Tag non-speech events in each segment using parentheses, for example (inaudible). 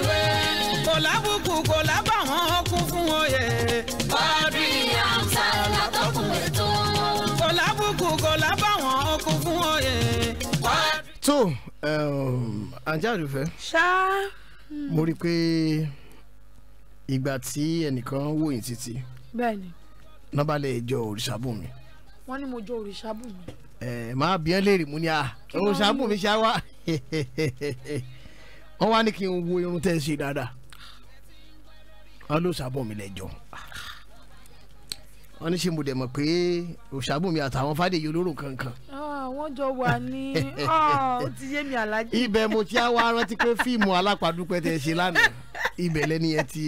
ìwé. kò lábùkù kò lábàwọ́n kún fún oyè. bọ́ọ̀dù ìyá ń ta látọ̀kùn ètò. kò lábùkù kò lábàwọ́n kún fún oyè. tó ajá um, àdùfẹ́. ṣá. mo rí i pé ìgbà tí ẹnìkan wò yín títí. bẹ́ẹ̀ni. nọ́bàlẹ̀ ìjọ Òrìṣàbùnmi. wọ́n ní mo jọ Òrìṣàbùnmi. ẹ máa bí ẹ léèrè mú ni a Òrìṣàbùnmi ṣá wá. (laughs) wọ́n wá ní kí n wo irun tẹ́ ẹ ṣe dáadáa wọ́n ló ṣàbọ̀ mi lẹ́jọ́ wọ́n ní ṣe mo dẹ̀ mọ̀ pé òṣàbùnmi àtàwọn fàdéyí olóró kankan. Ah, wọ́n jọ wà ní (laughs) ah, ó ti yé mi alájí. ibẹ̀ mo ti á wá rántí pé fíìmù alápàdúpẹ́ tẹ ṣe lánàá ibẹ̀ lẹ́ni ẹ ti.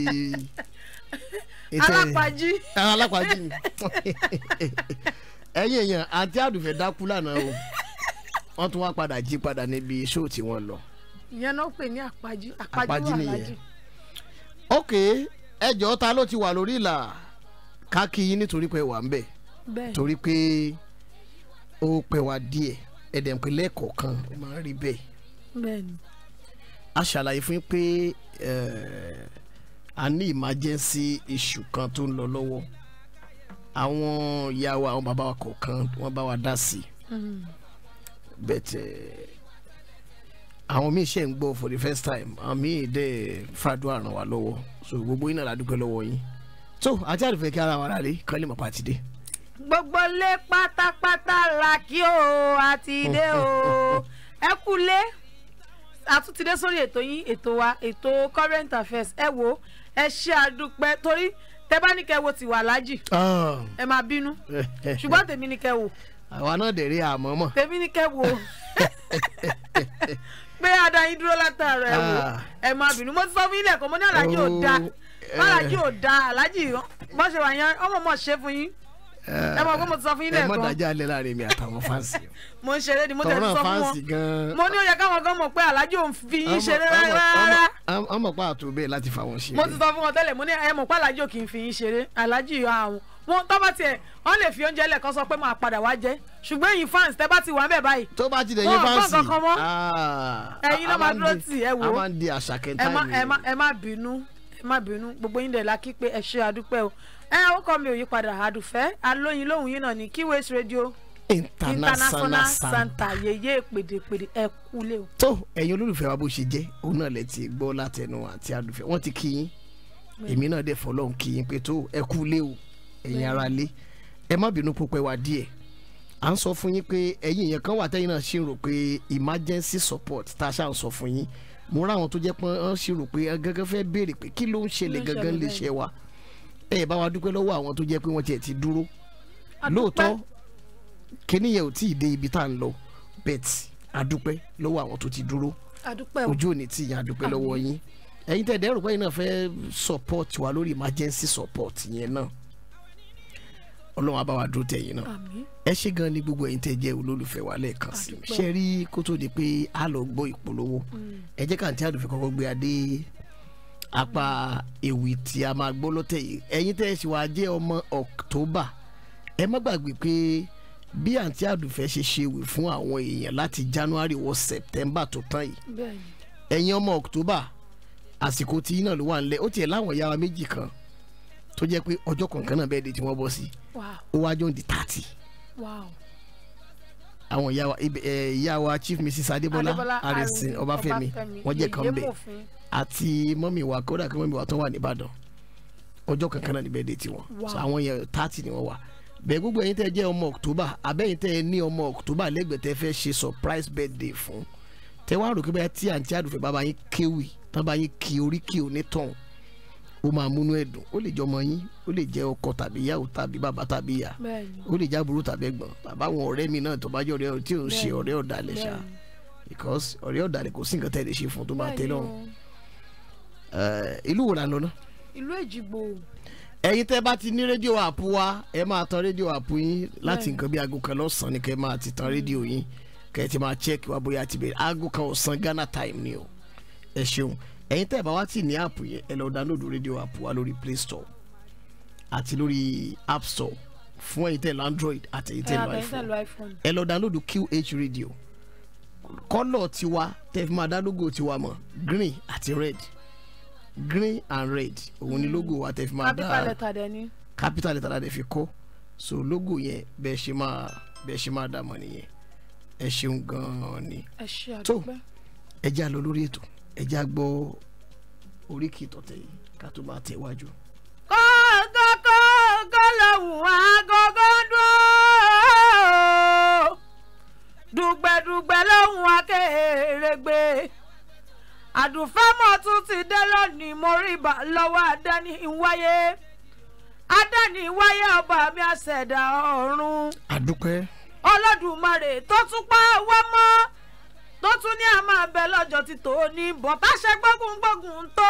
alápàjí. alápàjí ah, (laughs) ẹ̀yin èèyàn àti àdùfẹ́ dákú lánàá o wọ́n tún wá padà jí padà níbi ṣóò tí wọ́n lọ ìyẹn náà pè ní àpájú àpájú wà lájú. ok ẹjọ́ ta ló ti wà lórí ìlà káàkì yín nítorí pé wà ń bẹ̀ torí pé ó pẹ́ wá díẹ̀ ẹ̀dẹ̀ ń pè ó máa ń rí bẹ́ẹ̀. a ṣàlàyé fún yín pé a ní emergency issue kan tó ń lọ lọ́wọ́ àwọn ìyá wa àwọn bàbá wa kọ̀ọ̀kan wọ́n bá wa dá sí i hmm. bẹ́ẹ̀ tẹ̀ ẹ́ àwọn míì ṣe ń gbọ́ for the first time àwọn míì dẹ̀ fàdúrà ràn wá lọ́wọ́ so gbogbo iná la dúpẹ́ lọ́wọ́ yín so àti àdùfẹ́ kí ara wa rà lé kọ́lé mọ̀ pàtì dé. gbogbo lé pátápátá la kí o àti dé o ẹ kú lé àtúntìdé sórí ètò yín ètò wa ètò current affairs ẹ wo ẹ ṣe àdúpẹ́ torí tẹ bá ní kẹ wo ti wà lájì ah. ẹ máa bínú (laughs) ṣùgbọ́n tèmi ní kẹ wo. àwa náà dẹ̀ rí àmọ́ mọ̀. tèmi ní kẹ wo. (laughs) pé adáyín dúró látàrọ ẹ wò ah. ẹ má bínú mo ti sọ fún yín lẹ́kọ̀ọ́ mo ní aláàjì ò da aláàjì oh, eh. ò da aláàjì bọ́n ṣe wà yẹn ọmọ mọ̀ ṣe fún yín eh. ẹ mọ̀ pé mo ti sọ fún yín lẹ́kọ̀ọ́. ẹ mọ̀ dájà alẹ́ láàrin mi àtàwọn fáǹsì. mo ń ṣeré ni mo tẹ̀lé sọ fún wọn mo ní ó káwọn gan mọ̀ pé aláàjì ò fi yín ṣeré rárá. ọmọ pa àtúbẹ̀ láti fà wọ́n ṣeré. mo ti sọ fún wọn tẹ́lẹ̀ mo ní ẹ mọ̀ pé aláàjì ò kì í fi yín ṣeré aláàjì àwọn ah, wọn tọ́ bá tiẹ̀ wọ́n lè fi oúnjẹ lẹ̀kọ́ sọ pé máa padà wá jẹ́ ṣùgbọ́n ẹ̀yin fans tẹ́ bá ti wà ń bẹ̀ báyìí. tó bá ti dẹ̀yìn fans yìí ah, ẹ̀yin ló máa dúró tì ẹ wò ó ẹ má bínú ẹ má bínú gbogbo yín dẹ̀ la kí pé ẹ ṣe àdúpẹ́ o ẹ orúkọ mi ò yí padà àdùfẹ́ alóyin lóhùn yín náà ní Kiwes Radio international santa yeye pèdèpèdè ẹ kúlẹ̀ o. tó ẹ̀yin olólùfẹ́ wa bó ṣe jẹ́ òun náà lẹ ti gbọ́ látẹnu àti àdùfẹ́ wọ́n ti kí yín èmi náà dẹ̀ fọlọ́hún kí yín pé tó ẹ kúlẹ̀ ẹ̀yin ara lé ẹ má bínú púpẹ́ wá díẹ̀ à ń sọ fún yín pé ẹ̀yin èèyàn kan wà tẹ́yìn náà ṣì ń rò pé emergency support tá a ṣáà ń sọ fún yín mo ráwọn tó jẹ́ pé wọ́n ṣì rò pé gangan fẹ́ béèrè pé kí ló ń ṣẹlẹ̀ gangan lè ṣe wa ẹ bá wa dúpẹ́ lọ́wọ́ àwọn tó jẹ́ pé wọ́n tiẹ̀ ti dúró lóòótọ́ kíní yẹn ò tí ì dé ibi tá à ń lọ bet adúpẹ́ lọ́wọ́ àwọn tó ti dúró ojú ò ní tì yín adúpẹ́ lọ́wọ́ yín ẹ̀yin tẹ̀ dẹ́rù pé yín náà fẹ́ support wa lórí emergency support yẹn náà ọlọ́run á bá wa dúró tẹ̀yìn náà ẹ ṣé gan ni gbogbo ẹ̀yin tẹ́ jẹ́ olólùfẹ́ wa lẹ́ẹ̀kan sí mi ṣe rí kó tó di pé a lọ gbọ́ ìpolówó mm. ẹ jẹ́ káàntì àdùfẹ́ kọ́kọ́ gbé adé apá ewì tí a máa gbọ́ lọ́tẹ̀ yìí ẹ̀yin tẹ́ ẹ sì wá jẹ́ ọmọ October ẹ má gbàgbé pé bí àǹtí àdùfẹ́ ṣe ṣe wì fún àwọn èèyàn láti January wọ September tó tán yìí ẹ̀yin ọmọ October àsìkò tí iná ló wà ń lẹ̀ ó tiẹ̀ láwọn ìyá wa méjì kan tó jẹ́ pé ọjọ́ kọ̀ọ̀kan náà bẹ́ẹ̀ di tí wọ́n bọ́ sí i ó wá jọ di thirty àwọn ìyá wa eh, ìyá wa chief mrs adébọlá arẹsìn ọbáfẹ́mi wọ́n jẹ́ kan bẹ́ẹ̀ àti mọ́mì wa kódà kí mọ́mì wa tó wà nìbàdàn ọjọ́ kankan náà níbẹ̀ dé tiwọn so àwọn yẹn thirty ni wọ́n wà bẹ́ẹ̀ gbogbo ẹ̀yin tẹ́ jẹ́ ọmọ october abẹ́yìn tẹ́ ní ọmọ october lẹ́gbẹ̀ẹ́ tẹ́ ṣe surprise birthday fún tẹ́ wá rò pé bẹ́ẹ̀ tí àǹtí àdùfẹ́ bàbá yín kéwì tán bá yín kí orí kí onítọ̀hún ó máa múnú ẹ̀ dùn ó lè jẹ́ ọmọ yín ó lè jẹ́ ọkọ tàbí ìyàwó tàbí bàbá tàbí ìyá ó lè jẹ́ àbúrò tàbí ẹ̀gbọ́n bàbá àwọn ọ̀rẹ́ mi náà tó bá jẹ́ ọ̀rẹ́ tí ò ń ṣe ọ̀rẹ́ ọ̀dàlẹ̀ ṣá because ọ̀rẹ́ ọ̀dàlẹ̀ kò sí nǹkan tẹ́ lè ṣe fún tó máa tẹ́ lọ́rùn. Eh, ìlú wo la lọ náà. ìlú èjìgbò. ẹ̀yin tẹ́ bá ti ní rédíò àpò wa ẹ máa tan rédíò àpò yín láti nǹkan bí aago kan lọ́sàn ni kẹ́ máa ti tan rédíò yín kẹ́ ti máa check wa bóyá ti bẹ̀rẹ̀ aago kan ọ̀sán Ghana time ni o ẹ ṣeun ẹ̀yin tẹ́ ẹ̀ bá wá tì ní app yẹn ẹ lọ download radio app wa lórí play store àti lórí app store fún ẹ̀yin tẹ́ ẹ̀ lọ android àti ẹ̀yin tẹ́ ẹ̀ lọ iphone ẹ lọ download qh radio kọ́lọ̀ tiwa tẹ́ fi máa dá logo tiwa mọ̀ green àti red green and red òun ni logo wa tẹ́ fi máa dá capital letter dẹ ni capital letter dẹ fi kọ́ so logo yẹn bẹ́ẹ̀ ṣe máa bẹ́ẹ̀ ṣe máa dá mọ̀ nìyẹn ẹ ṣeun gan-an ni tó ẹ já lọ lórí ètò ẹja gbọ́ oríkì tọ̀tẹ̀ yìí ká tó máa tẹ̀ wájú. kókókó kó lòun agogo dúró dùgbẹ̀dùgbẹ̀ lòun akérègbè àdùnfẹ́mọ̀ tún ti dé lónìí mo rí ibà lọ́wọ́ adání wáyé adání wáyé ọba mi àṣẹ̀dá ọ̀run. àdúpẹ́. Olódùmarè tó tún pa wá mọ́ tó tún ní a máa bẹ lọ́jọ́ ti tò ó ní bọ̀ bá ṣe gbógun gbógun tó.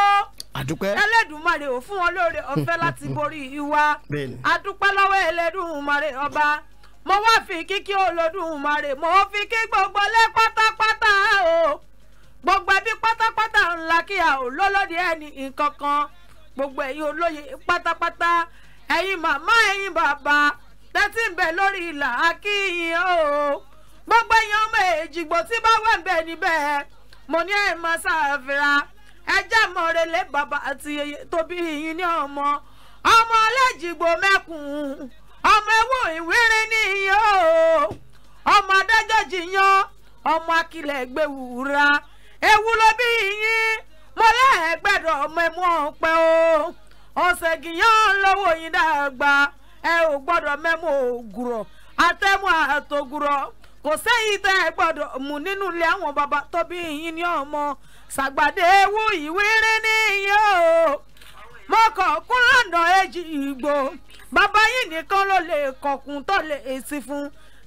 àdúpẹ́. ẹlẹ́dùnmarè ò fún wọn lóore ọ̀fẹ́ láti borí ìwà. àdúpẹ́ lọ́wọ́ ẹlẹ́dùnmarè ọba mo wá fi kíkí olódùmarè mo fi kí gbogbo lé pátápátá o gbogbo ẹbí pátápátá ńlá kí a ò lọ́lọ́dẹ ẹni nǹkan kan gbogbo ẹ̀yin olóye pátápátá ẹ̀yin màmá ẹ̀yin bàbá tẹ́tí ń bẹ lórí ìlà akíyìn o gbogbo èèyàn ọmọ èjìgbò tí bá wà ń bẹ̀ níbẹ̀ mo ní ẹ̀ mọ́ sáfìrà ẹjẹ́ mọ̀rẹ́lẹ́ bàbá àti tóbi yìí ní ọmọ ọmọ ọlẹ́jìgbò mẹ́kùn-ún ọmọ ẹ̀wò ìwéré nìyẹn o ọmọ adájọ́ jiyàn ọmọ akilẹ̀ gbẹ̀wúra ewu ló bí yín mo lẹ́ẹ̀gbẹ́dọ̀ ọmọ ẹ̀mú ọ̀pẹ o ọ̀sẹ̀gìyàn lọ́wọ́ yín dàgbà ẹ ò gbọ́dọ̀ mẹ́mú ògùrọ̀ àtẹ̀mú àtògùrọ̀ kò sẹ́yìn tẹ́ ẹ gbọ́dọ̀ mú nínú ilé àwọn bàbá tó bí yín ní ọmọ ṣàgbàdé ewu ìwéré nìyẹn o mọ́kọ̀ kún lọ́nà èjì ìgbò bàbá yìí nìkan ló lè kọ̀kùn tó lè èsì fún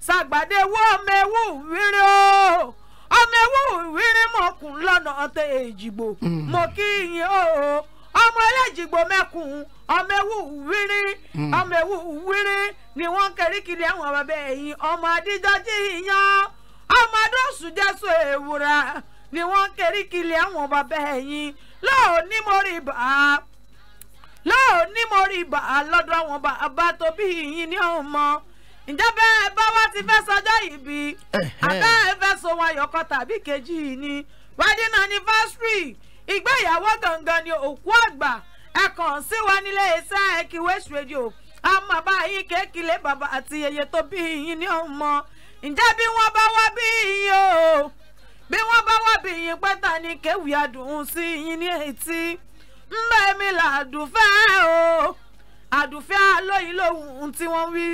ṣàgbàdé ewu ọmọ ewu ìwéré o ọmọ ewu ìwéré mọ̀kùn lọ́nà ọ̀tẹ̀ èjìgbò hmm. mo kí yín o. ọmọ ẹlẹ́jìgbò mẹ́kùn ọmọ ewu wírí hmm. ọmọ ewu wírí ni wọ́n kẹrí kiri bàbá ẹ̀yìn ọmọ adídọ́jì yan ọmọ adóṣùjẹ́sọ èwúrà ni wọ́n kẹrí kiri bàbá ẹ̀yìn lọ́ọ̀ mo rí bá lọ́ọ̀ lọ́dọ̀ àwọn bàbá tó yìnyín ní ọmọ ǹjẹ́ bẹ́ẹ̀ ti fẹ́ sọjọ́ ìgbéyàwó gangan ni òkú àgbà ẹ kàn sí wa nílé iṣẹ́ Ekiwesu rédíò a máa bá yín kékeré bàbá àti yèyé tó bí yín ní ọmọ ǹjẹ́ bí wọ́n bá wá bí yín o bí wọ́n bá wá bí yín pátá ni kéwì àdùn sí yín ní etí ńlọ èmi là àdùfẹ́ o àdùfẹ́ alóyin lòun tí wọ́n wí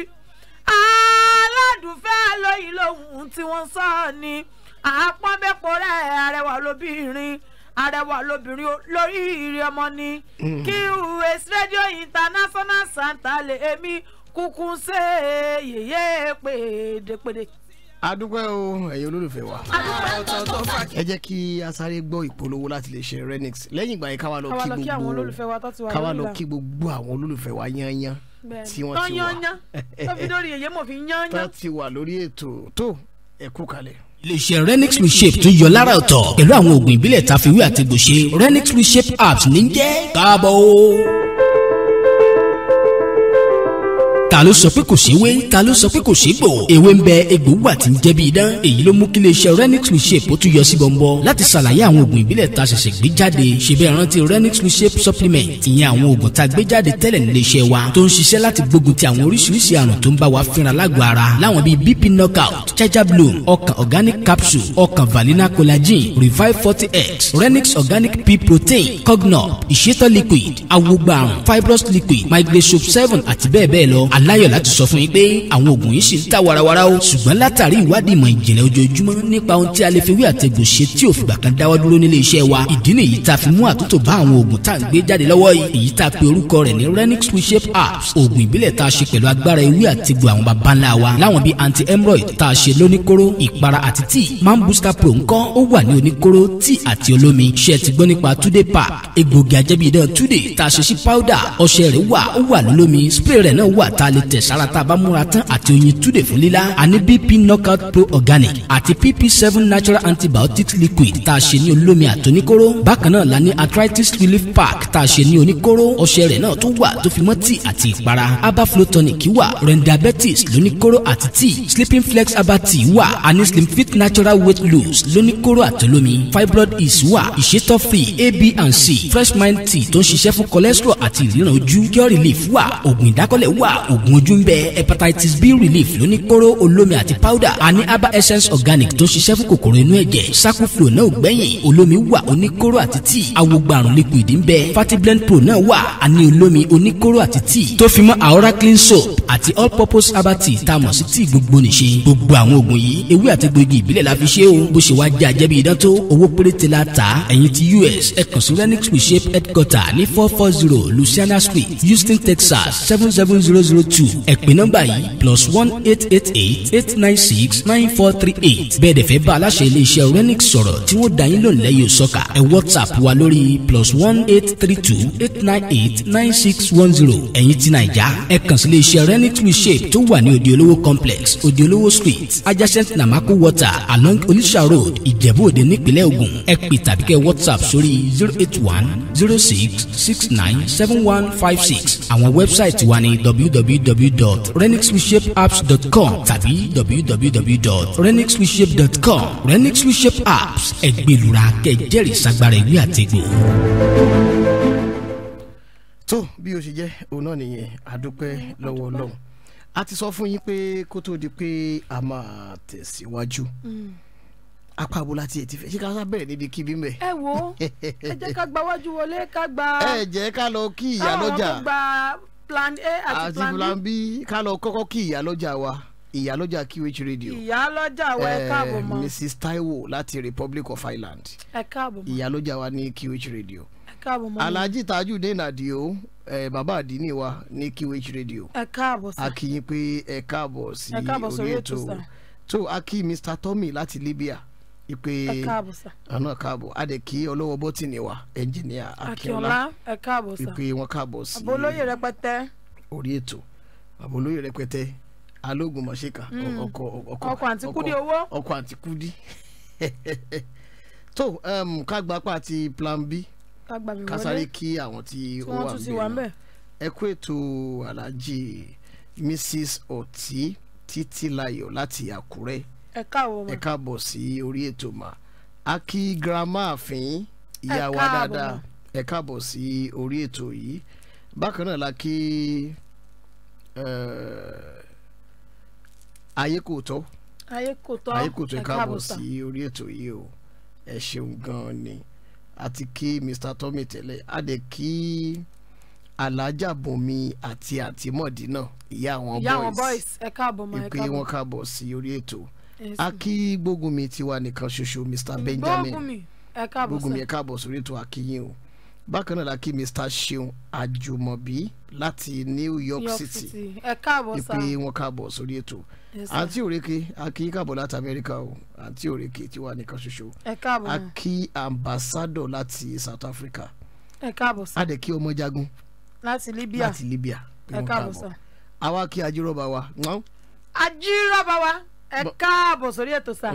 aládùfẹ́ alóyin lòun tí wọ́n sọ ni àpọ́nbẹ́pọ̀ rẹ̀ arẹwà lóbìnrin arẹwà lóbìnrin lórí ìrì ọmọ ni mm-hmm. QS Radio International Santa lè èmi kúkú ṣe yèyé pèdèpèdè. adúpẹ́ o ẹ̀yin olólùfẹ́ wa ẹ jẹ́ kí a sáré gbọ́ ìpolówó láti lè ṣe Renix lẹ́yìn ìgbà yẹn ká wá lọ kí gbogbo ká wá lọ kí gbogbo àwọn olólùfẹ́ wa yányán tí wọ́n ti wà tó fi dórí èyí mò fi yányán tó ti wà lórí ètò tó ẹ kalẹ̀ iléeṣẹ́ renix reshape tún yọ lára ọ̀tọ̀ pẹ̀lú àwọn oògùn ìbílẹ̀ tàfiwé àti gbòṣe renix reshape apps ní jẹ́ káàbọ̀ o ta ló sọ pé kò sí wé ta ló sọ pé kò sí gbò èwe ń bẹ egbò wà tí ń jẹ́ bí idán èyí ló mú kí iléeṣẹ́ renix reshape ó tún yọ sí bọ́ńbọ́ láti ṣàlàyé àwọn oògùn ìbílẹ̀ tá ṣẹ̀ṣẹ̀ gbé jáde ṣe bẹ́ẹ̀ rántí renix reshape supplement ìyẹn àwọn oògùn tá a gbé jáde tẹ́lẹ̀ níléeṣẹ́ wa tó ń ṣiṣẹ́ láti gbógun ti àwọn oríṣiríṣi àrùn tó ń bá wa fínra lágọ̀ọ́ ara láwọn bíi bp knockout chaja bloom ọkàn organic capsule ọkàn valina collagen revive forty x renix organic pea protein cognop ìṣètò liquid awogba àrùn fibrous liquid migrate soap seven àti bẹ́ẹ̀ bẹ́ẹ̀ lọ aláyọ̀ láti sọ fún yín pé àwọn oògùn yìí ṣì ń ta warawara o ṣùgbọ́n látàrí ìwádìí ìmọ̀ ìjìnlẹ̀ ojoojúmọ́ nípa ohun tí a lè fi wí àtẹ̀gùn ṣe tí ò fìgbà kan dáwọ́ dúró nílé iṣẹ́ wa ìdí nìyí tá a fi mú àtúntò bá àwọn oògùn tá à ń gbé jáde lọ́wọ́ yìí èyí tá a pe orúkọ rẹ̀ ní renix reshape apps oògùn ìbílẹ̀ tá a ṣe pẹ̀lú agbára ewé àtẹ̀gùn àwọn baba láwọn bíi anti hemorrhoid tá a ṣe lóníkóró ìpara àti man booster pro ńkọ́ ó wà ní oníkóró tíì àti olómi ṣe ti today pack egbògi ajẹ́bíidán today tá powder ọṣẹ rẹ̀ wà ó spray rẹ̀ náà lè tẹ̀ sára tá a bá múra tán àti oyin túdè fún lílá àní bp knockout pro organic àti pp seven natural antibiotic liquid tá a ṣe ní olómi àtòníkóró bákan náà la ní arthritis relief pack tá a ṣe ní oníkóró ọṣẹ rẹ̀ náà tún wà tó fi mọ́ tíì àti ìpara herbal flow tonic wà rendiabetes lóníkóró àti tíì sleeping flex herbal tea wà àní slim fit natural weight loss lóníkóró àtòlómi fibroid is wà ìṣètò free A B and c fresh mind tea tó ń ṣiṣẹ́ fún cholesterol àti ìríran ojú cure relief wà oògùn ìdákọ́lẹ̀ wà oògùn oògùn ojú ń bẹ hepatitis b relief lóní kóró olómi àti powder àní herbal essence organic tó ṣiṣẹ́ fún kòkòrò inú ẹ̀jẹ̀ saku flow náà ò gbẹ̀yìn olómi wà oníkóró àti tíì awogbarun liquid ń bẹ fatty blend pro náà wà àní olómi oníkóró àti tíì tó fi mọ́ aora clean soap àti all purpose herbal tea tá a mọ̀ sí tíì gbogbo nìṣe gbogbo àwọn oògùn yìí ewé àti gbòógì ìbílẹ̀ la fi ṣe o bó ṣe wá jẹ́ àjẹbí idán tó owó péréte la tà ẹ̀yìn ti us ẹ sí renix reshape headquarter ní four four zero Louisiana street houston texas seven seven zero zero two ẹ pè nọ́mbà yìí plus one eight eight eight eight nine six nine four three eight bẹ́ẹ̀ dẹ̀ fẹ́ bá aláṣẹ iléeṣẹ́ Renix sọ̀rọ̀ tí wọ́n dá yín lónìí lẹ́yìn òsọ́kà ẹ whatsapp wa lórí plus one eight three two eight nine eight nine six one zero ẹ̀yin ti nàìjà ẹ kàn sí iléeṣẹ́ Renix reshape tó wà ní òde olówó complex òde olówó street adjacent namako water along Onitsha road Ìjẹ̀bú Òde nípínlẹ̀ ogun. ẹ pè tàbí kẹ́ whatsapp sórí zero eight one zero six six nine seven one five six àwọn wẹ́bsáìtì wa ni www www.renixwishapps.com tàbí www.renixwishap.com renixwishap apps ẹgbẹ́lura kẹjẹ́rìí sagbára ìwé àtẹ̀gbò. tó bí o ṣe jẹ́ òun náà nìyẹn adúpẹ́ lọ́wọ́ ọlọ́run a ti sọ fún yín pé kó tó di pé a máa tẹ̀síwájú. Mm apá abo láti ẹ̀ ti fẹ́ ṣé ká sá bẹ̀rẹ̀ níbi kíbi mẹ́. ẹ wo ẹ jẹ́ ká gba wájú wọlé ká gba. ẹ jẹ́ ká lọ kí ìyá lọ́jà. àwọn ọmọ gba plan a àti plan b. àti plan b ká lọ kọ́kọ́ kí ìyálọ́jà wa ìyálọ́jà QH radio. ìyálọ́jà wa ẹ eh, káàbọ̀ mọ́. Mrs Taiwo láti Republic of Ireland. ẹ káàbọ̀ mọ́. ìyálọ́jà wa ní QH radio. ẹ káàbọ̀ mọ́. Alhaji Tajudeen Adio ẹ bàbá àdínní wa ní QH radio. ẹ káàbọ̀ sí. a kí yín pé ẹ káàbọ̀ sí orí ètò tó a kí Mr Tommy láti Libya ipe ọ̀nà káàbọ̀ adé kí olówó bó ti ní wa ẹnjìníà akínọlá ipe wọn káàbọ̀ sí. àbólóyè rẹpẹtẹ. orí ètò àbólóyè rẹpẹtẹ alógun mọ̀ṣẹ́ka mm. ọkọ̀ ọkọ̀ ọkọ̀ àǹtíkúdí owó ọkọ̀ àǹtíkúdí (laughs) tó um, ká ti plan b ká sáré kí àwọn tí ó wà ń bẹ̀ ẹ kú ètò aláàjì mrs ọtí títí láti àkúrẹ́ ẹ káàbọ̀ ẹ káàbọ̀ sí orí ètò mà á kí girama àfin ìyá wa dáadáa ẹ káàbọ̀ sí orí ètò yìí bákan náà la kí ayé kò tọ́ ayé kò tọ́ ẹ káàbọ̀ sí orí ètò yìí o ẹ ṣeun gan ni àti kí Mr. Tommy tẹ́lẹ̀ á dẹ̀ kí alájà bùnmi àti àtìmọ̀dínà ìyá àwọn boys ẹ káàbọ̀ mà ẹ káàbọ̀ ìpè wọn káàbọ̀ sí orí ètò yìí akí gbógunmi tiwa nìkan ṣoṣo mr mm, benjamin gbógunmi ẹ káàbọ̀ sórí ètò akíyìn o bákan náà la kí mr seun àjùmọ̀bí láti new york city ẹ káàbọ̀ sá ìpè wọn káàbọ̀ sórí ètò àǹtí òrèké akí káàbọ̀ láti amẹ́ríkà o àǹtí òrèké tiwa nìkan ṣoṣo akí ambassador láti south africa ẹ káàbọ̀ sá adẹ̀kí ọmọ jagun láti libya láti libya ẹ káàbọ̀ sá àwa kí ajírọ̀bà wa. ajírọ̀bà wa ẹ káàbọ̀ sórí ètò sá.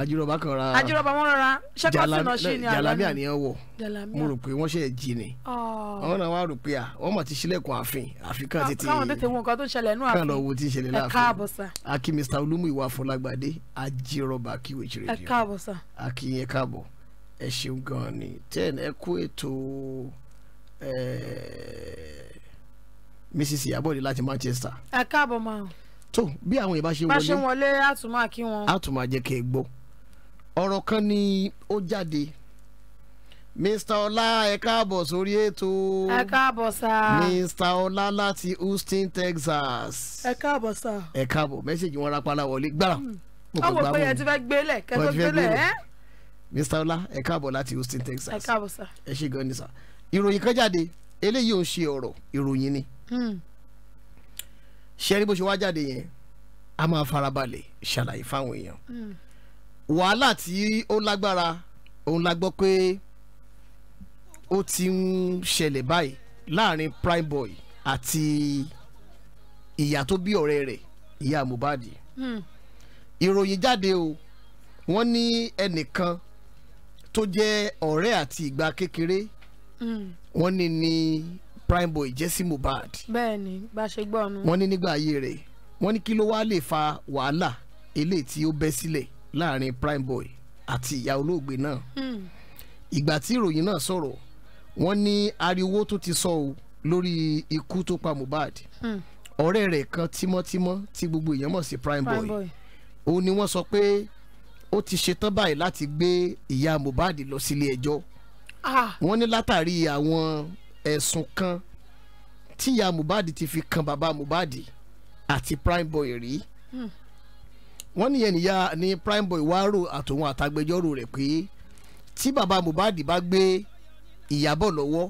àjùrọ̀bá mm, kan ra àjùrọ̀bá wọn rọra ṣẹ́kọ̀ọ́sì náà ṣì ni àlọ́ jalamiya ni ẹ wọ̀ mo rò pé wọ́n ṣe jí ni àwọn náà wà rò pé à wọ́n mà ti ṣílẹ̀kùn ààfin àfi kan tètè káwọn tètè wọn kan tó ṣẹlẹ̀ nù ààfin káwọn lọ wo ti ṣẹlẹ̀ láàfin ẹ káàbọ̀ sá. akí Mr Olúmúyìwá Fọlágbadé àjùrọ̀bá kí wèé ṣeré ẹ káàbọ̀ sá. akí yẹn káàbọ̀ ẹ ṣeun gan ni ten ẹ kú ètò eh, Mrs Ìyábọ̀dé láti Manchester. ẹ káàbọ̀ máa tó bí àwọn yìí bá ṣe wọlé bá ṣe wọlé á kí wọn. á tún máa jẹ́ kẹ́ ọ̀rọ̀ kan ni ó jáde mr ọlá ẹ káàbọ̀ sórí ètò ẹ káàbọ̀ sá mr ọlá láti houston texas ẹ káàbọ̀ sá ẹ káàbọ̀ mẹ́sẹ̀gì wọn rapala wọlé gbára. Hmm. ọwọ́ pé ẹ ti fẹ́ gbélé kẹ́tọ́ gbélé ẹ́. mr ọlá ẹ káàbọ̀ láti houston texas ẹ káàbọ̀ sá ẹ ṣe gan ni sá ìròyìn kan jáde eléyìí ò ń ṣe ọ̀rọ̀ ìròyìn ni. Hmm ṣẹ́rí bó ṣe wá jáde yẹn a máa farabalẹ̀ ṣàlàyé fáwọn èèyàn hmm. wàhálà tí ó lágbára òun la gbọ́ pé ó ti ń ṣẹlẹ̀ báyìí láàrin prime boy àti ìyá tó bí ọ̀rẹ́ rẹ̀ ìyá Mohbad hmm. ìròyìn jáde o wọ́n ní ẹnìkan tó jẹ́ ọ̀rẹ́ àti ìgbà kékeré hmm. wọ́n ní ní prime boy Jesse sí Mohbad. bẹ́ẹ̀ni bá a ṣe gbọ́ nu. wọ́n ní nígbà ayé rẹ̀ wọ́n ní kí ló wá lè fa wàhálà eléyìí tí ó bẹ́ sílẹ̀ láàrin prime boy àti ìyá olóògbé náà. Hmm. ìgbà tí ìròyìn náà sọ̀rọ̀ wọ́n ní ariwo tó ti sọ o lórí ikú tó pa Mohbad. Hmm. ọ̀rẹ́ rẹ̀ kan tímọ́tímọ́ tí gbogbo èèyàn mọ̀ sí prime boy òun ni wọ́n sọ pé ó ti ṣetán báyìí láti gbé ìyá Mohbad lọ sílé ẹjọ́. Ah. wọ́n ní látàrí àwọn ẹ̀sùn kan tíya Mohbad ti fi kan baba Mohbad àti Primeboy rí hmm. wọ́n nìyẹn ni prime Primeboy wá rò àtòun àtàgbẹjọ́rò rẹ̀ pé tí bàbá Mohbad bá gbé Ìyábọ̀ lọ́wọ́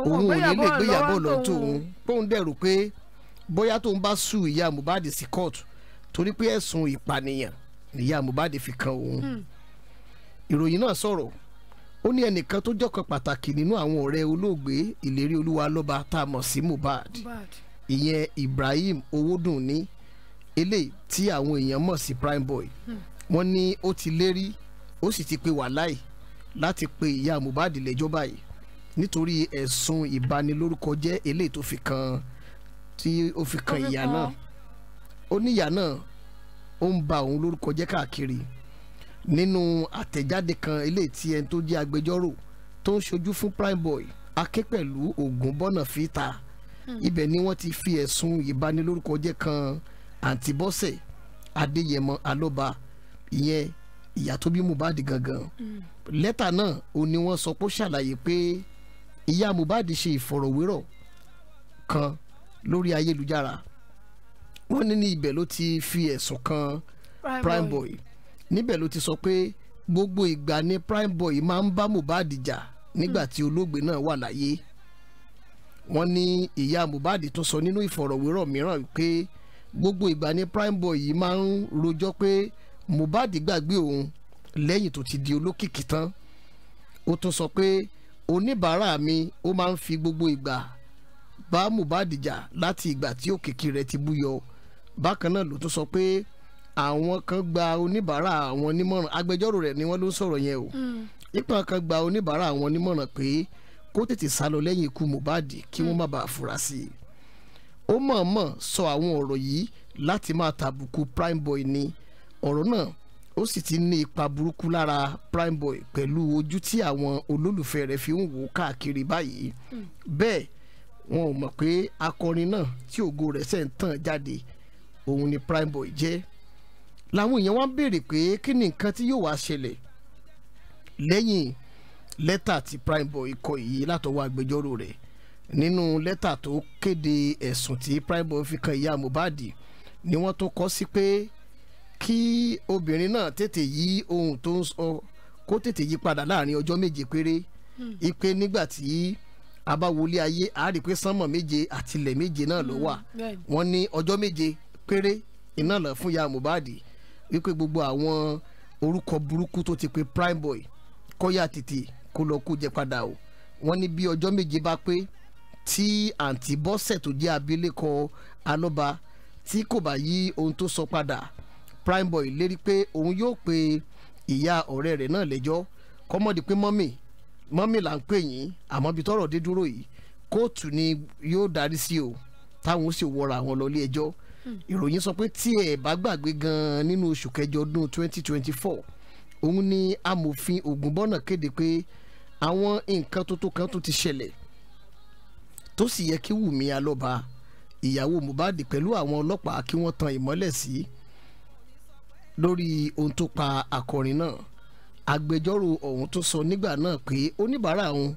òun ò ní lè gbé Ìyábọ̀ lọ́wọ́ tòun póun dẹ̀rù pé bóyá tóun bá sù ìyá Mohbad sí kóòtù torí pé ẹ̀sùn ìpànìyàn níyà Mohbad fi kan òun hmm. ìròyìn náà sọ̀rọ̀ ó ní ẹnìkan tó jọ̀kan pàtàkì nínú àwọn ọ̀rẹ́ olóògbé ìlérí olúwa lọ́ba tá a mọ̀ sí Mohbad ìyẹn Ibrahim Owódùnní eléyìí tí àwọn èèyàn mọ̀ sí Prime Boy hmm. wọ́n ní ó ti lérí ó sì ti pe wàláì láti pe ìyá Mohbad lẹ́jọ́ báyìí nítorí ẹ̀sùn ìbanilórúkọ jẹ́ eléyìí tó fi kan tí ó fi kan ìyá náà ó ní ìyá náà ó ń ba òun lórúkọ jẹ́ káàkiri nínú àtẹ̀jáde kan ilé tí ẹni tó jẹ́ agbẹjọ́rò tó ń ṣojú fún Primeboy Akínpẹ̀lú Ògúnbọ́nàfin ta hmm. ibẹ̀ ni wọ́n ti fi ẹ̀sùn ìbanilórúkọjẹ́ kan àǹtí Bọ́sẹ̀ Adéyẹmọ Alọ́ba ìyẹn ìyá tó bí Mohbad gangan hmm. lẹ́tà náà ó ní wọ́n sọ pé ó ṣàlàyé pé ìyá Mohbad ṣe ìfọ̀rọ̀wérọ̀ kan lórí ayélujára wọ́n ní ní ibẹ̀ ló ti fi ẹ̀sùn kan Primeboy. Prime níbẹ̀ ló ti sọ pé gbogbo ìgbà ni Primeboy máa ń bá Mohbad jà nígbà tí olóògbé náà wà láyé wọ́n ní ìyá Mohbad tún sọ nínú ìfọ̀rọ̀wérọ̀ mìíràn pé gbogbo ìgbà ni Primeboy yìí máa ń rojọ́ pé Mohbad gbàgbé òun lẹ́yìn tó ti di olókìkí tán ó tún sọ pé oníbàárà mi ó máa ń fi gbogbo ìgbà bá Mohbad jà láti ìgbà tí òkìkí rẹ̀ ti búyọ bákan náà ló tún sọ pé àwọn kan gba oníbàárà àwọn nímọ̀ràn agbẹjọ́rò rẹ̀ ni wọ́n ló ń sọ̀rọ̀ yẹn o hmm. nípa kan gba oníbàárà àwọn nímọ̀ràn pé kó tètè sá lọ lẹ́yìn ikú Mohbad kí wọ́n hmm. má bàa fura sí i ó mọ̀ọ́mọ̀ sọ àwọn ọ̀rọ̀ yìí láti máa tàbùkù Primeboy ni ọ̀rọ̀ náà ó sì ti ní ipa burúkú lára Primeboy pẹ̀lú ojú tí àwọn olólùfẹ́ rẹ̀ fi ń wò káàkiri báyìí hmm. bẹ́ẹ̀ wọn ò mọ̀ pé akọrin náà tí ògo rẹ̀ ṣẹ̀ ń tàn jáde òun ni Primeboy jẹ́ làwọn èèyàn wá ń béèrè pé kí ni nǹkan tí yóò wá ṣẹlẹ̀ lẹ́yìn lẹ́tà tí Prime Boy kọ yìí látọwọ́ agbẹjọ́rò rẹ̀ nínú lẹ́tà tó kéde ẹ̀sùn tí Prime Boy fi kan ìyá Mohbad ni wọ́n tó kọ sí pé kí obìnrin náà tètè yí ohun tó ń sọ kó tètè yí padà láàrin ọjọ́ méje péré ipe hmm. nígbà tí abáwọlé ayé àárí pé sánmọ̀ méje àtilẹ̀ méje náà ló hmm. wà wọ́n ní ọjọ́ méje péré iná lọ fún ìyá Mohbad. Mm wípé gbogbo àwọn orúkọ burúkú tó ti pe prime boy kọ́yà tètè kó lọ kó jẹ padà o wọ́n ní bí ọjọ́ méje bá pé tí àǹtí bọ́sẹ̀ tó jẹ́ abilékọ alọ́ba tí kò bá yí ohun tó sọ padà prime boy lérí pé òun yóò pe ìyá ọ̀rẹ́ rẹ̀ náà lẹ́jọ́ kọ́mọ́dé pé mọ́mì mọ́mì là ń pè yín àmọ́ ibi tọ́rọ̀ dé dúró yìí kóòtù ni yóò darí sí o táwọn ó sì wọra àwọn lọ ilé ẹjọ́ ìròyìn sọ pé tí ẹ bá gbàgbé gan nínú oṣù kẹjọ ọdún 2024 òun ni amòfin Ògúnbọ́nà kéde pé àwọn nǹkan tuntun kan tún ti ṣẹlẹ̀ tó sì yẹ kí Wùmí Alọ́ba ìyàwó Mohbad pẹ̀lú àwọn ọlọ́pàá kí wọ́n tan ìmọ́lẹ̀ sí lórí ohun tó pa akọrin náà agbẹjọ́rò ọ̀hún tó sọ nígbà náà pé oníbàárà òun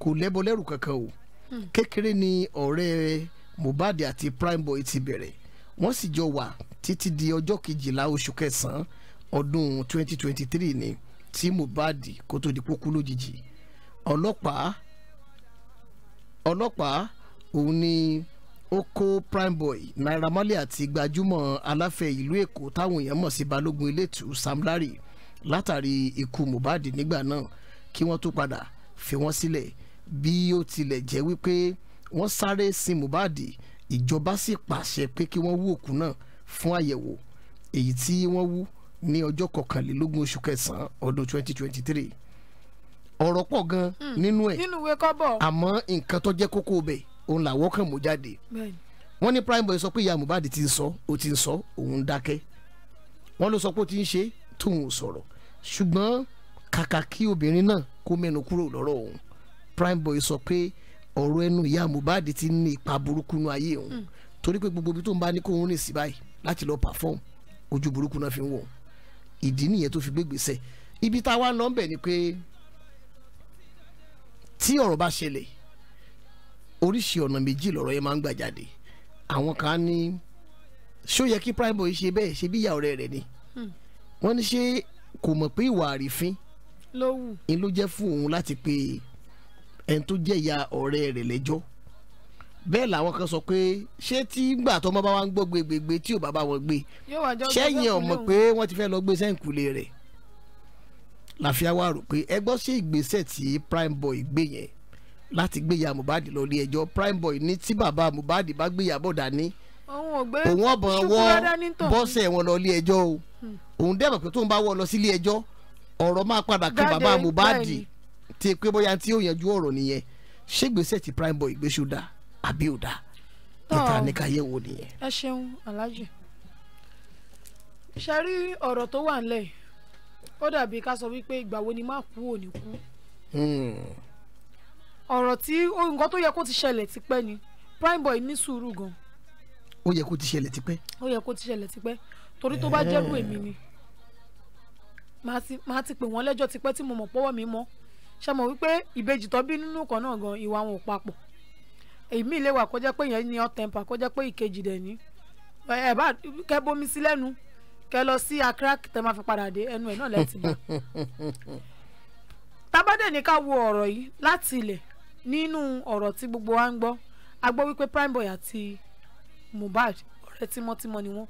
kò lẹ́bọ lẹ́rù kankan o hmm. kékeré ni ọ̀rẹ́ Mohbad àti Primeboy ti bẹ̀rẹ̀ wọ́n sì jọ wà títí di ọjọ́ kejìlá oṣù kẹsàn-án ọdún 2023 ni tí Mohbad kó tó di kúkú lójijì ọlọ́pàá ọlọ́pàá òun ni ó kó prime boy Naira Marley àti gbajúmọ̀ aláfẹ́ ìlú Èkó táwọn èèyàn mọ̀ sí balógun elétù Sam Larry látàrí ikú Mohbad nígbà náà kí wọ́n tó padà fi wọ́n sílẹ̀ bí ó tilẹ̀ jẹ́ wípé wọ́n sáré sin Mohbad ìjọba sì pàṣẹ pé kí wọ́n wú òkú náà fún àyẹ̀wò èyí tí wọ́n wú ní ọjọ́ kọkànlélógún oṣù kẹsàn-án ọdún 2023 ọ̀rọ̀ pọ̀ gan hmm. nínú ẹ̀ àmọ́ nǹkan tó jẹ́ kókó bẹ̀ òun làwọn kàn mú jáde wọ́n ní prime boy sọ pé ìyá Mohbad ti ń sọ ó ti ń sọ òun dákẹ́ wọ́n ló sọ pé ó ti ń ṣe tóun ò sọ̀rọ̀ ṣùgbọ́n kàkà kí obìnrin náà kó mẹ́nu kúrò lọ́rọ̀ òun prime boy sọ pé ọ̀rọ̀ ẹnu ìyá Mohbad ti ní ipa burúkú nu ayé òun mm. torí pé gbogbo ibi tó ń bá ní kó ń rìn sí báyìí láti lọ perform ojú burúkú náà fi ń wọ̀ ìdí nìyẹn tó fi gbégbèsè ibi tá a wá nọ́ọ̀bẹ̀ ni pé tí ọ̀rọ̀ bá ṣẹlẹ̀ oríṣi ọ̀nà méjì lọ̀rọ̀ yẹn máa ń gbà jáde àwọn kan ní ṣó yẹ kí prime boy ṣe bẹ́ẹ̀ ṣe bí ìyá ọ̀rẹ́ rẹ̀ ni mm. wọ́n ní ṣé kò mọ̀ pé ìwà àrífín ló jẹ́ fún òun láti pe ẹni tó jẹ́ ìyá ọ̀rẹ́ rẹ̀ lẹ́jọ́ bẹ́ẹ̀ làwọn kan sọ pé ṣé tí gbà tó ọmọ bá wa ń gbọ́ gbégbégbé tí ò bá bá wọn gbé ṣẹ́yìn ọmọ pé wọ́n ti fẹ́ lọ gbé sẹ́ǹkulé rẹ̀ làfíà wà rò pé ẹgbọ́n ṣe ìgbésẹ̀ tí prime boy gbé yẹn láti gbéyà Mohbad lọ ilé ẹjọ́ prime boy ní tí bàbá Mohbad bá gbéyà bọ̀ dání òun ọ̀bọ̀n wọ bọ́sẹ̀ wọn lọ ilé ẹjọ́ o hmm. òun dẹ́gbà pé tóun bá wọ lọ sí ilé ẹjọ́ ọ̀rọ̀ máa padà kan bàbá Mohbad tí pé bóyá tí ó yanjú ọ̀rọ̀ nìyẹn ṣé gbèsè ti prime boy gbèsè dá àbí ò dá níta ní ká yẹ̀ wò nìyẹn. ẹ ṣeun aláàjì ṣe rí ọ̀rọ̀ tó wà ńlẹ̀ ó dàbí ká sọ wípé ìgbà wo ni má kú ò ní kú. Hmm. ọ̀rọ̀ tí nǹkan tó yẹ kó ti ṣẹlẹ̀ tipẹ́ ni prime boy ní sùúrù gan. ó yẹ kó ti ṣẹlẹ̀ tipẹ́. ó yẹ kó ti ṣẹlẹ̀ tipẹ́ torí tó bá jẹ́rú èmi ni màá ti pè wọ́n lẹ́jọ́ tipẹ́ tí mo mọ̀ pọ́wọ́ mi mọ́ ṣe mọ̀ wípé ìbejì tó bí nínú kan náà gan ìwà wọn ò papọ̀ èmi lè wà kó jẹ́ pé yẹn ní hot temper kó jẹ́ pé ìkejì dẹ̀ ní ẹ bá kẹ́ bomi sí lẹ́nu kẹ́ lọ sí Accra tẹ́ máa fi padà dé ẹnu ẹ̀ náà lẹ́tì bá tábàdẹ̀ ní ká wo ọ̀rọ̀ yìí láti ilẹ̀ nínú ọ̀rọ̀ tí gbogbo wa ń gbọ́ a gbọ́ wípé Primeboy àti Mohbad ọ̀rẹ́ tímọ́tímọ́ ni wọ́n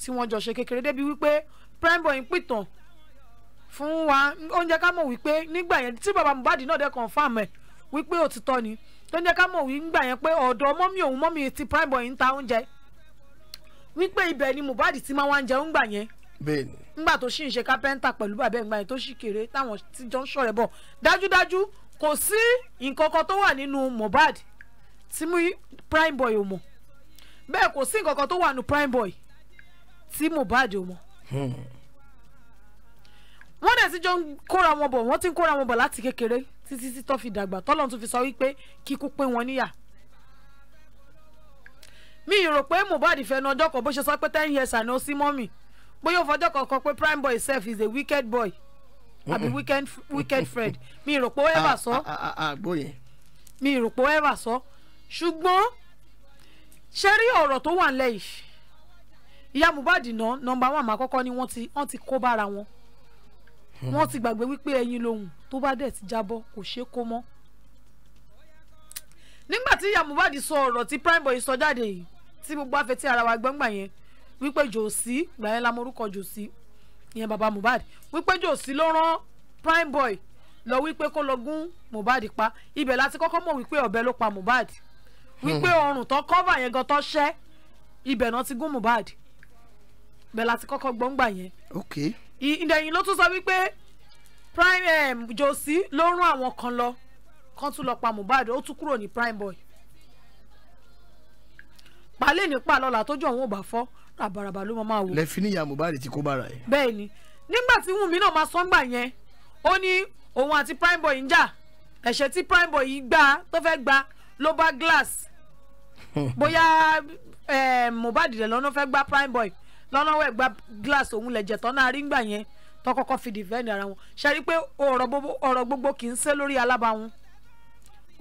tí wọ́n jọ ṣe kékeré débi wípé Primeboy ń pìtàn fún wa ó ká mọ̀ wípé nígbà yẹn tí bàbá Mohbad náà dé confam ẹ̀ wípé òtítọ́ ni tó ká mọ̀ wígbà yẹn pé ọ̀dọ̀ mọ́mí òun mọ́mí ti prime boy ń ta oúnjẹ wípé ibẹ̀ ni Mohbad ti máa wá ń jẹun gbà yẹn ngbà tó ṣì ń ṣe kápẹ́ńtà pẹ̀lú bàbá ẹ̀gbọ́n yẹn tó ṣì kéré táwọn ti jọ ń ṣọ̀rẹ́ bọ̀ dájúdájú kò sí nǹkan kan tó wà nínú Mohbad tí mú prime boy ò mọ̀ bẹ́ẹ̀ kò sí nǹkan kan tó wà nínú prime boy tí Mohbad ò mọ̀. Hmm wọ́n dẹ̀ ti jọ ń kóra wọn bọ̀ wọ́n ti ń kóra wọn bọ̀ láti kékeré títí tí tó fi dàgbà tọ́lọ́n tún fi sọ wípé kíkú pé wọ́n níyà. mi ì rò pé Mohbad fẹnu ọjọ́ kan bó ṣe sọ pé ten years àná sí mọ́mì bóyá òfọjọ́ kankan pé prime boy self is a wicked boy àbí wicked wicked friend mi ì rò pé ó ẹ̀bà ah, sọ ah, ah, mi ì rò pé ó ẹ̀bà sọ ṣùgbọ́n ṣe rí ọ̀rọ̀ tó wà ńlẹ̀ yìí ìyá Mohbad náà nọmba one àmọ́ àkọ́kọ́ ni wọ́n ti kó bára wọn wọ́n ti gbàgbé wípé ẹyin lohùn tó bá dẹ̀ ti jábọ́ kò ṣeé kó mọ́. nígbà tí ìyá Mohbad sọ ọ̀rọ̀ tí Primeboy sọ jáde yìí tí gbogbo afẹ́tí ara wa gbọ́ngbà yẹn wípé jòsí gbà yẹn la morúkọ jòsí ìyẹn bàbá Mohbad wípé jòsí ló rán Primeboy lọ wípé kó lọ gún Mohbad pa ibẹ̀ láti kọ́kọ́ mọ̀ wípé ọ̀bẹ ló pa Mohbad wípé hmm. ọrùn tó kọ́bà yẹn gan tó ṣẹ́ ibẹ̀ náà ti gún Mohbad bẹ̀ láti kọ́kọ́ gbọ́ngbà yẹn ìdẹ̀yìn ló tún sọ wípé prime um, josi ló rán àwọn kan lọ kan tún lọ pa Mohbad ó tún kúrò ní prime boy palẹ̀ nípa lọ́la tójú àwọn ò bá fọ́ ràbàràbà ló máa wò. lẹ́fí níyà Mohbad ti kó bára ẹ̀. bẹ́ẹ̀ ni nígbà tí Wùnmí náà máa sọ́ngbà yẹn ó ní òun àti prime boy ń jà ẹ̀ṣẹ̀ tí prime boy yìí gbà tó fẹ́ gbà ló bá glass (laughs) bóyá Mohbad rẹ̀ lọ́nà fẹ́ gbà prime boy lọ́nà wẹ̀ gba glass òun lẹ̀jẹ̀ tán náà rí ngbà yẹn tó kọ́kọ́ fi defend ara wọn ṣe rí i pé ọ̀rọ̀ gbogbo kì í ṣe lórí alábàáwọn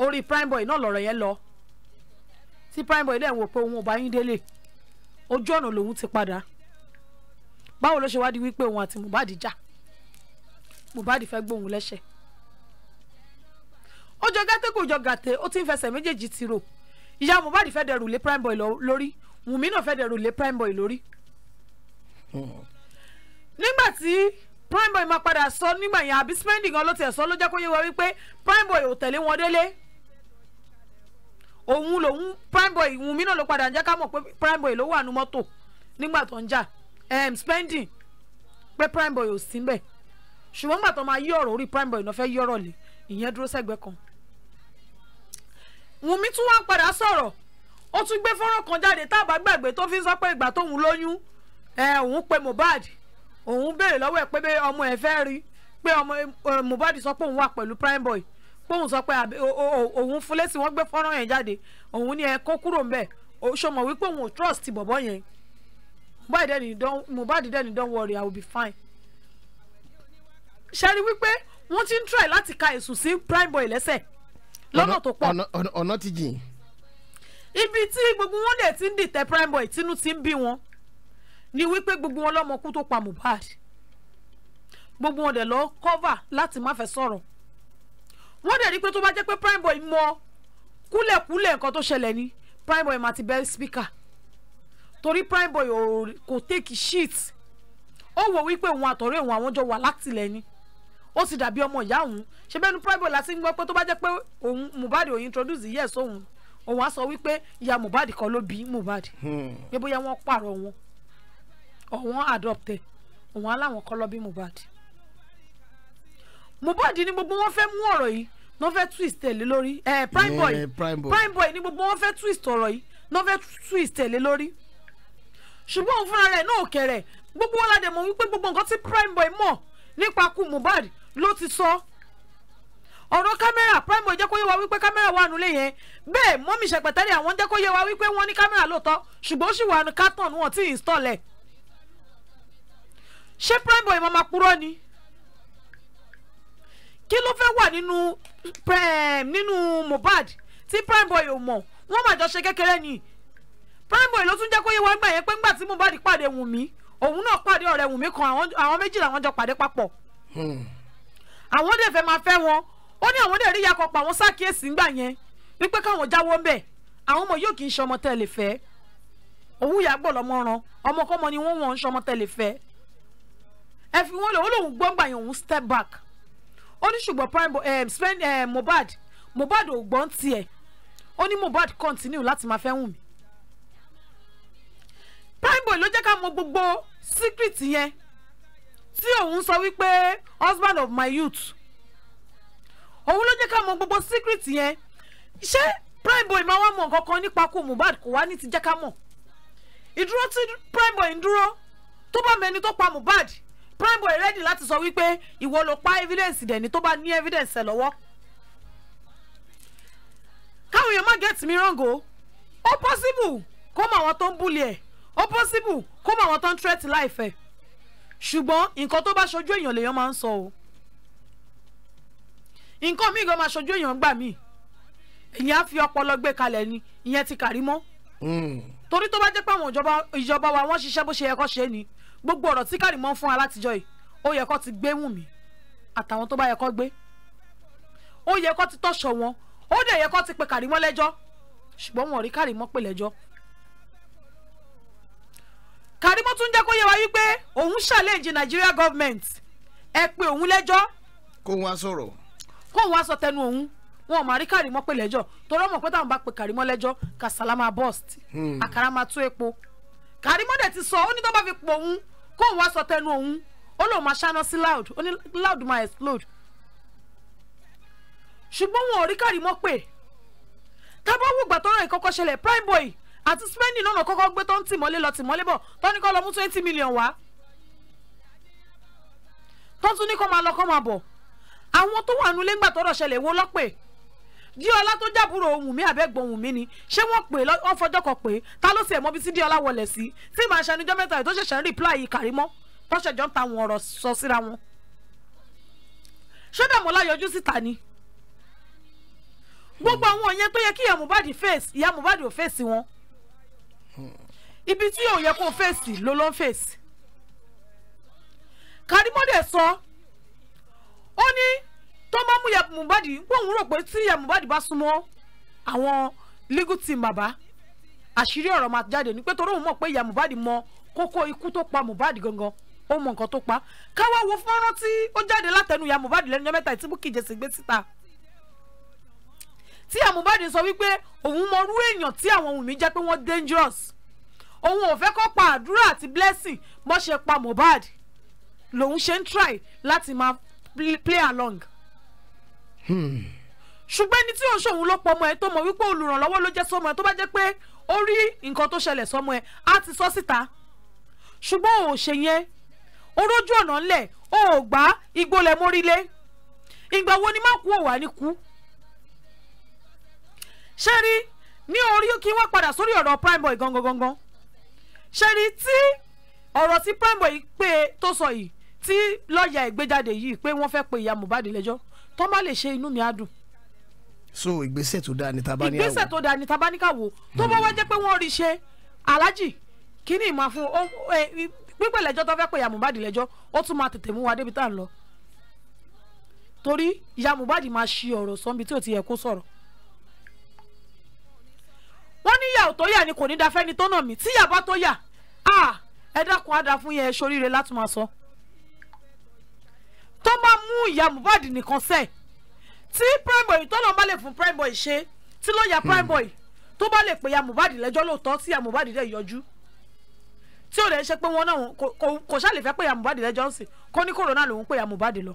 orí Primeboy náà lọ̀rọ̀ yẹn lọ tí Primeboy dẹ̀ wò pé òun ò bá yín délé ojú ọ̀nà lòun ti padà báwo ló ṣe wá di wípé òun àti Mohbad jà Mohbad fẹ́ gbóhùn lẹ́sẹ̀ ó jọ gàtẹ́ kò jọ gàtẹ́ ó ti ń fẹsẹ̀ méjèèjì tiro ìyá Mohbad fẹ́ dẹrù lé Primeboy lórí Wùnmí náà fẹ́ dẹrù lé Primeboy lórí nígbà prime boy máa padà sọ nígbà yẹn àbí spending gan ló tiẹ̀ sọ ló jẹ́ kó yé wa wípé prime boy ò tẹ̀lé wọn délé òun lòun prime boy Wùmí náà ló padà ń jẹ́ ká mọ̀ pé prime boy ló wà nú mọ́tò nígbà tó ń jà um, spending pé prime boy ò sí mbẹ̀ ṣùgbọ́n gbàtọ́ máa yí ọ̀rọ̀ orí prime boy náà fẹ́ yí ọ̀rọ̀ lé ìyẹn dúró sẹ́gbẹ́ kan Wùmí tún wá padà sọ̀rọ̀ ó tún gbé fọ́nrán kan jáde tá a bá gbàgbé tó fi ń sọ pé ìgbà tóun lóyún ẹ òun pe Mohbad òun béèrè lọ́wọ́ ẹ pé bẹ́ẹ̀ ọmọ ẹ fẹ́ rí pé ọmọ Mohbad sọ pé òun wà pẹ̀lú prime boy pé òun sọ pé òun fún lẹ́sìn wọ́n gbé fọ́nrán yẹn jáde òun ní ẹ kó kúrò ń bẹ̀ ṣọmọ wípé òun ò trust bọ̀bọ̀ yẹn Mohbad dẹ́ni don't worry I will be fine ṣe rí wípé wọ́n ti ń try láti ka èsùn sí prime boy lẹ́sẹ̀ lọ́nà tó pọ̀ ọ̀nà ti jìn. ibi tí gbogbo wọn dẹ̀ ti ń dìtẹ̀ prime boy tínú ti ń bí wọn ni wípé gbogbo wọn lọ́mọ kú tó pa Mohbad gbogbo wọn dẹ̀ lọ kọ́fà láti má fẹ́ sọ̀rọ̀ wọ́n dẹ̀ rí pé tó bá jẹ́ pé Primeboy mọ kúlẹ̀kúlẹ̀ nǹkan tó ṣẹlẹ̀ ni Primeboy máa ti bẹ́ speaker torí Primeboy kò take shit ó wò wípé òun àtọ̀rẹ́ òun àwọn jọ wà látìlẹ̀ ni ó sì dàbí ọmọ ìyá òun ṣe bẹ́ẹ̀ ni Primeboy láti ń gbọ́ pé tó bá jẹ́ pé òun Mohbad òun introduce yes òun òun á sọ wípé ìyá Mohbad kọ́ ló bí Mohbad hmm. pé bóyá wọ́n pààrọ̀ wọn ọ̀wọ́n adopt ẹ̀ ọ̀wọ́n aláwọn kọ́ lọ bí Mohbad Mohbad ni gbogbo wọn fẹ́ mú ọ̀rọ̀ yìí wọ́n fẹ́ twist tẹ̀lé lórí ẹ̀ eh, prime boy prime boy ni gbogbo wọn fẹ́ twist ọ̀rọ̀ yìí wọ́n fẹ́ twist tẹ̀lé lórí ṣùgbọ́n òun fúnra rẹ̀ náà kẹrẹ̀ gbogbo wọn ládẹ̀ mọ̀ wípé gbogbo nǹkan tí prime boy mọ̀ nípa kú Mohbad ló ti sọ ọ̀rọ̀ kámẹ́rà prime boy jẹ́ kó yé wa wípé kámẹ́rà wà nulẹ̀ yẹn bẹ́ẹ̀ mọ́mí ṣẹ̀pẹ̀tẹ́rì àwọn jẹ́ kó yé wa wípé wọ́n ní kámẹ́rà lóòótọ́ ṣùgbọ́n ó sì wà ní carton wọn tí install ẹ̀ ṣé PrimeBoy máa ma purọ́ ni kí ló fẹ́ wà nínú eh, nínú Mohbad tí PrimeBoy ò mọ̀ wọ́n mà jọ ṣe kékeré ni PrimeBoy ló tún jẹ́ kó yé wa gbà yẹn pé ńgbà tí Mohbad pàdé Wùnmí òun náà pàdé ọ̀rẹ́ Wùnmí kan àwọn méjì làwọn jọ pàdé papọ̀ hmm. àwọn dẹ̀ fẹ́ máa fẹ́ wọn ó ní àwọn dẹ̀ rí yakọ̀ pa àwọn sákìyèsí ńgbà yẹn wípé káwọn jáwọ́ ń bẹ̀ àwọn ọmọ yóò kì í ṣe ọmọ tẹ́lẹ̀ fẹ́ òun yàgbọ́ lọ́mọ ran ọmọkọ́mọ ni wọ́n wọ́n ń ṣe ọmọ fẹ́ ẹ fi wọn lè ó lóun gbọ́ngbà yẹn òun step back ó ní ṣùgbọ́n prime um, spend, um, Mohbad Mohbad ò gbọ́n tiẹ̀ ó ní Mohbad continue láti máa fẹ́ wùn mí prime boy ló jẹ́ ká mọ gbogbo secret yẹn tí òun sọ wípé husband of my youth òun ló jẹ́ ká mọ gbogbo secret yẹn ṣé prime boy máa wá mọ nǹkan kan nípa kú Mohbad kò wá ní ti jẹ́ ká mọ̀ ìdúró tí prime boy ń dúró tó bá mẹni tó pa Mohbad Prime boy ready láti sọ wípé ìwọ ló pa evidence dẹni tó bá ní evidence ẹ lọ́wọ́ káwọn èèyàn má get mi wrong o ó possible kó mọ àwọn tó ń búlì ẹ ó possible kó mọ àwọn tó ń threat life ẹ ṣùgbọ́n nǹkan tó bá ṣojú èèyàn lèèyàn máa ń sọ o nǹkan míì gan máa ṣojú èèyàn gbà míì ìyẹn á fi ọpọlọ gbé kalẹ̀ ni ìyẹn ti kàrí mọ́ hmm. torí tó bá jẹ́ pé àwọn ìjọba wa wọ́n ṣiṣẹ́ bó ṣe yẹ kó ṣe ni gbogbo ọ̀rọ̀ tí Kàrímọ́ ń fún wa látijọ́ yìí ó yẹ kó ti gbé Wùnmí àtàwọn tó bá yẹ kó gbé ó yẹ kó ti tọ́ṣọ̀ wọn ó dẹ̀ yẹ kó ti pe Kàrímọ́ lẹ́jọ́ ṣùgbọ́n wọn ò rí Kàrímọ́ pè lẹ́jọ́ Kàrímọ́ tún jẹ́ kó yẹ wá wípé òun challenge Nigeria government ẹ pé òun lẹ́jọ́ kó wọn sọ̀rọ̀ kó wọn sọ tẹnu òun wọn ò máa rí Kàrímọ́ pè lẹ́jọ́ torí ọmọ pé táwọn bá pe Kàrímọ́ lẹ́jọ́ kàsálà máa bọ́st hmm. àkàrà máa tó epo kàrímọ́dẹ̀ ti sọ ó ní tó bá fi pò òun kóun wá sọ tẹnu òun ó lóun máa ṣáná sí loud ó ní loud máa explode ṣùgbọ́n wọn ò rí kàrímọ́ pè tábọ́ wùgbà tọ́rọ̀ ìkọ́kọ́ ṣẹlẹ̀ prime boy àti spending náà kọ́kọ́ gbé tó ń tìmọ́lé lọ tìmọ́lé bọ̀ tó ní kó lọ mú twenty million wá tó tún ní kó máa lọ kó máa bọ̀ àwọn tó wà nulẹ̀ ńgbà tọ́rọ̀ ṣẹlẹ̀ wo lọ́pẹ̀ díọ́lá tó jábúrò ohun mi àbẹ́gbọ̀n ohun mi ni ṣé wọ́n pè wọ́n fọjọ́ kan pé ta ló sì ẹ̀ mọ́bi tí díọ́lá wọlé sí tí màá ṣe ẹnujọ́ mẹ́ta tó ṣẹ̀ṣẹ̀ ń rìpláì kàrímọ́ tọ́ṣẹ̀jọ́ ń ta àwọn ọ̀rọ̀ sọ síra wọn. ṣé bẹ́ẹ̀ mo láyọjú síta ni gbogbo àwọn yẹn tó yẹ kí ìyá Mohbad fèsì ìyá Mohbad ò fèsì wọn ibi tí ò yẹ kó fèsì ló ló ń fèsì kàrímọ́dé sọ ó ní tó bá mú Ìyá Mohbad wọ́n rò pé tí Ìyá Mohbad bá súnmọ́ àwọn legal team bàbá àṣírí ọ̀rọ̀ máa jáde ní pé torí òun mọ̀ pé Ìyá Mohbad mọ kókó ikú tó pa Mohbad gangan ó mọ nǹkan tó pa káwá wo fọ́nrán tí ó jáde látẹnu Ìyá Mohbad lẹ́nu mẹ́ta tí Bukky Jesse gbé síta tí Ìyá Mohbad sọ wípé òun mọ irú èèyàn tí àwọn Wùmí jẹ́ pé wọ́n dangerous òun ò fẹ́ kó pa àdúrà àti blessing bó ṣe pa Mohbad lòun ṣe ń try láti máa play along ṣùgbọ́n ẹni tí ò ń ṣòun ló pọ̀ ọmọ ẹ tó mọ̀ wípé olùrànlọ́wọ́ ló jẹ́ sọmọ ẹ tó bá jẹ́ pé ó rí nǹkan tó ṣẹlẹ̀ sọmọ ẹ á ti sọ síta ṣùgbọ́n ò ṣe yẹn ó rójú ọ̀nà ńlẹ̀ ó gbá igbó lẹ mórílé ìgbà wo ni má kú ò wá ní kú ṣé rí ní orí kí wọ́n padà sórí ọ̀rọ̀ Primeboy gangan gangan ṣé rí tí ọ̀rọ̀ tí Primeboy pé tó sọ yìí tí lọ́ọ̀yà ìgbéjáde yìí pé wọ́n fẹ́ pe ìyá Mohbad lẹ́jọ́ tó bá lè ṣe inú mi á dùn. so ìgbésẹ̀ tó dáa ni tá a bá ní àwò ìgbésẹ̀ tó dáa ni tá a bá ní káwò tó bá wá jẹ́ pé wọ́n rí ṣe aláàjì kíní ìmọ̀ fún pípẹ́ lẹ́jọ́ tó fẹ́ pé ìyá Mohbad lẹ́jọ́ ó tún máa tètè mú wa débi tá à ń lọ torí ìyá Mohbad máa ṣi ọ̀rọ̀ sọ́nbi tí ò ti yẹ kó sọ̀rọ̀ wọ́n ní ìyà tó yà ni kò ní da fẹ́ni tó nà mí tí ìyà bá tó yà ẹ dákun á da fún yẹn ẹ ṣoríire láti máa sọ. So tó máa mú ìyá Mohbad nìkan sẹ̀ tí Primeboy tọ́nà bá lè fún boy ṣe tí ló ya Primeboy hmm. tó bá lè pè ya Mohbad lẹ́jọ́ lóòótọ́ tí ya Mohbad dẹ̀ yọjú tí ò lè ṣe pé wọn náà kò ṣáà lè pè ya Mohbad lẹ́jọ́ sí kó ní corona lòun pè ya Mohbad lọ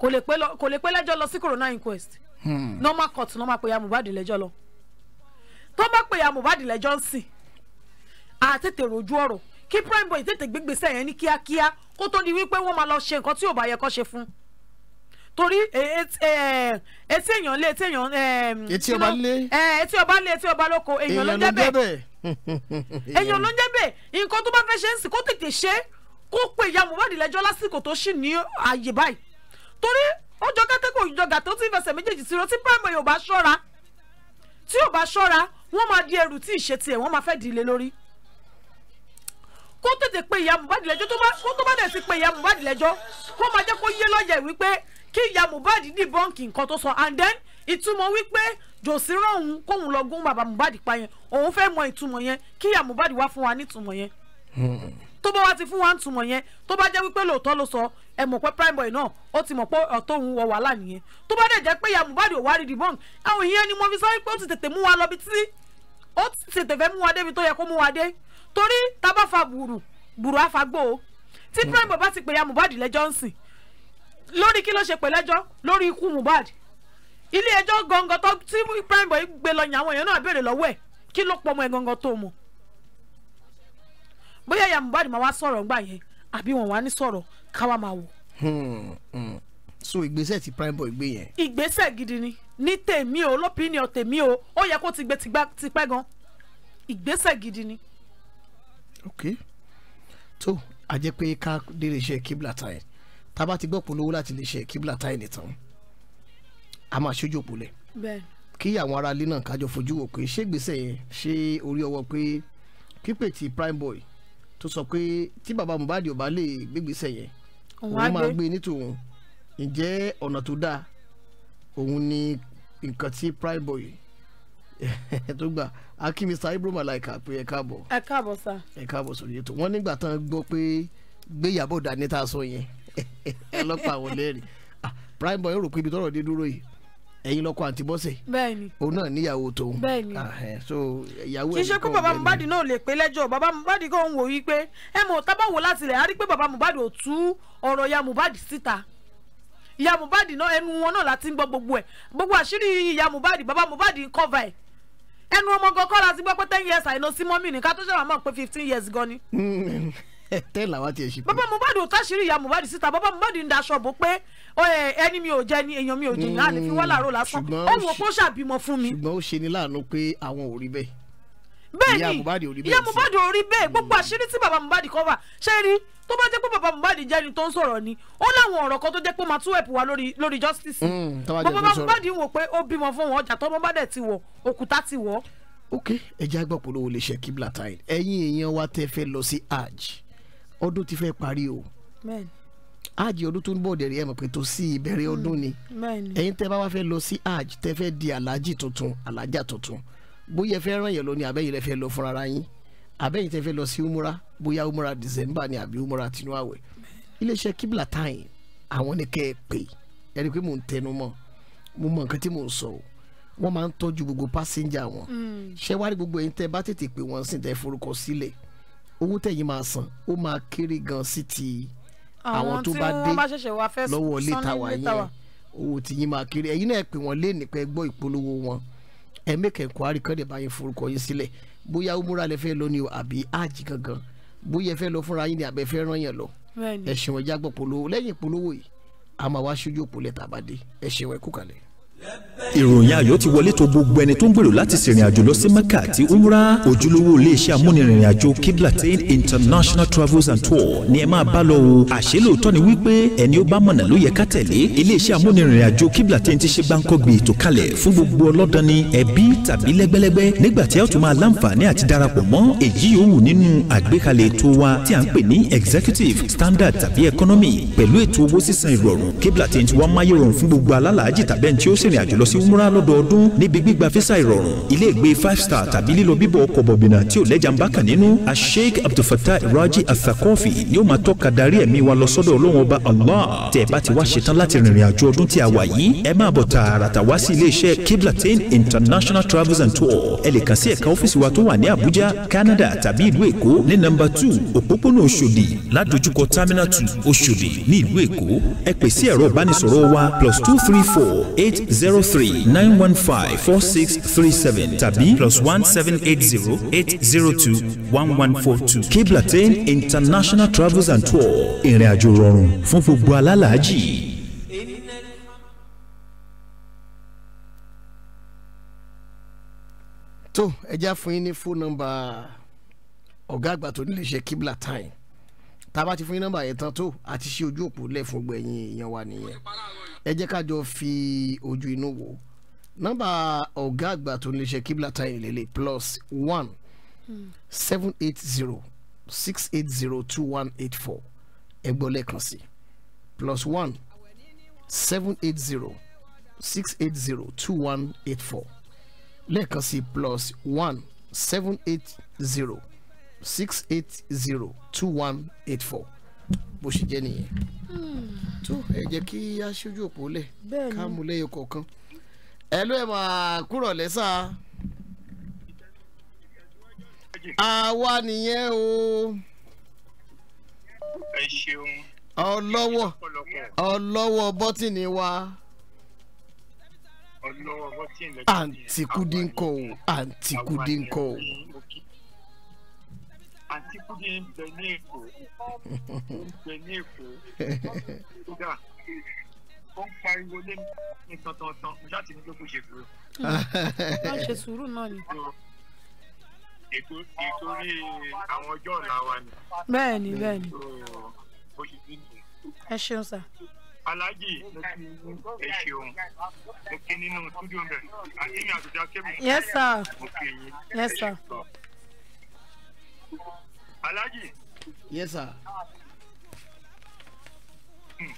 kò lè pé lẹ́jọ́ lọ sí corona inquest hmm. normal court ló máa pè ya Mohbad lẹ́jọ́ lọ tó bá pè ya Mohbad lẹ́jọ́ sí àtètè rojú ọ̀rọ̀ kí prime boy tètè gbégbèsè yẹn ní kíákíá kó tó di wípé wọ́n máa lọ ṣe nǹkan tí ò bá yẹ kó ṣe fún un torí eh, eh, etí èèyàn lé etí èèyàn ehm, etí ọba lé eh, etí ọba lé etí ọba lóko èèyàn ló ń jẹ́ bẹ́ẹ̀ èèyàn ló ń jẹ́ bẹ́ẹ̀ nǹkan tó bá fẹ́ ṣe ń sìn kó tètè ṣe kó pe ìyá Mohbad lẹ́jọ́ lásìkò tó ṣì ní ààyè báyìí torí ó jọ kátẹ́kọ̀ọ́ ìjọ gàtó tí fẹsẹ̀ méjèèjì sí ro tí prime boy ò bá ṣọ́ra tí ò bá ṣọ́ra wọ́n máa di ẹrù tí ìṣe tiẹ̀ wọ́n máa fẹ́ dìílé lórí kó tètè pe ìyá Mohbad lẹ́jọ́ kó tó bá dẹ̀ ti pe ìyá Mohbad lẹ́jọ́ kó máa jẹ́ kó yé lọ́yẹ̀ wípé kí ìyá Mohbad dìbọ́ǹkì nǹkan tó sọ and then ìtumọ̀ wípé jòsí rọ̀hún kóun lọ gún bàbá Mohbad pa yẹn òun fẹ́ mọ ìtumọ̀ yẹn kí ìyá Mohbad wá fún wa nítumọ̀ yẹn tó bá wá ti fún wa nítumọ̀ yẹn tó bá jẹ́ wípé lóòótọ́ ló sọ ẹ mọ̀ pé prime boy náà ó ti mọ̀ pé ọ̀tọ̀ òun wọ wàhálà nìyẹn tó bá dẹ̀ jẹ́ pé ìyá Mohbad ò wá rí dìbọ́ǹk àwọn ìyẹn ni mo fi sọ pé ó ti tètè mú wa lọ bí tí ó ti tètè fẹ́ mú wa débi tó yẹ kó mú wa dé torí tá fa bùrù bùrù àfagbó o tí hmm. prime boy bá ti pè ya Mohbad lẹ́jọ́ ń sìn lórí kí ló ṣe pè lẹ́jọ́ lórí ikú Mohbad ilé ẹjọ́ gangan tó tí prime boy gbé lọ yàn àwọn èèyàn náà béèrè lọ́wọ́ ẹ̀ kí ló pọ̀ ọmọ ẹ̀ gangan tó mu bóyá ya Mohbad máa wá sọ̀rọ̀ ńgbà yẹn àbí wọn wá ní sọ̀rọ̀ káwa máa wò. Hmm, hmm. so ìgbésẹ̀ tí prime boy gbé yẹn. ìgbésẹ̀ gidi ni ní tèmi o lópinion tèmi o ó yẹ kó ti gbé tipẹ́ gan ìgbésẹ̀ gidi ni ok tó a jẹ́ pé ká dé iléeṣẹ́ kibla time tá a bá ti gbọ́ polówó láti iléeṣẹ́ kibla time nìtàn a máa ṣojú òpólẹ̀ kí àwọn ará ilé náà kájọ fojú wò pé ṣé gbèsè yẹn ṣé orí ọwọ́ pé pípè tí prime boy tó sọ pé tí bàbá Mohbad ò bá lè gbégbèsè yẹn òun máa gbé ní tòun ǹjẹ́ ọ̀nà tó dáa òun ni nǹkan tí prime boy (laughs) tó gbà akínmísà Ibrahim Malaika uh, pé ẹ káàbọ̀. ẹ káàbọ̀ sá. ẹ káàbọ̀ sórí ètò wọn nígbà tán gbọ́ pé gbéyàwó dání tá a sọ yẹn ẹ àwọn lẹ́rìí prime boy rò pé ibi tọ́rọ̀ dé dúró yìí ẹ̀yin lọ́kọ àǹtí Bọ́sẹ̀. bẹ́ẹ̀ni òun náà níyàwó tòun. bẹ́ẹ̀ni ah, so ìyàwó ẹ kì í ṣe pé bàbá mubadi náà lè pé lẹ́jọ́ bàbá Mohbad kò ń wò yí pé ẹ mọ̀ tábà wò láti rẹ̀ á rí pé bàbá Mohbad ò tú ọ̀rọ̀ ìyá Mohbad síta ìyá Mohbad náà ẹnu wọn náà láti ń gbọ́ gbogbo ẹ̀ gbogbo àṣírí ìyá Mohbad bàbá Mohbad ń cover ẹ̀ ẹnu ọmọ gan kọ́ la ti gbọ́ pé ten years àìlọ sí mọ́mì ní ká tó ṣẹ̀wá mọ̀ pé fifteen years gan ni. (laughs) tẹ́ làwọn ti ẹ̀ ṣe pé. bàbá Mohbad ò táṣìírí ìyá Mohbad síta bàbá Mohbad ń daṣọ bò pé ẹni mi ò jẹ ni èèyàn mi ò jìyàn àlè fi wọ́n làárọ̀ lásán hmm, ó wò pé ó ṣàbímọ fún mi. ṣùgbọ́n ó ṣe ni láàánú pé àwọn ò rí bẹ́ẹ̀. bẹ́ẹ̀ ni ìyá Mohbad ò rí bẹ́ẹ̀ gbogbo hmm. àṣírí tí bàbá Mohbad kọ́ wà ṣé rí tó bá jẹ́ pé bàbá Mohbad jẹ́ ẹni tó ń sọ̀rọ̀ ni ó láwọn ọ̀rọ̀ kan tó jẹ́ pé máa tún ẹ̀pù wá lórí lórí justice. Mm, bàbá Mohbad wò pé ó bímọ fún wọn ọjà tó Mohbad dẹ̀ ti wọ̀ òkúta ti wọ̀. ok ẹ jẹ́ àgbà ṣe kí blatain ẹ̀yin èèyàn wa tẹ́ fẹ́ lọ sí hajj ọdún ti fẹ́ parí o hajj ọdún tó ń bọ̀ dẹ̀rẹ̀ ẹ̀ pé tó sí ìbẹ̀rẹ̀ mm, ọdún ni ẹ̀yin tẹ́ bá wá fẹ́ lọ sí hajj tẹ́ fẹ́ di alájì tuntun alájà tuntun bóyá ẹ fẹ́ ràn yẹn lọ ni àbẹ́yìn rẹ fẹ́ lọ fúnra ara yín àbẹ́yìn tẹ́ fẹ́ lọ sí umura bóyá umura december ni àbí umura tinú àwẹ̀ iléeṣẹ́ kibla time àwọn ni kẹ́ ẹ pè ẹ rí i pé mò ń tẹnu mọ́ mo mọ nǹkan tí mò ń sọ o wọ́n máa ń tọ́jú gbogbo pásíńjà wọn mm. ṣé wá rí gbogbo ẹ̀yin tẹ́ bá tètè pé wọ́n sì tẹ́ forúkọ sílẹ̀ owó tẹ̀yìn máa san ó máa kéré gan sí ti àwọn tó bá dé lọ́wọ́ létà wá yẹn owó tìyín máa kéré ẹ̀yin náà pè wọ́n lé nípẹ́ gbọ́ ìpolówó wọn ẹ̀ mẹ́kẹ̀ẹ́ kwari kan lè forúkọ yín sílẹ̀ bóyá ó múra lẹ́fẹ́ lónìí o àbí áàjì gangan bóyá ẹ fẹ́ lọ fúnra yín ni àbẹ fẹ́ ràn yẹn lọ ẹ ṣeun ẹ jágbọ́ polówó lẹ́yìn polówó yìí a máa wá ṣojú òpó lẹ́tà àbádé ẹ ṣeun ẹ ìròyìn ayọ̀ ti wọlé tó gbogbo ẹni tó ń gbèrò láti ṣèrìn àjò lọ sí mecca àti umrah ojúlówó iléeṣẹ́ amúnirìnrìn àjò kiblatin international travels and tour ni ẹ máa bá lọ o àṣé lóòótọ́ ni wípé ẹni ó bá mọ̀nà ló yẹ ká tẹ̀lé iléeṣẹ́ amúnirìnrìn àjò kiblatin ti ṣe gbáǹkọ́gbìn ètò kalẹ̀ fún gbogbo ọlọ́dani ẹbí tàbí lẹ́gbẹ́lẹ́gbẹ́ nígbà tí ẹ ó tún máa láǹfààní àti darapọ̀ mọ́ èyí yòówù nínú àgbékalẹ̀ ètò wa tí executive standard tàbí economy pẹ̀lú ètò owó sísan ìrọ̀rùn kiblatin ti wá máyé rọrùn fún gbogbo alálàájì tàbí ẹni umrah lọ́dọọdún níbi gbígba físà ìrọ̀rùn ilé ìgbé five star tàbí lílọ bíbọ̀ ọkọ̀ bọ̀bìnà tí ò lẹ́jà ń bá kà nínú a sheikh abdulfatah raji asakọ́fì ni ó máa tọ́ka darí ẹ̀mí wa lọ sọ́dọ̀ ọlọ́run ọba allah tẹ̀ bá ti wá ṣetán láti rìnrìn àjò ọdún tí a wà yìí ẹ máa bọ̀ tààràtà wá sí iléeṣẹ́ kiblatin international travels and tour ẹ lè kàn sí ẹ̀ka ọ́fíìsì wa tó wà ní abuja canada tàbí ìlú èkó ní nọ́mbà two òpópónà oṣòdì ládojúkọ terminal two oṣòdì ní ìlú èkó ẹ pè sí ẹ̀rọ ìbánisọ̀rọ̀ wa plus two three four eight zero three three nine one five four six three seven tàbí plus one seven eight zero eight zero two one one four two. Kiblatin International Travels and Tour ìrìn àjò rọrùn fún gbogbo alálàájì. tó ẹ já fún yín ní fóònù nọ́mbà ọ̀gá àgbà tó nílé iṣẹ́ Kiblatin tá a bá ti fún yín nọ́mbà yẹn tán tó àti ṣe ojú òpó lẹ́fún gbẹ̀yìn èèyàn wa nìyẹn ẹ jẹ́ ká fi ojú inú wò nọ́mbà ọ̀gá àgbà tó ń kíbla táyìn lélẹ̀ plus one seven eight zero six eight zero two one eight four ẹ gbọ́ lẹ́ẹ̀kan sí plus one seven eight zero six eight zero two one eight four lẹ́ẹ̀kan sí plus one seven eight zero six eight zero two one eight four bó ṣe jẹ́ nìyẹn. tó hmm. ẹ jẹ́ kí aṣojú òpó lẹ̀ ká mú lẹ́yìn kọ̀ọ̀kan. ẹ ló ẹ máa kúrọ̀ lẹ́sà. àwa nìyẹn o. ẹ ṣeun. ọlọ́wọ́ ọlọ́wọ́ bọ́tìnì wa. ọlọ́wọ́ bọ́tìnì. àǹtí kúdínkọ̀ o àǹtí kúdínkọ̀ o ní bẹ ní èkó bẹ ní èkó kódà ó ń pariwo lé ní tantantan láti ní lóko ṣe dúró. wọ́n ṣe sùúrù náà ni. ètò ètò rí àwọn ọjọ́ ọ̀la wa ni. bẹ́ẹ̀ ni bẹ́ẹ̀ ni. ẹ ṣeun sà. Alhaji ẹ ṣeun mo kí nínú studio rẹ àti ní àtúnṣe akébù. yes sir yes sir alhaji. yes sir. Hmm.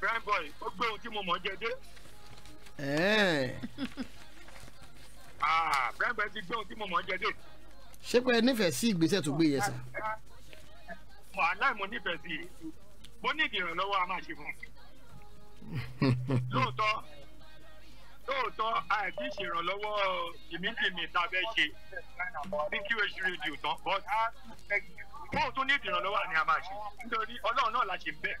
prime boy ó gbé ohun tí mo mọ̀ jẹ dé. Eh. (laughs) Ah, prime boy ti gbé ohun tí mo mọ̀ jẹ dé. ṣé pé ẹ nífẹ̀ẹ́ sí ìgbésẹ̀ tó gbé yẹn sà. wàhálà mo nífẹ̀ẹ́ sí i mo ní ìdìrànlọ́wọ́ a máa ṣe fún un. lóòótọ́ (laughs) lóòótọ́ àti ìṣèrànlọ́wọ́ tìmítìmí tá a fẹ́ ṣe ní QH radio tán but bóò tún ní ìdìrànlọ́wọ́ àní a máa ṣe nítorí ọlọ́run náà la ṣe bẹ́ẹ̀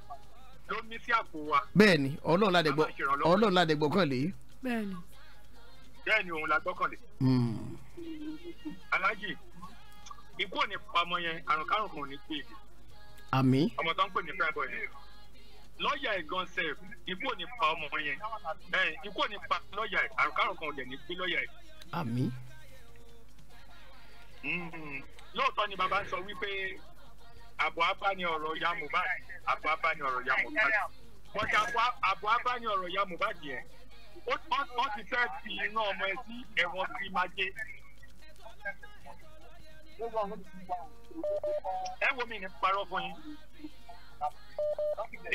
ló mí sí àpò wa. bẹ́ẹ̀ni ọlọ́run ládẹgbọ ọlọ́run ládẹgbọ kàn lé. bẹ́ẹ̀ni. bẹ́ẹ̀ni òun la gbọ́kànlé. Hmm. alájì ikú ò ní pamọ́ yẹn àrùn kárùn kò ní pè é. E. àmín. ọmọ tó ń pè ní fẹ́ẹ́ bọ̀ yẹn lọ́ọ̀yà ẹ̀gàn sef ikú ò ní pa ọmọ yẹn ikú ò ní pa lọ́ọ̀yà ẹ̀ àrùkárùn kan ò dẹ̀ ní pé lọ́ọ̀yà ẹ̀. àmì. Hmm, lóòótọ́ ni bàbá ń sọ wípé àbọ̀ abáni ọ̀rọ̀ ya Mohbad àbọ̀ abáni ọ̀rọ̀ ya Mohbad bọ́tí àbọ̀ abáni ọ̀rọ̀ ya Mohbad yẹn wọ́n ti fẹ́ fi iná ọmọ ẹ sí ẹ̀wọ̀n sí máa jẹ ẹ wo mi ní parọ́ fún yín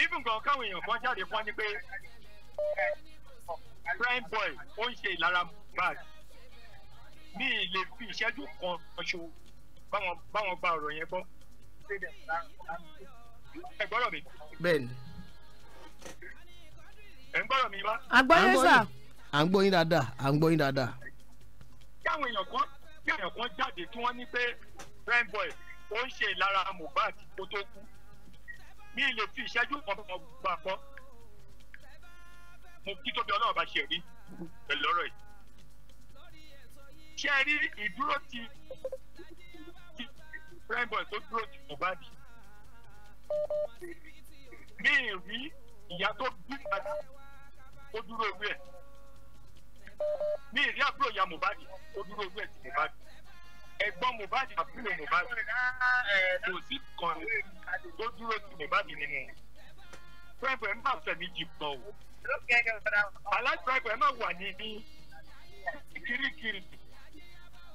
even gan káwọn èèyàn kan jáde fún ọ ni pé prime boy ó ń ṣe ìlara Mohbad mi lè fi ìṣẹ́jú kan ṣo báwọn gba ọ̀rọ̀ yẹn gbọ́ ẹ gbọ́dọ̀ mi. bẹ́ẹ̀ni. ẹ ń gbọ́dọ̀ mi bá. àgbọ̀yé sà. à ń gbọ́ yín dáadáa à ń gbọ́ yín dáadáa. káwọn èèyàn kan káwọn èèyàn kan jáde tí wọ́n ní pé prime boy ó ń ṣe ìlara Mohbad kó tó kú mi lè fi ìṣẹ́jú kan mọ̀ gbà kọ́ mo kí tóbi ọlọ́run bá ṣe rí pẹ̀lú ọ̀rọ̀ yìí ṣe rí ìdúró ti prime boy tó dúró ti Mohbad mi rí ìyá tó bí padà tó dúró ewé ẹ̀ mi rí àbúrò ìyá Mohbad tó dúró ewé ẹ̀ ti Mohbad ẹ̀gbọ́n Mohbad àbúrò Mohbad kò sí kan tó dúró ti Mohbad nínú pẹ́pẹ́ ń bà fẹ̀mí jì pọ̀ o aláìpẹ́pẹ́ náà wà ní ní kirikiri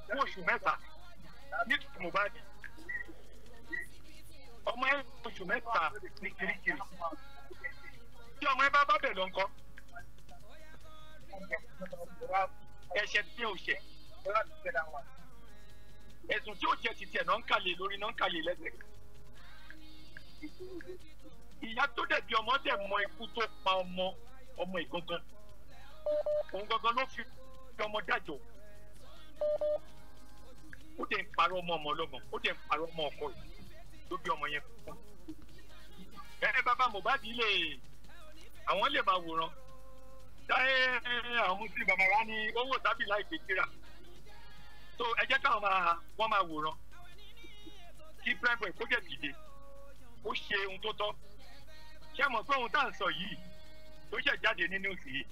fún oṣù mẹ́ta ní Mohbad ọmọ ẹ oṣù mẹ́ta ní kirikiri tí ọmọ ẹ bá bá bẹ̀ lọ ńkọ́ ẹ̀ṣẹ̀ tí o ṣẹ̀ ẹ̀sùn tí ó jẹ́ ti tiẹ̀ náà ń kàlè lórí náà ń kàlè lẹ́sẹ̀. ìyá tó dẹ̀ bí ọmọ dẹ̀ mọ ikú tó pa ọmọ ọmọ ìgangan òun gangan ló fi ọmọ dájọ́ ó dẹ̀ ń parọ́ ọmọ ọmọ ọlọ́mọ ó dẹ̀ ń parọ́ ọmọ ọkọ rẹ̀ ló bí ọmọ yẹn fún ẹ ẹ bàbá Mohbad lè àwọn lè máa wòran táyé àwọn muslim bàbá wa ní owó tábìlà ìgbésíra so ẹ jẹ́ káwọn máa wọ́n máa wòran kí prime boy kó jẹ́ dìde ó ṣe ohun tó tọ́ ṣé mọ̀ pé ohun tá à ń sọ yìí tó ṣẹ̀ jáde ní news yìí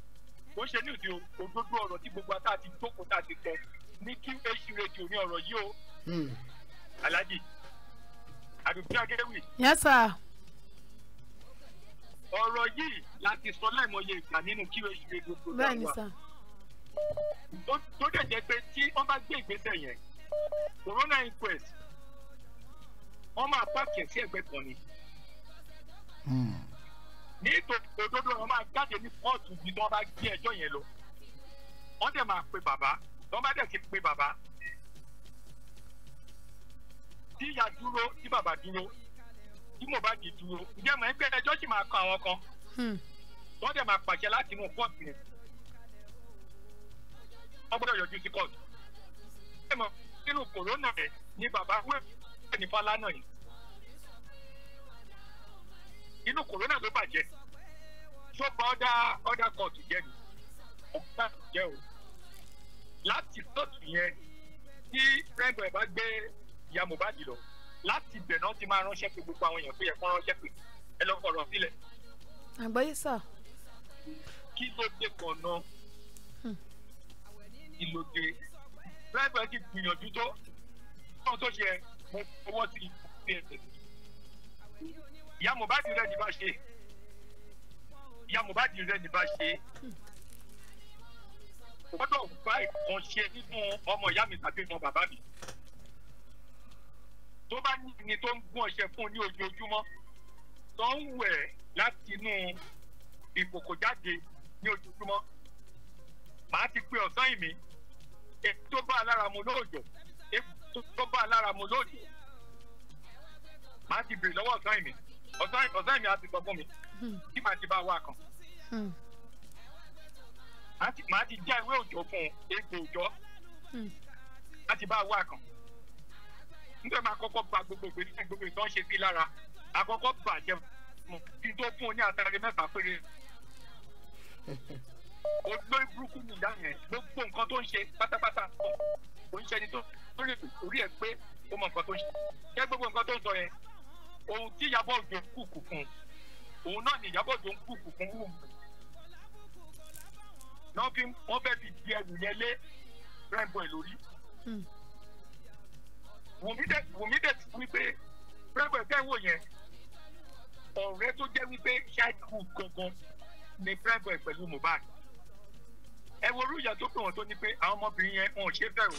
ó ṣe news yìí o gbogbo ọ̀rọ̀ tí gbogbo ata ti jókòó tá a ti sọ ní QH radio ní ọ̀rọ̀ yìí o hmm. Alhaji àdùkú agéwì. yes sir. ọ̀rọ̀ yìí láti sọ láìmọye ìgbà nínú QH radio program wa. bẹ́ẹ̀ ni sir tó dẹ̀ jẹ́ pé tí wọ́n bá gbé ìgbésẹ̀ yẹn corona inquest wọ́n máa pàkẹ́ sí ẹgbẹ́ kan ni. Hmm. ní òdodo wọn máa jáde ní kóòtù bí wọ́n bá gbé ẹjọ́ yẹn lọ wọ́n dẹ̀ máa pe bàbá wọ́n bá dẹ̀ ti pe bàbá tí ìyá dúró tí bàbá dúró tí Mohbad dúró ǹjẹ́ mọ̀ ẹgbẹ́ ẹjọ́ sì máa kọ àwọn kan hmm. wọ́n dẹ̀ máa pàṣẹ láti mú kóòtù yẹn wọ́n gbọ́dọ̀ yọjú sí court. ṣé mo nínú kòrónà rẹ̀ ni bàbá wẹ́ẹ̀ ní Fálànà yìí. inú kòrónà ló bàjẹ́ tó gba ọ̀dà ọ̀dà court jẹ́ ni ó gbà jẹ́ o. láti court yẹn tí rẹ́gbọ̀n ẹ̀ bá gbé ìyá Mohbad láti ibẹ̀ náà ti máa ránṣẹ́ pé gbogbo àwọn èèyàn tó yẹ kó ránṣẹ́ pé ẹ lọ́kọ̀ọ̀rọ̀ sílẹ̀. àgbáyé sà. kí ló dé kan náà kí ló dé dírẹ́bà ti gbìyànjú tó náà tó ṣe mo fọwọ́ sí ìfúnni ẹ̀sẹ̀ ìyá Mohbad rẹ̀ ní bá ṣe ìyá Mohbad rẹ̀ ní bá ṣe gbọ́dọ̀ wá ìkan ṣe nínú ọmọ ìyá mi tàbí ọmọ bàbá mi tó bá ní ni tó ń gún ọṣẹ fún un ní ojoojúmọ́ tó ń wẹ̀ láti inú ìkòkò jáde ní ojoojúmọ́ màá ti pé ọ̀sán ìmí èyí tó bá lára mu lóòjọ́ èyí tó bá lára mu lóòjọ́ màá ti bèrè lọ́wọ́ ọ̀sán ìmì ọ̀sán ìmì àti gbọ́ fún mi kí hmm. màá ti bá wá kan hmm. màá ti já ìwé òjò fún egbò òjò láti hmm. bá wá kan nígbà máa kọ́kọ́ ba gbogbo ìgbésẹ̀ gbogbo ìtàn ṣe sí lára àkọ́kọ́ bàjẹ́ kí n tó fún un ní àtàrí mẹ́ta péré. (laughs) olórí burúkú ni ìyá yẹn gbogbo nǹkan tó ń ṣe pátápátá pọ̀ kò ń ṣe ẹni tó lórí orí ẹ̀ pé ó mọ nǹkan tó ń ṣe kẹ́ gbogbo nǹkan tó ń sọ yẹn ohun tí Ìyábọ̀ Òjó ń kùkù fún òun náà ni Ìyábọ̀ Òjó ń kùkù fún wù mí náà fi wọ́n fẹ́ fi di ẹrù yẹn lé Primeboy lórí hmm. Wùmí dẹ̀ Wùmí dẹ̀ ti wípé Primeboy tẹ́ wò yẹn ọ̀rẹ́ tó jẹ́ wípé ṣáìkù gangan ni Primeboy pẹ̀lú Mohbad ẹ wo orúyà tó pè wọ́n tó ní pé àwọn ọmọbìnrin yẹn wọn ò ṣe bẹ̀rù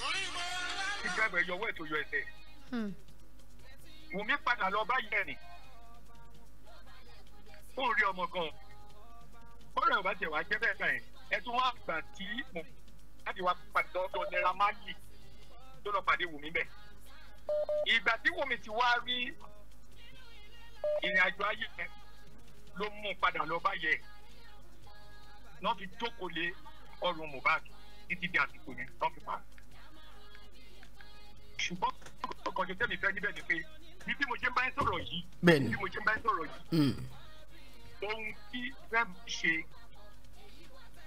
kí dẹ́gbẹ̀ẹ́ yọwọ́ ètò yọ ẹsẹ̀ hmm. Wùmí padà lọ báyìí ẹ̀rìn ó rí ọmọ gan ó rẹ̀ bá tiẹ̀ wá jẹ́ bẹ́ẹ̀ bẹ́ẹ̀ ẹ tún wá gbà tí mo láti wá pàdé ọ̀dọ̀ Naira Marley tó lọ pàdé Wùmí bẹ́ẹ̀ ìgbà tí Wùmí ti wá rí ìrìn àjò ayé yẹn ló mú un padà lọ báyẹn náà fi jókòó lé ọrùn Mohbad títí di àsìkò yẹn tó fi pa ṣùgbọ́n ọkọ̀ ṣe tẹ́mi fẹ́ níbẹ̀ ni pé bí bí mo ṣe ń bá ń sọ̀rọ̀ yìí bí mo ṣe ń bá ń sọ̀rọ̀ yìí hmm. ohun tí fẹ́ ṣe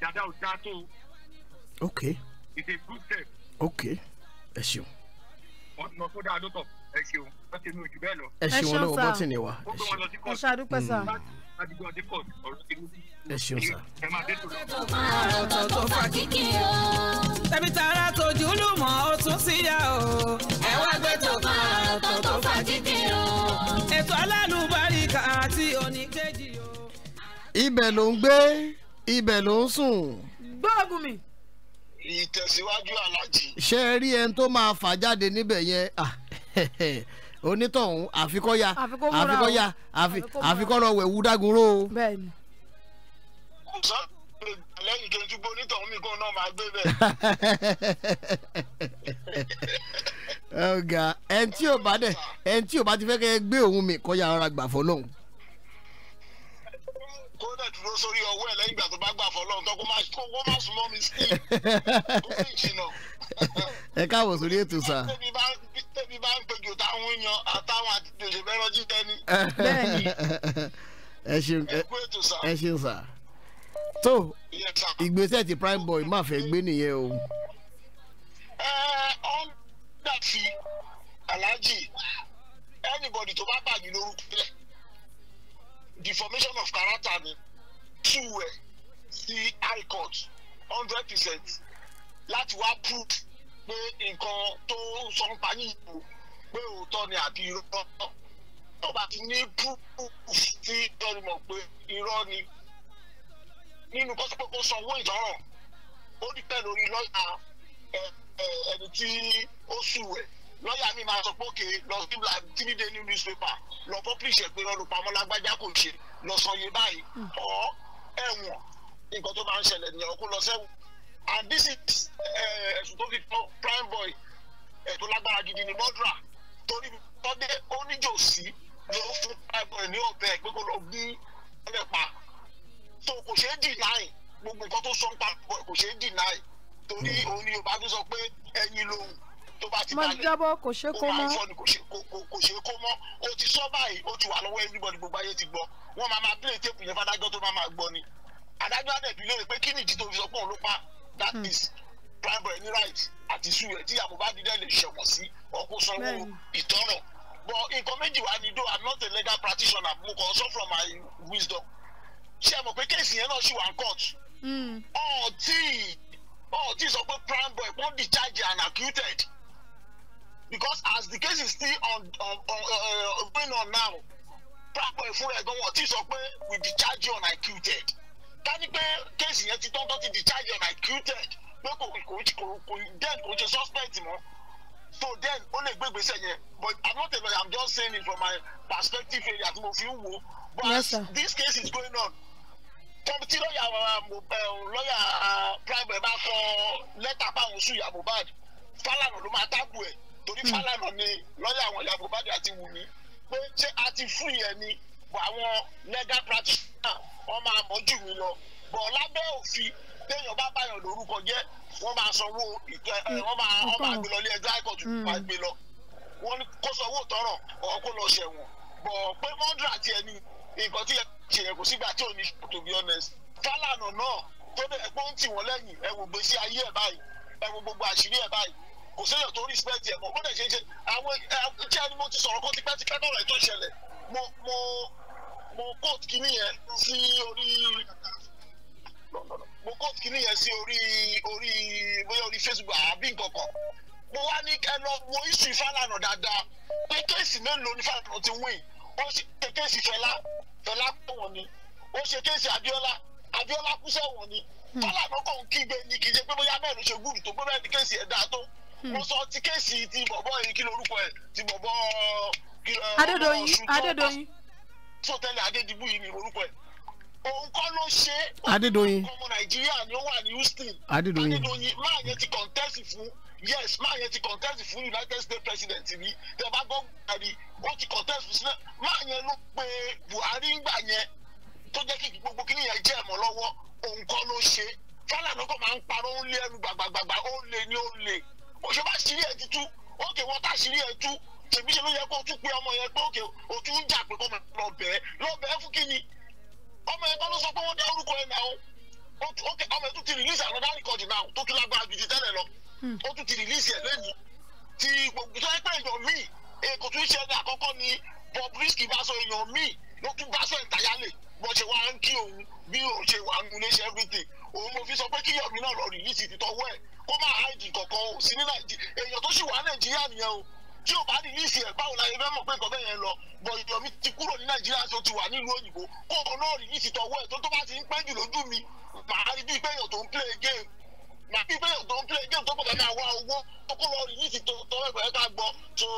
dada ò dáa tó. ok. it's a good step. ok ẹ ṣeun. ọ̀nà tó dáa ló tọ̀ ẹ ṣeun wọ́n ti mú ojú bẹ́ẹ̀ lọ. ẹ ṣeun olówó bọ́tì ni wa. ó gbé lọ sí kóòtù. ẹ ṣàdúpẹ́ sà. adigun ọdẹ ọ̀rọ̀ ti mú. ẹ ṣeun sà. ẹ máa dé tó fa kíkì tara tójú lù mọ́ ó tún sí ya o. ẹ wá gbé tó bá ọ̀tọ̀ tó fa kíkì o. ètò alálùbáríkà àti oníkejì o. ibẹ̀ ló ń gbé ibẹ̀ ló ń sùn. gbọ́ọ̀gùn mi. ìtẹ̀síwájú aláàjì. ṣé ẹ rí ẹni tó máa fà jáde níbẹ̀ yẹn ah (laughs) onítọ̀hún àfikọ́ya àfikọ́ya àfikọ́lọ wẹ̀wù dágunró. bẹ́ẹ̀ni. lẹ́yìn dojúgbó onítọ̀hún mi kàn náà máa gbé bẹ́ẹ̀. (laughs) ọ̀gá ẹni tí ò bá dẹ̀ ẹni tí ò bá ti fẹ́ kẹ́ gbé òun mi kọ́ya ara gbà fọlọ́hún kó dẹ̀ dúró sórí ọwọ́ ẹ̀ lẹ́yìn ìgbà tó bá gbà fọlọ́hún tó kó má súnmọ́ mi sí i kó fi jìnnà. (laughs) ẹ káàbọ̀ sórí ètò sá. tẹ́bi bá ń pejò táwọn yan àtàwọn àti tèlè mẹ́rọ jíjẹ ẹ ṣeun ẹ sá. tó ìgbésẹ̀ ti prime boy má fẹ́ gbé nìyẹn o. ẹ ọ́n dà sí aláàjì anybody tó bá bàjẹ́ lórúkọ the formation of character ni two ẹ̀ sí high court hundred percent láti wá prove pé nǹkan tó ń sọ ń pa yín o pé òótọ́ ni àbí irọ́ tó bá ti ní proof tí tọ́ni mọ̀ pé irọ́ ni nínú kọ́sípò kó san owó ìtọ́ràn ó dìpẹ́ lórí lọ́yà ẹni tí ó sù ẹ̀ lọ́yà mi máa sọ pé òkè lọ sí three day newspaper lọ publish ẹ̀ pé lọ́dún pamọ́ lágbájá kò ṣe lọ sọ yé báyìí hmm. ọ̀ ẹ̀wọ̀n nǹkan tó bá ń ṣẹlẹ̀ nìyẹn kó lọ sẹ́wọ̀n and this is eh, ẹ̀sùn tó fi prime boy ètò eh, lágbára gidi ni mọ́dúrà torí tọ́dé oníjòsí ló fún prime boy ní ọ̀bẹ pé kó lọ bí ẹ̀rẹ̀ pa so kò ṣeé deny gbogbo nǹkan tó sọ ń pa kò ṣeé deny torí hmm. òun yorùbá fi sọ pé ẹyin lòun tó bá ti balẹ̀ mọ̀jábọ̀ kò ṣe kó mọ́ kò ṣe kó mọ́ o ti sọ báyìí o ti wà lọ́wọ́ everybody gbogbo ayé ti gbọ́ wọ́n máa máa play tape yẹn fún adájọ́ tó máa máa gbọ́ ni adájọ́ adẹ̀bí lóore pé kí nìdí tó fi sọ pé òun ló pa that hmm. is primary ní right àti sùn rẹ̀ tí Mohbad dẹ̀ lè ṣẹ̀wọ̀n sí ọkọ̀ sanwó ìtọ́nà but nǹkan méjì wá ní do i'm not a legal practitioner mo kàn sọ from my wisdom ṣé ẹ mọ̀ pé kéèsì yẹn náà ṣì wà ń court hmm. ọtí ọtí sọ pé prime boy wọ́n discharge and acquitted because as the case is still on on on uh, uh going on now prime boy fúnra ẹ̀ gan wọ́n ti sọ pé we discharge you and acquitted ká ní pé kéèsì yẹn ti tán tó ti charge and acquitted pé kò kò kò then kò ṣe suspect mọ́ so then ó lè gbé ìgbésẹ̀ yẹn but i'm not a lawyer i'm just saying it from my perspective area tí mo fi ń wo but yes, this case is going on tí lọ́yà lọ́yà prime bá kọ lẹ́tà báwọn sùn ìyá Mohbad Fálànà ló máa tábù ẹ̀ torí hmm. Fálànà ni lọ́yà àwọn ìyá Mohbad àti Wùmí pé ṣé a ti fún yẹn ni bọ̀ àwọn legal practitioner wọ́n máa mọ̀ jù mí lọ bọ̀ lábẹ́ òfin téèyàn bá báyọ̀ lórúkọ jẹ́ wọ́n máa sanwó ìtẹ́ wọ́n máa wọ́n máa gbé lọ ilé ẹjọ́ high court máa mm. gbé lọ wọ́n kó sanwó tọrọ ọ̀ kó lọ ṣẹ̀wọ̀n bọ̀ pé mọ́ndúrà àti ẹni nǹkan tí ẹ ṣe yẹ kò sígbà tí ò ní to be honest Fálànà náà tó dẹ̀ pé ó ń tì wọ́n lẹ́yìn ẹ wò gbèsè ayé ẹ̀ báyìí ẹ wò gbogbo àṣírí ẹ̀ báyìí kò séyàn tó respect ẹ̀ mọ́ bó dẹ̀ ṣe ṣe àwọn ẹ̀ tí ẹni mo ti sọ̀rọ̀ kó tipẹ́tipẹ́ náà rẹ̀ tó ṣẹlẹ̀ mo mo mo post kìíní yẹn sí orí mo post kìíní yẹn sí orí orí bóyá orí Facebook àbí nkankan mo wá ní ẹ lọ wo iṣu dáadáa pé kéèsì mélòó ni Fálànà ti win ó ṣe kéèsì Fẹlá Fẹlá pọ̀wọ̀n ni ó ṣe kéèsì Abíọ́lá Abíọ́lá kú sẹ́wọ̀n ni hmm. Fálànà kàn ń kígbe ni kì í ṣe pé bóyá bẹ́ẹ̀ ló ṣe gúrù tó pé bẹ́ẹ̀ ni kéèsì ẹ̀ tó hmm. mo sọ ti kéèsì ti bọ̀bọ̀ yìí kí lorúkọ ẹ̀ ti bọ̀bọ̀ Adédoyin Adédoyin sọtẹlẹ adédìbú yìí ni orúkọ ẹ òun kọ́ ló ṣe Adédoyin ọmọ Nàìjíríà ni ó wà ní Houston Adédoyin Adédoyin máa yẹn ti contest fún yes máa yẹn ti contest fún United States president ni tẹ bá ó ti contest fún sinna máa yẹn ló pe Buhari ńgbà yẹn tó jẹ́ kí gbogbo kí nìyẹn jẹ́ ẹ̀mọ́ lọ́wọ́ òun kọ́ ló ṣe Fálànà kò máa ń parọ́ ó lé ẹnu gbàgbàgbàgbà ó lè ní ó lè òṣèlú àṣírí ẹ̀ ti ó kè wọ́n táṣírí ẹ̀ tú ṣèbí ṣe ló yẹ kó tún pé ọmọ yẹn pé òkè o tún ń jà pé kọ́ máa lọ bẹ́ẹ̀ lọ bẹ́ẹ̀ fún kí ni ọmọ yẹn kọ́ ló sọ pé wọ́n dá orúkọ ẹ̀ náà o òkè ọmọ yẹn tún ti release another record náà tó tún lágbára ju tẹ́lẹ̀ lọ hmm. ó tún ti release ẹ̀ lẹ́nu ti gbogbo tó yẹ pé èèyàn míì èkó tún ṣe ẹni àkọ́kọ́ ni Bobrisky bá sọ èèyàn míì ló tún bá sọ ìtayálè bọ́ ṣe wá ń kí òun bí òun ṣe wà nù léṣe everything òun mo fi sọ pé kí Yomi náà lọ rìlíìsì títọ́wọ́ ẹ̀ kó má háìdì kankan o sí ní Nàìjíríà èèyàn tó sì wà Nàìjíríà nìyẹn o tí o bá ní ní ìsìn ẹ̀ báwo fẹ́ mọ̀ pé nǹkan bẹ́ẹ̀ yẹn lọ bọ̀yọ̀mí ti kúrò ní nàìjíríà tó ti wà nílùú òyìnbó kó o náà rí ní ìsìn tọwọ́ ẹ̀ tó tó bá ti ń pẹ́ jù lójú mi màá rí bí pẹ́yàn tó ń play game màá rí pẹ́yàn tó ń play game tó kọ̀ọ̀kan máa wá owó tó kó lọ rí ní ìsìn tọwọ́ ẹ̀ pẹ̀lú ká gbọ́ tó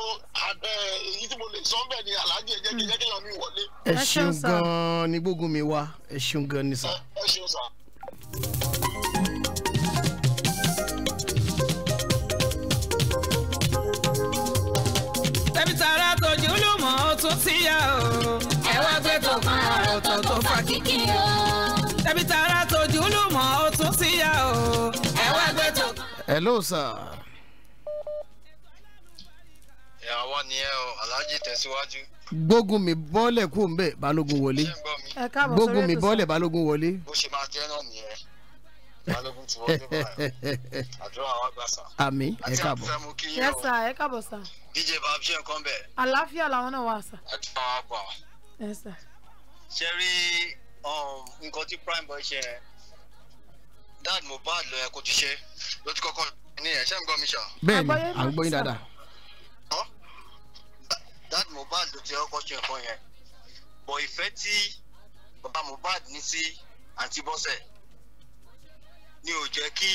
èyí tí mo lè sọ bẹ́ẹ̀ ni aláàjì ẹ̀jẹ̀ kí tara tójú ló ó tún ti yá o. ẹ gbé tó kan àròtọ̀ tó fa kíkì o. tẹ̀bí tara tójú ló ó tún ti yá o. ẹ gbé tó hello sir. ẹ àwa nìyẹn o aláàjì tẹ̀síwájú. gbógun mi bọ́lẹ̀ kú mbẹ́ balógun wọlé gbógun mi bọ́lẹ̀ balógun wọlé. bó ṣe máa jẹ́ náà nìyẹn balógun ti wọlé báyìí (laughs) àdúrà wa gbà sá. àmì ẹ káàbọ̀. àti àfẹ́ mú kí yín o. yẹ́sà ẹ káàbọ̀ sá dj babu ṣe nǹkan bẹ́ẹ̀. àlàáfíà làwọn náà wà sá. àti àwọn àgbà. ẹ sà. ṣe rí um, nǹkan tí prime boy ṣe dad mohbad lọ yẹ kó ti ṣe ló ti kọ́kọ́ ní ẹ̀ ṣe ń gbọ́ mi ṣá. bẹ́ẹ̀ni àgbọyìn dáadáa. dad mohbad ló ti kọ́kọ́ ṣe nǹkan yẹn bọ̀ ìfẹ́ tí bàbá mohbad ní sí àǹtí bọ́sẹ̀ ni ò jẹ́ kí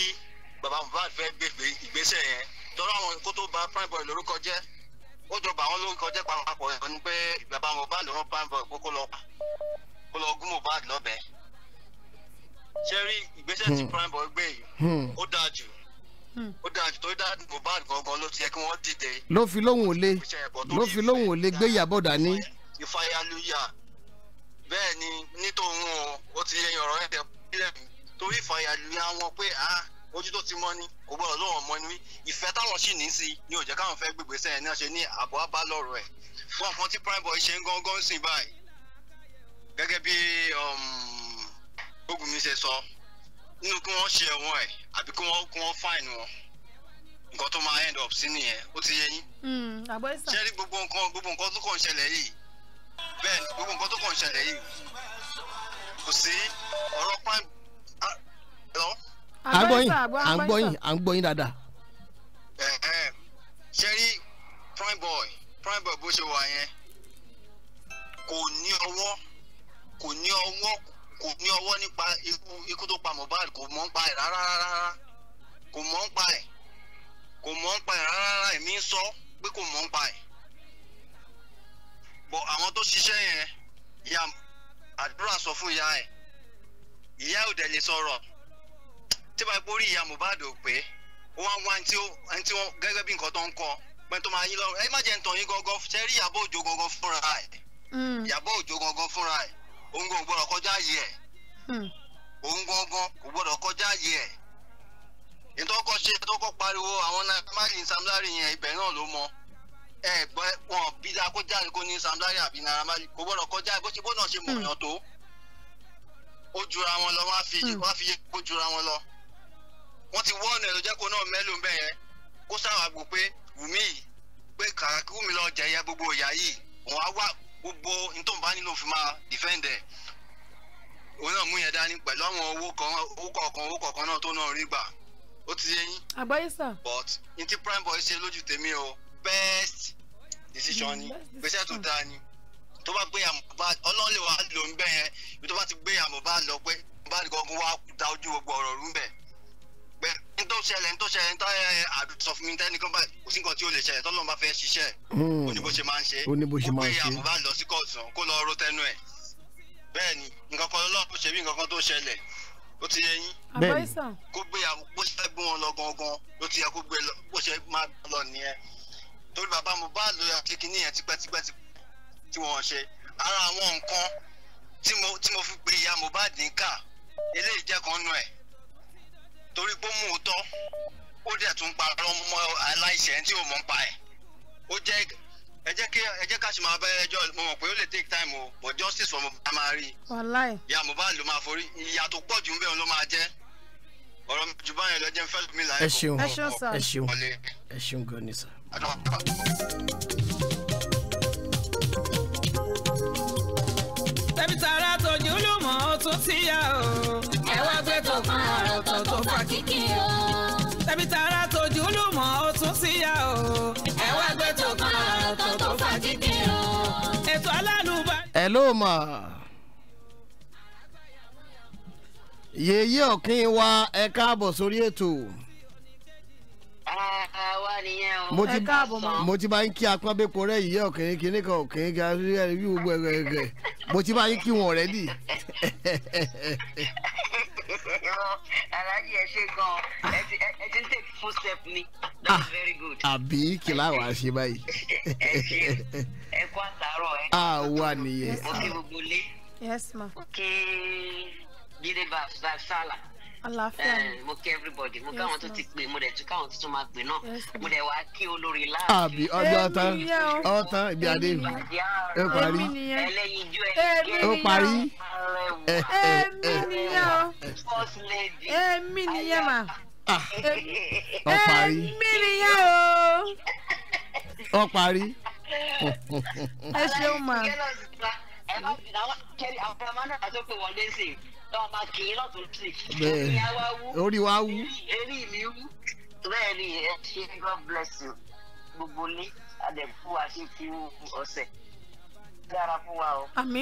bàbá mohbad fẹ́ gbé ìgbésẹ̀ yẹn torí àwọn kó tó ba prime boy lórúkọ jẹ́ ó jọ bà wọ́n lórúkọ jẹ́ papọ̀ ẹ̀ ni pé bàbá Mohbad rán prime boy pé kó lọ kó lọ gún Mohbad lọ́bẹ ṣé rí ìgbésẹ̀ tí hmm. prime boy gbé yìí hmm. ó dáa jù hmm. ó dáa jù torí dáàdì Mohbad gangan ló ti yẹ kí wọ́n dìde. ló fi lóhùn ò ló fi lóhùn ò gbé Ìyábọ̀ dání. ìfayaluya bẹ́ẹ̀ ni nítòhún o ó ti yẹ yọ̀rọ̀ ẹ̀ tẹ̀ torí ìfayaluya wọn pé ah ojú tó ti mọ ni kò gbọ́dọ̀ lóun mọ ni wí ìfẹ́ táwọn sì ní sí ni ò jẹ́ káwọn fẹ́ gbègbè sẹ́yìn náà ṣe ní àbọ̀ abá lọ́rọ̀ ẹ̀ fún àwọn tí prime boy ṣe ń gángan sìn báyìí gẹ́gẹ́ bí um, ogun mi ṣe sọ nínú kí wọ́n ṣe ẹ̀wọ̀n ẹ̀ àbí kí wọ́n kí wọ́n fáìn wọn nǹkan tó máa end up sí nìyẹn ó ti yé yín. Hmm, ṣé rí gbogbo nǹkan gbogbo nǹkan tó kàn ṣẹlẹ̀ yìí bẹ́ẹ̀ ni gbogbo nǹkan tó kàn ṣẹlẹ̀ yìí kò sí ọ̀rọ̀ prime. Ah, à ń gbọ́ yín à ń gbọ́ yín à ń ṣe rí prime boy prime boy bó ṣe wà yẹn kò ní ọwọ́ kò ní ọwọ́ kò ní ọwọ́ nípa ikú tó pa Mohbad kò mọ̀ ń pa ẹ̀ rárá rárá kò mọ̀ ń pa ẹ̀ kò mọ̀ ń pa ẹ̀ rárá rárá èmi ń sọ pé kò mọ̀ ń pa ẹ̀ bọ̀ àwọn tó ṣiṣẹ́ yẹn ìyá àdúrà sọ fún ìyá ẹ̀ ìyá ò dẹ̀ lè sọ̀rọ̀ tí bá borí ìyá Mohbad ò pé ó wá wá tí wọ́n gẹ́gẹ́ bí nǹkan tó ń kọ́ pẹ̀lú tó máa yín lọ́rùn ẹ má jẹ́ ntàn yín gọ́gọ́ ṣe rí Ìyábọ̀ Òjó gọ́gọ́ fúnra ẹ̀ hmm. Ìyábọ̀ Òjó gọ́gọ́ fúnra ẹ̀ òun kò gbọ́dọ̀ kọjá ààyè ẹ̀ hmm. òun gangan kò gbọ́dọ̀ kọjá ààyè ẹ̀ ìtọ́kọ̀ ṣe tọ́kọ̀ pariwo àwọn náírà Sam Larry yẹn ibẹ̀ náà ló mọ ẹ gbọ́ wọn bí dáa kó jáde kó ní Sam Larry àbí náírà má kò gbọ́dọ̀ kọjá bó ṣe bó náà ṣe mọ̀ọ́yàn hmm. tó ó jura wọn lọ wọ́n á fi yẹ kó jura wọn lọ wọ́n ti wọ́ọ̀nù ẹ̀ tó kó náà mẹ́lò ń bẹ̀ yẹn kó sáwà gbọ́ pé wùmí pé kàkàkí wùmí lọ jẹ ìyá gbogbo ìyá yìí òun á wá gbogbo nítorí bá nílò máa defend ẹ̀ òun náà mú yẹn dání pẹ̀lú àwọn owó kọ̀ọ̀kan owó kọ̀ọ̀kan náà tó náà rí gbà ó ti yé yín. àgbáyé sà. but n ti prime boy ṣe lójú tèmi o best decision ni gbèsè tó dáa ni tó bá gbé àmọ̀bá ọlọ́run lè wá lò ń bẹ̀ yẹn ibi tó bá ti gbé àmọ̀bá lọ pé bá gbọ́ngàn wá da ojú gbogbo ọ̀rọ̀ rú bẹ́ẹ̀ pé n tó ṣẹlẹ̀ n tó ṣẹlẹ̀ n tó ẹ àbí sọ fún mi tẹ́ nìkan báyìí kò sí nǹkan tí ó lè ṣẹlẹ̀ tọ́lọ́mọ bá fẹ́ ṣiṣẹ́ hmm. ó ní bó ṣe máa ń ṣe ó ní bó ṣe máa ń ṣe ó pé àbúrò bá lọ sí kóòtù kó lọ ró tẹnu ẹ̀ bẹ́ẹ̀ ni nǹkan kan lọ́pọ̀ ṣe bí nǹkan kan tó ṣẹlẹ̀ ó ti yẹ yín bẹ́ẹ̀ ni kó gbé àwọn bó ṣe gbé wọn lọ gangan ló ti yẹ kó gbé lọ bó ṣe máa lọ nìyẹn torí bàbá mo bá lọ ṣe yẹn tipẹ́tipẹ́ tí wọ́n ṣe ara àwọn nǹkan tí mo fi gbé ìyá Mohbad ń kà eléyìí jẹ́ kan nù ẹ̀ torí pé ó mú òótọ́ ó dẹ̀ tún parọ́ mọ́ aláìṣẹ̀ tí ò mọ̀ ń pa ẹ̀ ó jẹ́ ẹ jẹ́ kí ẹ jẹ́ ká ṣe máa bá ẹjọ́ mo mọ̀ pé ó lè take time o but justice for Mohbad máa rí i ìyá Mohbad ló máa forí ìyá tó pọ̀ jù ń bẹ̀rù ló máa jẹ́ ọ̀rọ̀ jù báyìí lọ ń fẹ́ mi láyé kọ́ ẹ ṣeun ẹ ṣeun ẹ ṣeun gan ni sà. tẹ̀bí tààrà tòjú lùmọ̀ ó tún síyà o ẹ̀wọ́n gbé tó fún ọ̀rẹ́. Kìkì o. tẹ̀bí tara tòjú lù mọ́ ó tún síyá o. ẹ wá gbé tó kan àròtọ̀ tó fà kìkì o. ètò aláàánú bá. ẹ ló mọ̀ yèyé ọ̀kín wa ẹ káàbọ̀ sórí ètò. àwa nìyẹn mo ti bá yín kí apábẹ́pọ̀ rẹ̀ yìí ọ̀kín kínní kan ọ̀kín ga rí rí gbogbo ẹ̀rẹ̀ mo ti bá yín kí wọn ọ̀rẹ́dì. (laughs) irọ́ (laughs) aláàjì ẹ ṣe gan ẹ ti ń take full step ni that ah, very good. àbí kìlá wa ṣe báyìí. (laughs) ẹ ṣe ẹ kó àtàárọ̀ ẹ. a ah, wà nìyẹn. mo gbogbo lé. yes ma. kí jíde bàbá sálà. Eh, mo kí everybody mo káwọn tó ti pè mo dẹ̀ tún káwọn tó tún máa pè náà mo dẹ̀ wá kí olórí láàbù. àbí ọjọ́ ọ̀tán ọ̀tán ibi adé ó parí ẹlẹ́yinjú ẹ̀yìn ó parí èmi nìyẹn mà eh, eh, ah. ó parí èmi nìyẹn o ó parí. ẹ ṣeun ma. ẹ bá fi àwọn kẹrin àwọn ọmọ náà tó pè wọlé sí i náà máa kì í lọ́tún tì í orí wa wú eré mi wú bẹ́ẹ̀ ni ẹ ṣe God bless you gbogbo ní adẹ̀kú àti ọ̀sẹ̀ dára fún wa o àmì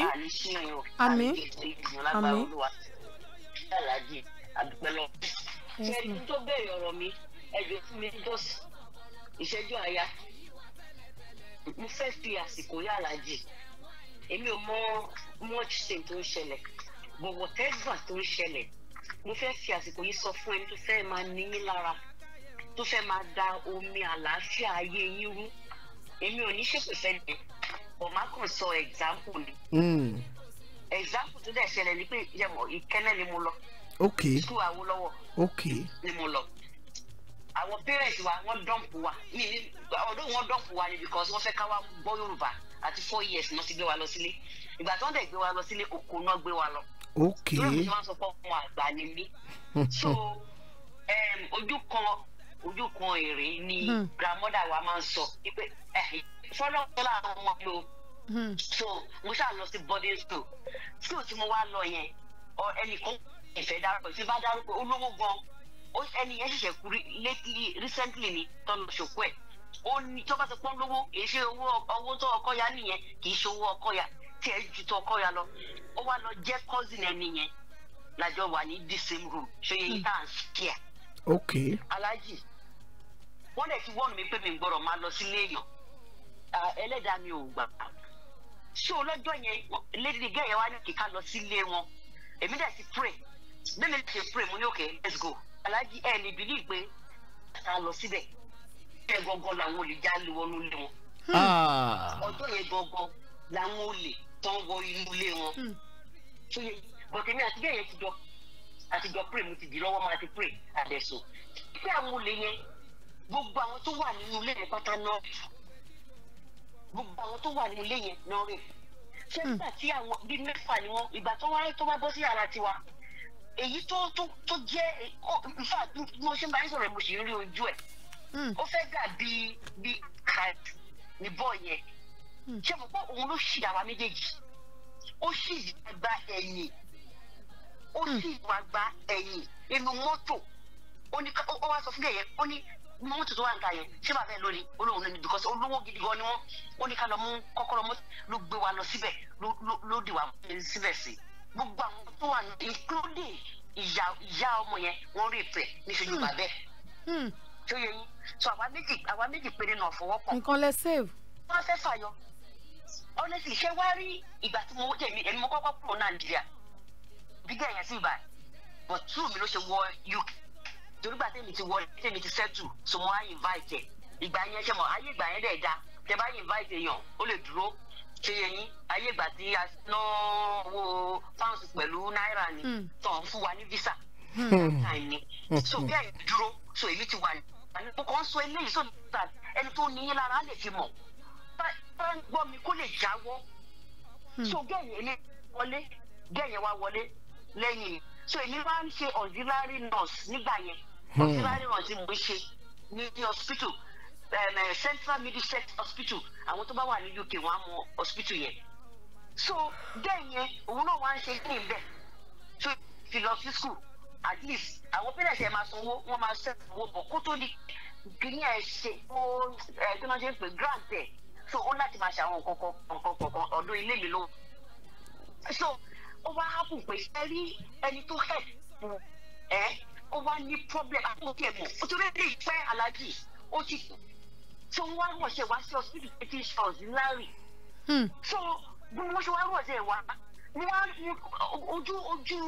àmì àmì alájì àdúpẹ́lẹ́ ṣẹ́ni tó bẹ̀rẹ̀ ọ̀rọ̀ mi ẹ̀jọ̀ fún mi jọ́sí ìṣẹ́jú àyà mo fẹ́ fi àsìkò yá alájì èmi ò mọ much thing tó ń ṣẹlẹ̀ but whatever tó ń ṣẹlẹ̀ mo fẹ́ fi àsìkò yìí sọ fún ẹni tó fẹ́ máa níyín lára tó fẹ́ máa da omi àlàáfíà ayé yín rú èmi ò ní ṣèpè fẹ́ni but má kàn sọ example ni. Hmm. example tó dẹ̀ ṣẹlẹ̀ ni pé yẹmọ ìkẹ́lẹ́ ni mo lọ. ok school Awólọ́wọ̀. ok ni mo lọ àwọn parents wa wọ́n dọ̀mpù wa mi ọdún wọ́n dọ̀mpù wa ni because wọ́n fẹ́ ká gbọ́ Yorùbá àti four years náà ti gbé wa lọ sílé ìgbà tó ń dẹ̀ gbé wa lọ sílé oko náà gbé wa lọ. ok lórí mi ti sọ pé ọmọ àgbà ni mí hmm. so um, ojú kan ojú kan èrè ni hmm. grandmother wa máa ń sọ pé fọlọ́ fọlọ́ àwọn ọmọ mi o hmm. so mo ṣáà lọ sí boarding school school tí mo wá lọ yẹn ẹnìkan ìfẹ́ dárúkọ ìfẹ́ bá dárúkọ olówó gan ẹni yẹn ṣẹ̀ṣẹ̀ kú recently ni tọ́lọ̀ ṣòkú ẹ̀. ó ní tó bá ti pọ́n lówó ọkọ ya nìyẹn kì í ṣe owó ọkọ ya tí ẹ ju tó ọkọ ya lọ ó wá lọ jẹ́ cousin ẹ nìyẹn lájọ wà ní the same room hmm. ok. lè ti mi pé mi máa lọ sílé èèyàn mi ò gbà ṣé yẹn lady yẹn wá ní kíkà lọ sílé wọn èmi yẹn gangan làwọn olè já lé wọnú ilé wọn. Hmm. ọjọ́ yẹn gangan làwọn olè tán wọ inú ilé wọn. Hmm. bọ̀tẹ̀mí àti bẹ́ẹ̀ yẹn ti jọ àti jọ pray mo ti di lọ́wọ́ máa ti pray àdẹ̀sọ. pé àwọn olè yẹn gbogbo àwọn tó wà nínú ilé yẹn pátá náà rè gbogbo àwọn tó wà nínú ilé yẹn náà rè ṣé hmm. nígbà tí àwọn bíi mẹ́fà ni wọ́n ìgbà tó wáyé tó wá bọ́ sí yàrá tiwa èyí tó tó tó jẹ́ ìfà mo ṣe máa ń sọ̀rọ̀ mo sì ń rí ojú ẹ̀ Hmm. ó fẹ́ dàbí bí cat ní bọ́ọ̀ ṣé mo kọ́ òun ló ṣì àwa méjèèjì ó ṣì wá gba ẹ̀yìn ó hmm. ṣì wá gba ẹ̀yìn inú mọ́tò ó ní ó wá sọ fún ẹ̀yẹ ó ní mọ́tò tó wà níta yẹn ṣé bàbá ẹ̀ lórí olóhùn lónìí because olówó gidi gan ni wọ́n ó ní ká lọ mú kọ́kọ́rọ́ mọ́tò ló gbé wa lọ síbẹ̀ ló dì wá síbẹ̀ sí gbogbo àwọn tó wà ní including ìyá ọmọ yẹn wọ́n rí ìpẹ́ níṣojú hmm. bàbá ẹ̀ tó yẹ yín so àwa méjì àwa méjì péré náà fọwọ́ pọ̀. nǹkan lẹ save. wọ́n fẹ́ fàyọ honestly ṣé wàá rí ìgbà tí mo wọ́n jẹ̀mí ẹni mo kọ́kọ́ kúrò nàìjíríà gbígbẹ́ yẹn sì bá but two mi ló ṣe wọ uk torí gbà tèmi ti wọ tèmi ti settle so mo á invite ẹ ìgbà yẹn ṣe mọ ayé ìgbà yẹn dẹ̀ da tẹ bá invite èèyàn ó lè dúró ṣe yẹn yín ayé ìgbà tí a ná owó pounds pẹ̀lú náírà ni hmm. tàn fún wa ní visa. Hmm. Hmm. so bẹ́ẹ̀ dúró so èyí ti wà ní mo kàn ń sọ eléyìí sọ nígbà ẹni tó ní í lára lè fi mọ̀ bá ń gbọ́ mi kó lè jáwọ́ so gẹ̀yìn ilé wọlé gẹ̀yìn wa wọlé lẹ́yìn so èmi máa ń ṣe auxiliary nurse nígbà yẹn hmm. auxiliary nurse mo ṣe ní ní hospital eh, central middlesex hospital àwọn tó bá wà ní UK wọn á mọ hospital yẹn so gẹ̀yìn òun náà wá ń ṣe ní ìbẹ̀ so fi lọ sí school at least àwọn parents ẹ̀ máa sanwó wọ́n máa ṣe owó bọ̀ kó tó di kíní ẹ̀ ṣe ó ẹ̀ tí wọ́n ṣe ń pè grant ẹ̀ so ó láti máa ṣe àwọn nǹkan kọ̀ọ̀kan ọdún ilé mi ló so ó wá hápù pé ẹ rí ẹni tó help ẹ ó wá ní problem àkókò ẹ̀ mọ̀ ó ti rí ẹni pẹ́ alájì ó ti so wọ́n wá rọ̀ ṣe wá sí hospital eighteen shores ńlá rì so bí wọ́n ṣe wá rọ̀ ṣe wá wọn ojú ojú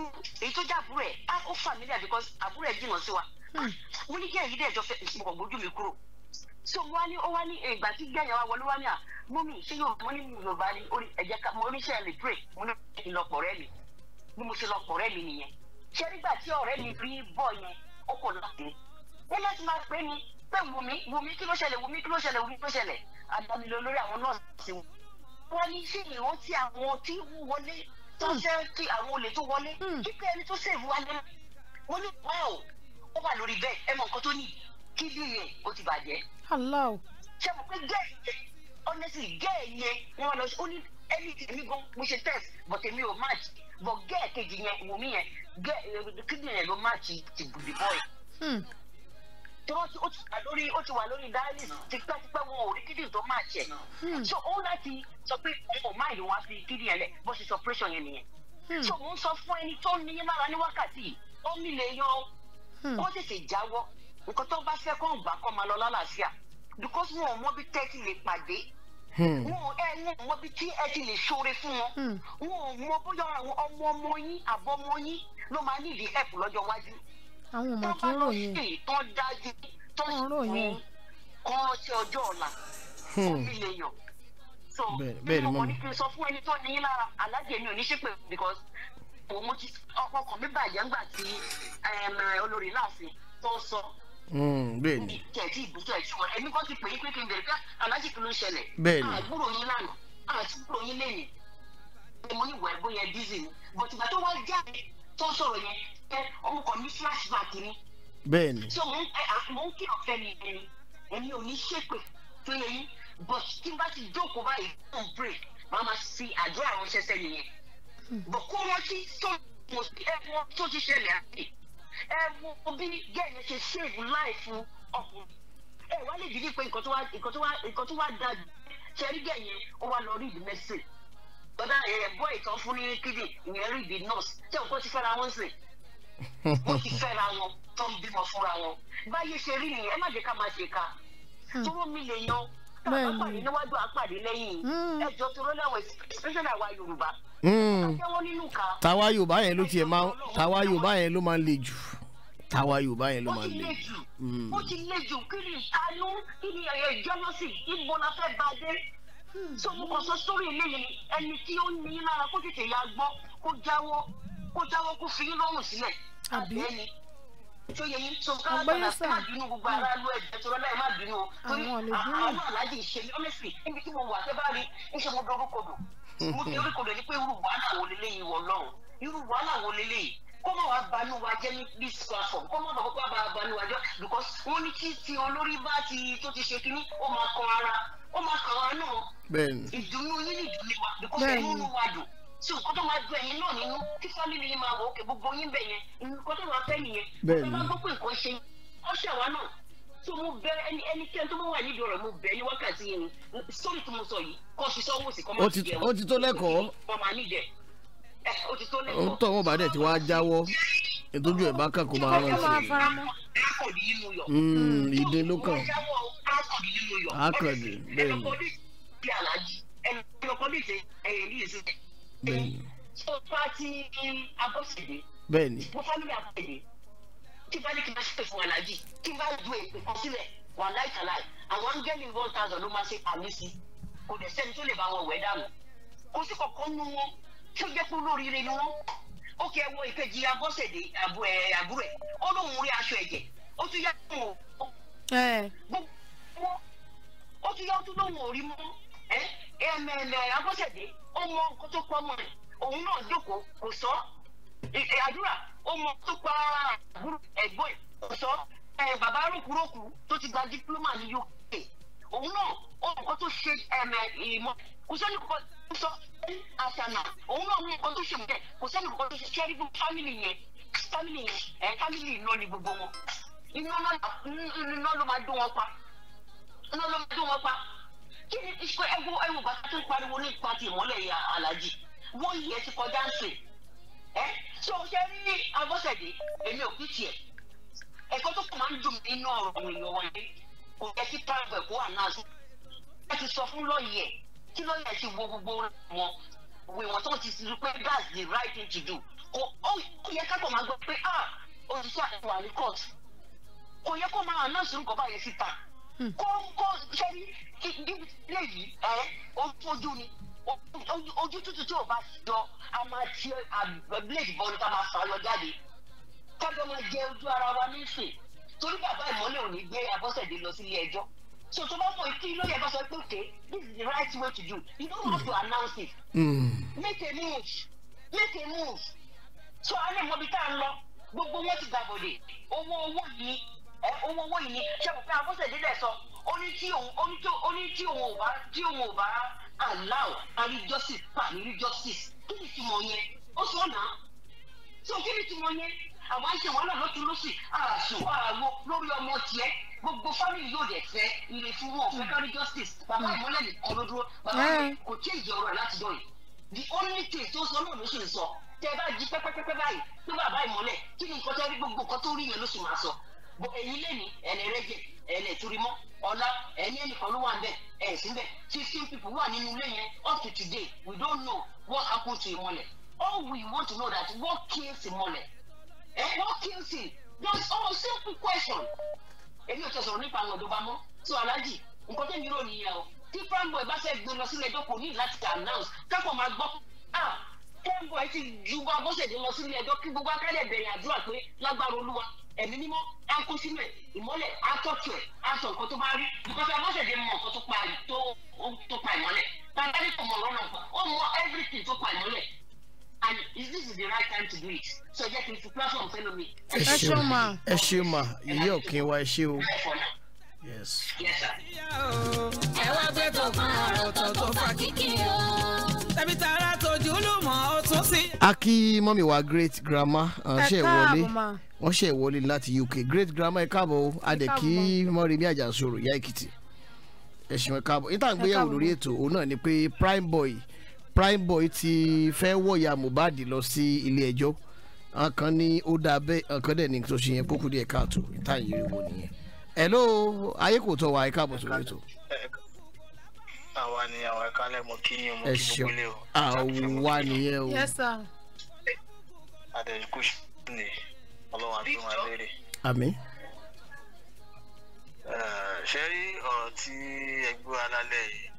èyí tó jẹ àbúrò ẹ ó familiar because àbúrò ẹ jìnnà sí wa hmm. mo ní gẹ́ẹ̀ yìí dẹ̀ jọ fẹ́ mọ̀kàn gbójú mi kúrò so wá ní ó wá ní eh, ìgbà tí gẹ́yìn wa wọlé wá ní à mọ́mí ṣé yóò mọ́ ní yorùbá ní orí ẹ̀jẹ̀ ká mo oníṣẹ́ lè pray mo ní ìlọpọ̀ rẹ mi bí mo ṣe lọpọ̀ rẹ mi nìyẹn ṣé nígbà tí ọ̀rẹ́ mi rí bọ̀ yẹn ó kò láti ó láti máa pè mí pé wùmí wùmí kí ló ṣẹlẹ̀ wùmí kí ló ṣẹlẹ̀ wùmí kí ló ṣẹlẹ̀ àdáni àwọn nọ́ọ̀sì wù wọ́n ní ṣé ìrántí àwọn tí wọlé tó hmm. jẹ́ kí àwọn olè tó wọlé kíkẹ́ hmm. ẹni tó ṣèwú alẹ́ wọ́n ní wáò ó wà lórí bẹ́ẹ̀ ẹ mọ nǹkan tó ní kí bí yẹn ó ti bàjẹ́. ṣé mo pé gẹ́ẹ̀ honestly gẹ́ẹ̀ yẹn wọ́n lọ ó ní ẹni tèmi gan mo ṣe test but èmi ò match but gẹ́ẹ̀ kejì yẹn wò mí yẹn gẹ́ẹ̀ kí ni yẹn ló match ti bùdí bọ́ọ̀ hmm tí wọ́n ti ó ti wà lórí ó ti wà lórí dialysis tipẹ́tipẹ́ wọn ò rí kídìrì tó máa jẹ hmm. so ó láti sọ pé òun ò máa ìlú wá sí kídìrì ẹlẹ bó ṣe sọ operation yẹn nìyẹn hmm. so mo ń sọ fún ẹni tó ní yín lára ní wákàtí yìí ó mi lè yan hmm. ó tètè jáwọ́ nǹkan tó bá fẹ́ kó ń gbà kó máa lọ lálàáfíà because wọn ò mọ bí tẹ́tì lè pàdé wọn ẹ wọn ò mọ bí tí ẹ ti lè ṣoore fún wọn wọn ò mọ bóyá àwọn ọmọ ọmọ yín àbọ̀mọ yín ló máa ní ìdí lọ́jọ́ iwájú àwọn ọmọ kì í ròyìn tọ́ba ló sì tó dájú tó sì kún kọ́ sí ọjọ́ ọ̀la hmm. òbí lè yàn so bẹ́ẹ̀ ni mo ní kí n sọ fún ẹni tó ní lára alájẹ mi ò ní ṣépè because òun mo ti ọkọ̀ kan mi bàjẹ́ ńgbà tí olórí láàfin tó sọ hmm, bẹ́ẹ̀ ni kẹ̀tì ìbùsọ̀ ẹ̀sùn wọn ẹni kan ti pè é pé kí n bẹ̀rẹ̀ pé alájẹ kí ló ń ṣẹlẹ̀ bẹ́ẹ̀ ni àgbúrò yín lánàá àtúgbò yín lẹ́yìn mo ní ìwà ẹ̀gbọ́n yẹn dízì ni bọ̀tìgbà tó wá jáde tó sọ̀rọ̀ yẹn orúkọ mi flashback ni. bẹ́ẹ̀ni. so mo ń kìlọ̀ fẹ́ mi bẹ́ẹ̀ èmi ò ní ṣépè tó yẹ yín but tí n bá ti jókòó báyìí fún break màá ma fi àdúrà ránṣẹ́ sẹ́yìn yẹn. Hmm. but kó rántí sọ́mọ̀ sí ẹ̀wọ̀n tó ti ṣẹlẹ̀ àti ẹ̀wọ̀n bí gẹ̀ẹ́yẹ ṣe save life ọkùnrin ẹ wá lè dìde pé nǹkan tó wá nǹkan tó wá nǹkan tó wá da ṣẹ́rígẹ̀ yẹn ó wá lọ read message bọ́dá ẹ̀ bọ́ ìtàn fún ní kíndìn ìyẹn read the nurse tẹ́ ò kọ́ ti fẹ́ra wọn sìn wọ́n ti fẹ́ra wọn tó ń bímọ fúnra wọn báyé ṣe rí nìyẹn ẹ má jẹ́ ká máa ṣe ká hmm. tówó mi lè yan tá a bá pàdé níwájú àpàdé lẹ́yìn hmm. ẹjọ́ tó rọ́ láwọn especially àwa Yorùbá. Hmm. tàwa Yorùbá yẹn ló tiẹ̀ máa tàwa Yorùbá yẹn ló máa ń le jù tàwa Yorùbá yẹn ló máa ń le jù. ó ti le jù kí ni ìtanú kí ni ẹ̀yẹ ìjọ́lọ́sì ibo la fẹ́ bá dé so sọ sórí ilé yìí ẹni tí ó ní lára kó tètè ya gbọ́ kó jáwọ́ kó jáwọ́ kó fi lọ́rùn sílẹ̀ àbẹ́ni tó yẹ yín tó ká gbọ́dọ̀ má bínú gbogbo aráàlú ẹ̀jẹ̀ tó lọ́lá ẹ̀ má bínú o torí àwọn aláàjì ìṣẹ̀lẹ̀ honestly níbi tí mo wà tẹ́ bá rí níṣẹ́ mo dorí kodò mo ti orí kodò ní pé irú wàhálà wo leléyìí wọ̀ lọ́rùn irú wàhálà wo leléyìí kó má wàá banú wa jẹ́ ní this platform kó má bàbá bá banú wa jẹ́ because wọ́n ní kí ti olórí bá ti tó ti ṣe kínní ó máa kọ ara ó máa kọ ara náà ìdùnnú yín ní ìdùnnú wa because ẹ̀mú wa tí nǹkan tó máa dùn ẹ̀yin náà nínú tí fámìlì yìí máa wọ òkè gbogbo yín bẹ̀ yẹn nǹkan tó máa fẹ́ nìyẹn bẹ́ẹ̀ ni wọ́n gbọ́ pé nǹkan ṣe ó ṣàwa náà tó mo bẹ ẹni ẹnikẹ́ni tó bá wà nídìí ọ̀rọ̀ mo bẹ ní wákàtí yẹn sórí tí mo sọ yìí kọ́ fi sọ́wọ́ sí kọ́ máa ti jẹ́ wọ́n. ó ti tó lẹ́kọ̀ọ́ eh, ó ti tó lẹ́kọ̀ọ́ ó tọ́ wọn bá dẹ̀ ti wá jáwọ́ ìtọ́jú ẹ̀ bá kà kó máa rán sí i. Hmm, ìdè ló kàn ákàndé bẹ́ẹ̀ ni. ẹnì ọkọ̀ lè tẹ ẹ̀yẹ̀ ní ìsìn bẹ́ẹ̀ni. ṣé o tó a ti abọ́sẹ̀dé. bẹ́ẹ̀ni. mo fámìlì abọ́sẹ̀dé tí bá ní kí n bá ṣe fún aláàjì kí n bá ju èpè kan sílẹ̀ wà láìkàláì àwọn áńgẹ́lì one thousand ló máa ṣe àmì sí kò dẹ̀ sẹ́ni tó lè bá wọn wẹ̀ dànù kò sí kọ̀ọ̀kan nu wọn tó jẹ́ pé olóríire ni wọ́n ó kẹ́ wo ìkejì abọ́sẹ̀dé àbúrò ẹ̀ ó lóun rí aṣọ ẹ̀jẹ̀ ó tún yá òun ò eh. gbogbo ó tún yá ó tún lóun ò rí mọ́ ẹ̀ eh, ẹ̀ mẹ́ẹ̀mẹ́ abọ́sẹ̀dé ó mọ nǹkan tó pa ọmọ rẹ̀ òun náà jókòó kò sọ àdúrà ó mọ tó pa àbúrò ẹ̀gbọ́n ẹ̀ kò sọ bàbá rúkúrókù tó ti gba dípúlọ́mà ní UK òun náà ó mọ nǹkan tó ṣe ìmọ̀ kò sẹ́ni kò sọ àṣànà òun náà mú nǹkan tó ṣe mọ́ kò sẹ́ni kò tó ṣe ṣẹ́rí fún fámìlì yẹn fámìlì yẹn ẹ̀ fámìlì iná ni gbogbo wọn iná ló máa dún wọn pa iná ló máa dún wọn pa kí ni ṣe ẹwọ ẹwọ bàtà tó ń pariwo nípa ti ìmọ́lẹ̀ alájì wọ́n yẹ ti kọjá ń sìn ẹ́ ṣé o ṣe rí abọ́sẹ̀dé èmi ò fi tiẹ̀ ẹ̀kọ́ tó kàn máa ń dùn mí nínú ọ̀rọ̀ àwọn èèyàn wọn ni kò yẹ kí private ẹ̀kọ́ wà náà sí ẹ ti sọ fún lọ́ọ̀yẹ̀ tí lọ́ọ̀yẹ̀ ti wo gbogbo wọn òwe wọn tó ti rí pé that's the right thing to do kò ó yẹ ká pọ̀ máa gbọ́ pé ah òṣìṣẹ́ àti wà ní court kò yẹ kó máa announce nǹkan báyẹn síta. Hmm. kó kó sẹ́ni léyìí ẹ̀ ó ni ojú tútù tí o bá yọ a máa ti blade bọ́ọ̀lù ká máa fà lọ jáde kájọ máa jẹ ojú ara wa nífẹ̀ẹ́ torí bàbá ìmọ́lẹ̀ ò gbé Abọ́sẹ̀dé lọ sílé ẹjọ́ so tó bá mọ ikú ló yẹ ká sọ pé okay this is the right way to do you don't have to announce it hmm. make a move make a move so a lè mọ tá a lọ gbogbo wọn ti gbàgbọ́dẹ̀ owó owó yìí ẹ owó owó yìí ni ṣé mo fẹ́ abọ́sẹ̀délẹ̀ sọ ó ní tí òun ó ní tí òun ó ní tí òun ò bá tí òun ò bá allow ari justice pa ní justice kí ni túmọ̀ yẹn ó sọ náà so kí ni túmọ̀ yẹn àwọn àṣẹ wàhálà lọ́tún lọ́sì àṣù àwo lórí ọmọ tiẹ̀ gbogbo family yóò dẹ̀ fẹ́ ilé fún wọn fẹ́ kárí justice bàbá mm. ìmọ́lẹ̀ nìkan ló dúró bàbá mm. kò tí ì yẹ ọ̀rọ̀ láti dọ̀ yìí the only thing tó sọ náà ló ṣe sọ tẹ bá jí pẹ́pẹ́pẹ́pẹ́ báyìí tó bàbá ìmọ́lẹ̀ kí ni nǹkan tó rí gbogbo nǹkan tó rí yẹn ló sì máa sọ bụ lẹ́ni ẹ̀lẹ́ rẹ́jẹ ẹ̀lẹ́ turimọ́ ọ̀la ọla ẹnìkan ló wà bẹ́ẹ̀ ẹ̀ síbẹ̀ fifteen pipu wà nínú ilé yẹn up to today we don't know what happen to all we want to know that what kills Ìmọ̀lẹ̀ ẹ eh, what kills him just all simple question èmi ò tẹ̀sọ̀rọ̀ nípa àwọn ọ̀dọ́gba mọ́ tí aláàjì nǹkan tẹ́mi rò nìyẹn o tí bá fẹ́ gbé lọ ẹjọ́ kò ní láti announce kápọ̀ máa gbọ́ ah ti ju bá bọ́sẹ̀ dé lọ ẹjọ́ kí gbogbo bẹ̀rẹ̀ àdúrà pé ẹ̀mí mímọ́ á kó sínú ìmọ́lẹ̀ á tọ́jú ẹ̀ á sọ nǹkan tó bá rí because amọ́sẹ̀dé mọ nǹkan tó pa tó pa ìmọ́lẹ̀ bàbá kò mọ̀ lọ́nà ó mọ everything tó pa ìmọ́lẹ̀ and this is the right time to do it so jẹ́ kí n fi platform fẹ́nu mi. ẹ ṣe ma ẹ ṣe ma ìyá òkín wa ẹ ṣe o. yes. ẹ wá gbé tó fún àròtọ̀ tó fà kíkì o. tẹ̀mí tààrà aki mọ́mi wa great grandma ṣe wọlé wọ́n ṣe wọlé láti UK great grandma ẹ káàbọ̀ adẹ̀kí mọ́rẹ̀mí àjàsòrò ìyá èkìtì ẹ̀sìn ẹ káàbọ̀ níta gbéyàwó lórí ètò òun náà ni pé prime boy prime boy ti fẹ́ wọ̀ya Mohbad lọ sí ilé ẹjọ́ nǹkan ní ó dáa bẹ́ẹ̀ nǹkan dẹ̀ ní tó ṣe yẹn kókó díẹ̀ káàtó níta yìí rẹ̀ wọ́n nìyẹn hello ayé kò tọ́ wa ẹ káàbọ̀ sórí ètò àwa ni àwọn ẹ̀ka lẹ́mọ̀ kí ni mo kí gbogbo ilé o. àwa nìyẹn o adẹ̀ríkù ṣe ọlọ́run àti wọn léèrè. àmín. ṣe rí ọ̀rọ̀ tí ẹgbẹ́ alálẹ̀ yìí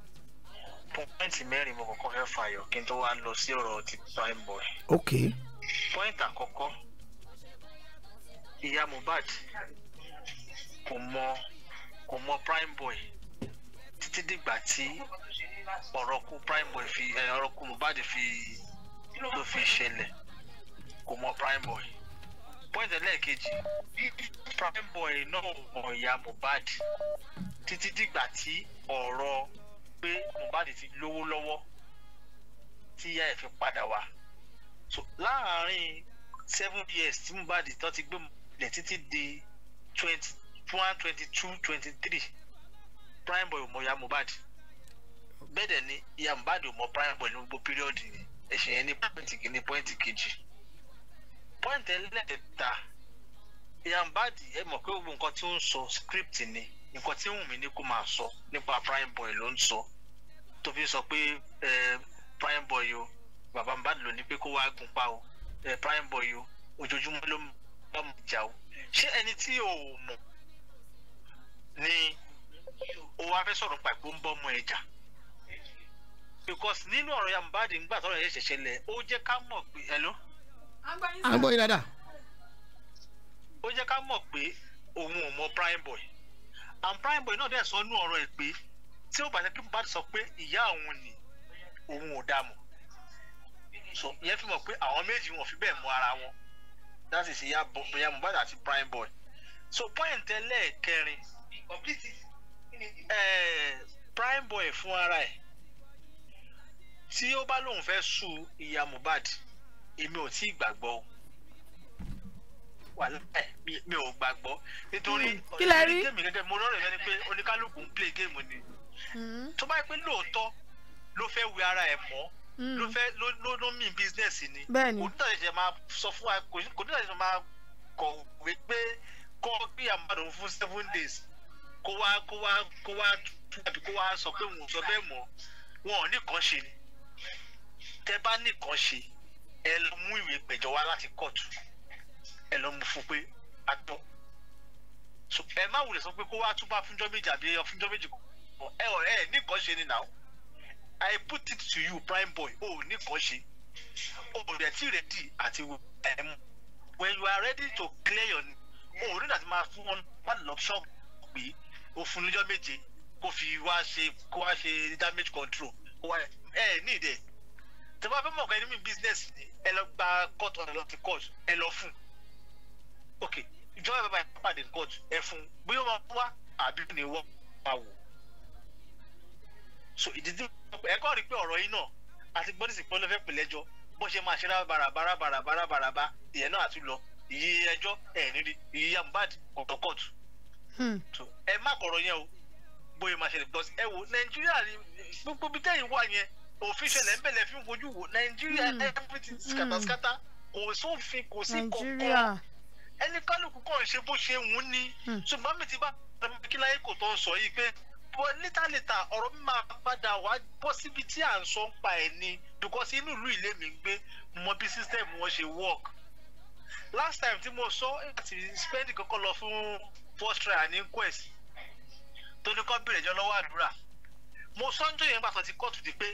pọ́ìntì mẹ́rin mo kọ́kọ́ fẹ́ fàyọ̀ kí n tó wá lọ sí ọ̀rọ̀ ti prime boy. ok. pọ́ìntì àkọ́kọ́ ìyá Mohbad kò mọ kò mọ prime boy títí dìgbà tí ọ̀rọ̀ kú prime boy fi ọ̀rọ̀ kú Mohbad fi ló fi ṣẹlẹ̀ kò mọ prime boy point ẹlẹ́ẹ̀kejì prime boy náà mọ ìyá Mohbad títí dìgbà tí ọ̀rọ̀ pé Mohbad ti lówó lọ́wọ́ tí ìyá ẹ̀ fi padà wá so láàárín seven years tí Mohbad tó ti gbé lẹ̀ títí di twenty one twenty two twenty three prime boy mọ ìyá Mohbad bẹ́ẹ̀ dẹ̀ ni ìyá Mohbad mọ prime boy ní gbogbo píríọ̀dù yẹn ẹ̀ṣẹ̀ yẹn ní pọ́ìntì kìíní pọ́ìntì kejì pọ́ǹtì ẹlẹ́kẹta Yambadi ẹ mọ̀ pé gbogbo nǹkan tí ó ń sọ script ni nǹkan tí ń wù mí máa sọ nípa prime boy ló ń sọ tó fi sọ pé prime boy o bàbá Mohbad ló ní pé kó wá gun pa o prime boy o ojoojúmọ́ ló ń bá mu jà o ṣé ẹni tí o mọ̀ ni o wá fẹ́ sọ̀rọ̀ pàpọ̀ ń bọ́ ọmọ ẹ̀ because nínú ọ̀rọ̀ Yambadi ńgbà tọ́rọ̀ ẹ̀ ṣẹ̀ṣẹ̀ lẹ̀ ó jẹ́ ká mọ̀ pé ẹ̀ ló à ń gbọ́ yín dáadáa. ó jẹ́ ká mọ̀ pé òun ò mọ prime boy and prime boy náà dẹ̀ sọ nú ọ̀rọ̀ ẹ̀ pé tí ó bá jẹ́ pé bá sọ pé ìyá òun ni òun ò dá mọ̀ so ìyẹn fi mọ̀ pé àwọn méjì wọn fi bẹ́ẹ̀ mọ ara wọn that is ìyá bóyá Mohbad àti prime boy so point ẹlẹ́ẹ̀kẹrin prime boy fún ara ẹ̀ tí ó bá lóun fẹ́ sùn ìyá Mohbad èmi ò tí ì gbàgbọ́ o wàhálà mi ò gbàgbọ́ nítorí ọ̀rẹ́ hmm. gẹ́mi gẹ́gẹ́ mo rọrùn yẹn ni pé oníkálukú ń play game ni hmm. tó bá yẹ pé lóòótọ́ ló fẹ́ wẹ ara ẹ̀ mọ́ hmm. ló fẹ́ ló ló mìn business ni kò ní tàṣẹ máa sọ fún wa kò ní tàṣẹ máa kọ̀wé pé kọ́ bí àmàdùn fún seven days kó wá kó wá kó wá tàbí kó wá sọ pé òun sọ bẹ́ẹ̀ mọ́ wọn ò ní kàn ṣe ni tẹ bá ní kàn ṣe ẹ lọ mú ìwé ìpẹ̀jọ́ wá láti kóòtù ẹ lọ mú fún pé a gbọ́ ẹ má wulẹ̀ sọ pé kó wá túbà fúnjọ́ méjì àbí ẹyọ fúnjọ́ méjì kọ ẹ ọ ẹ nìkan ṣe ni now I put it to you prime boy o nìkan ṣe o rẹ̀ tí ready àti ẹ̀ mú when you are ready to clear your o nígbà tí máa fún wọn má lọ ṣọ́ọ̀bù pé o fún lọ́jọ́ méje kó fi wá ṣe kó wá ṣe damage control ẹ ní ìdẹ tí wọ́n fẹ́ mọ̀ ọ̀gá ẹni mi business ni ẹ lọ gba court ọ̀nà lọ ti court ẹ lọ fún ok ìjọba ẹ bá bá pàdé court ẹ fún bí wọ́n máa wá àbí ní wọ́n máa wò so ìdídí ẹ kọ́ rí pé ọ̀rọ̀ yìí náà àti gbọ́dọ̀ sì pọ́n lọ́fẹ́ pẹ̀lẹ́jọ́ bó ṣe máa ṣe rá bàràbàrà bàràbàrà bàràbà ìyẹn náà àti lọ ìyí ẹjọ́ ẹ̀ nídìí ìyí Mohbad kọ̀tọ̀ kóòtù. Hmm. ẹ má kọ̀rọ̀ yẹn o bóyá máa ṣẹlẹ̀ gbọ́sí ẹ wo Nàìjíríà ní gbogbo bí tẹ́yìn wà yẹn official ẹ̀ ń bẹ̀lẹ̀ fi wojú wo nàìjíríà hmm. everything scatter hmm. kò sófin kò sí kọ̀ọ̀kan ẹni kálukú kàn ṣe bó ṣe wù ú ni hmm. ṣùgbọ́n mi ti bá kíláyé kò tó sọ yìí pé bọ́ létàlétà ọ̀rọ̀ mi máa padà wá bọ́ síbi tí à ń sọ ń pa ẹ̀ ni because inú ìlú ilé mi ń gbé mọ bí system wọn ṣe work last time tí mo sọ àti spend kankan lọ fún first trial ní quest tó ní kọ́ bèrè jọ lọ́wọ́ àdúrà mo sọ́njọ́ yẹn gbàtọ́ ti kóòtù di pé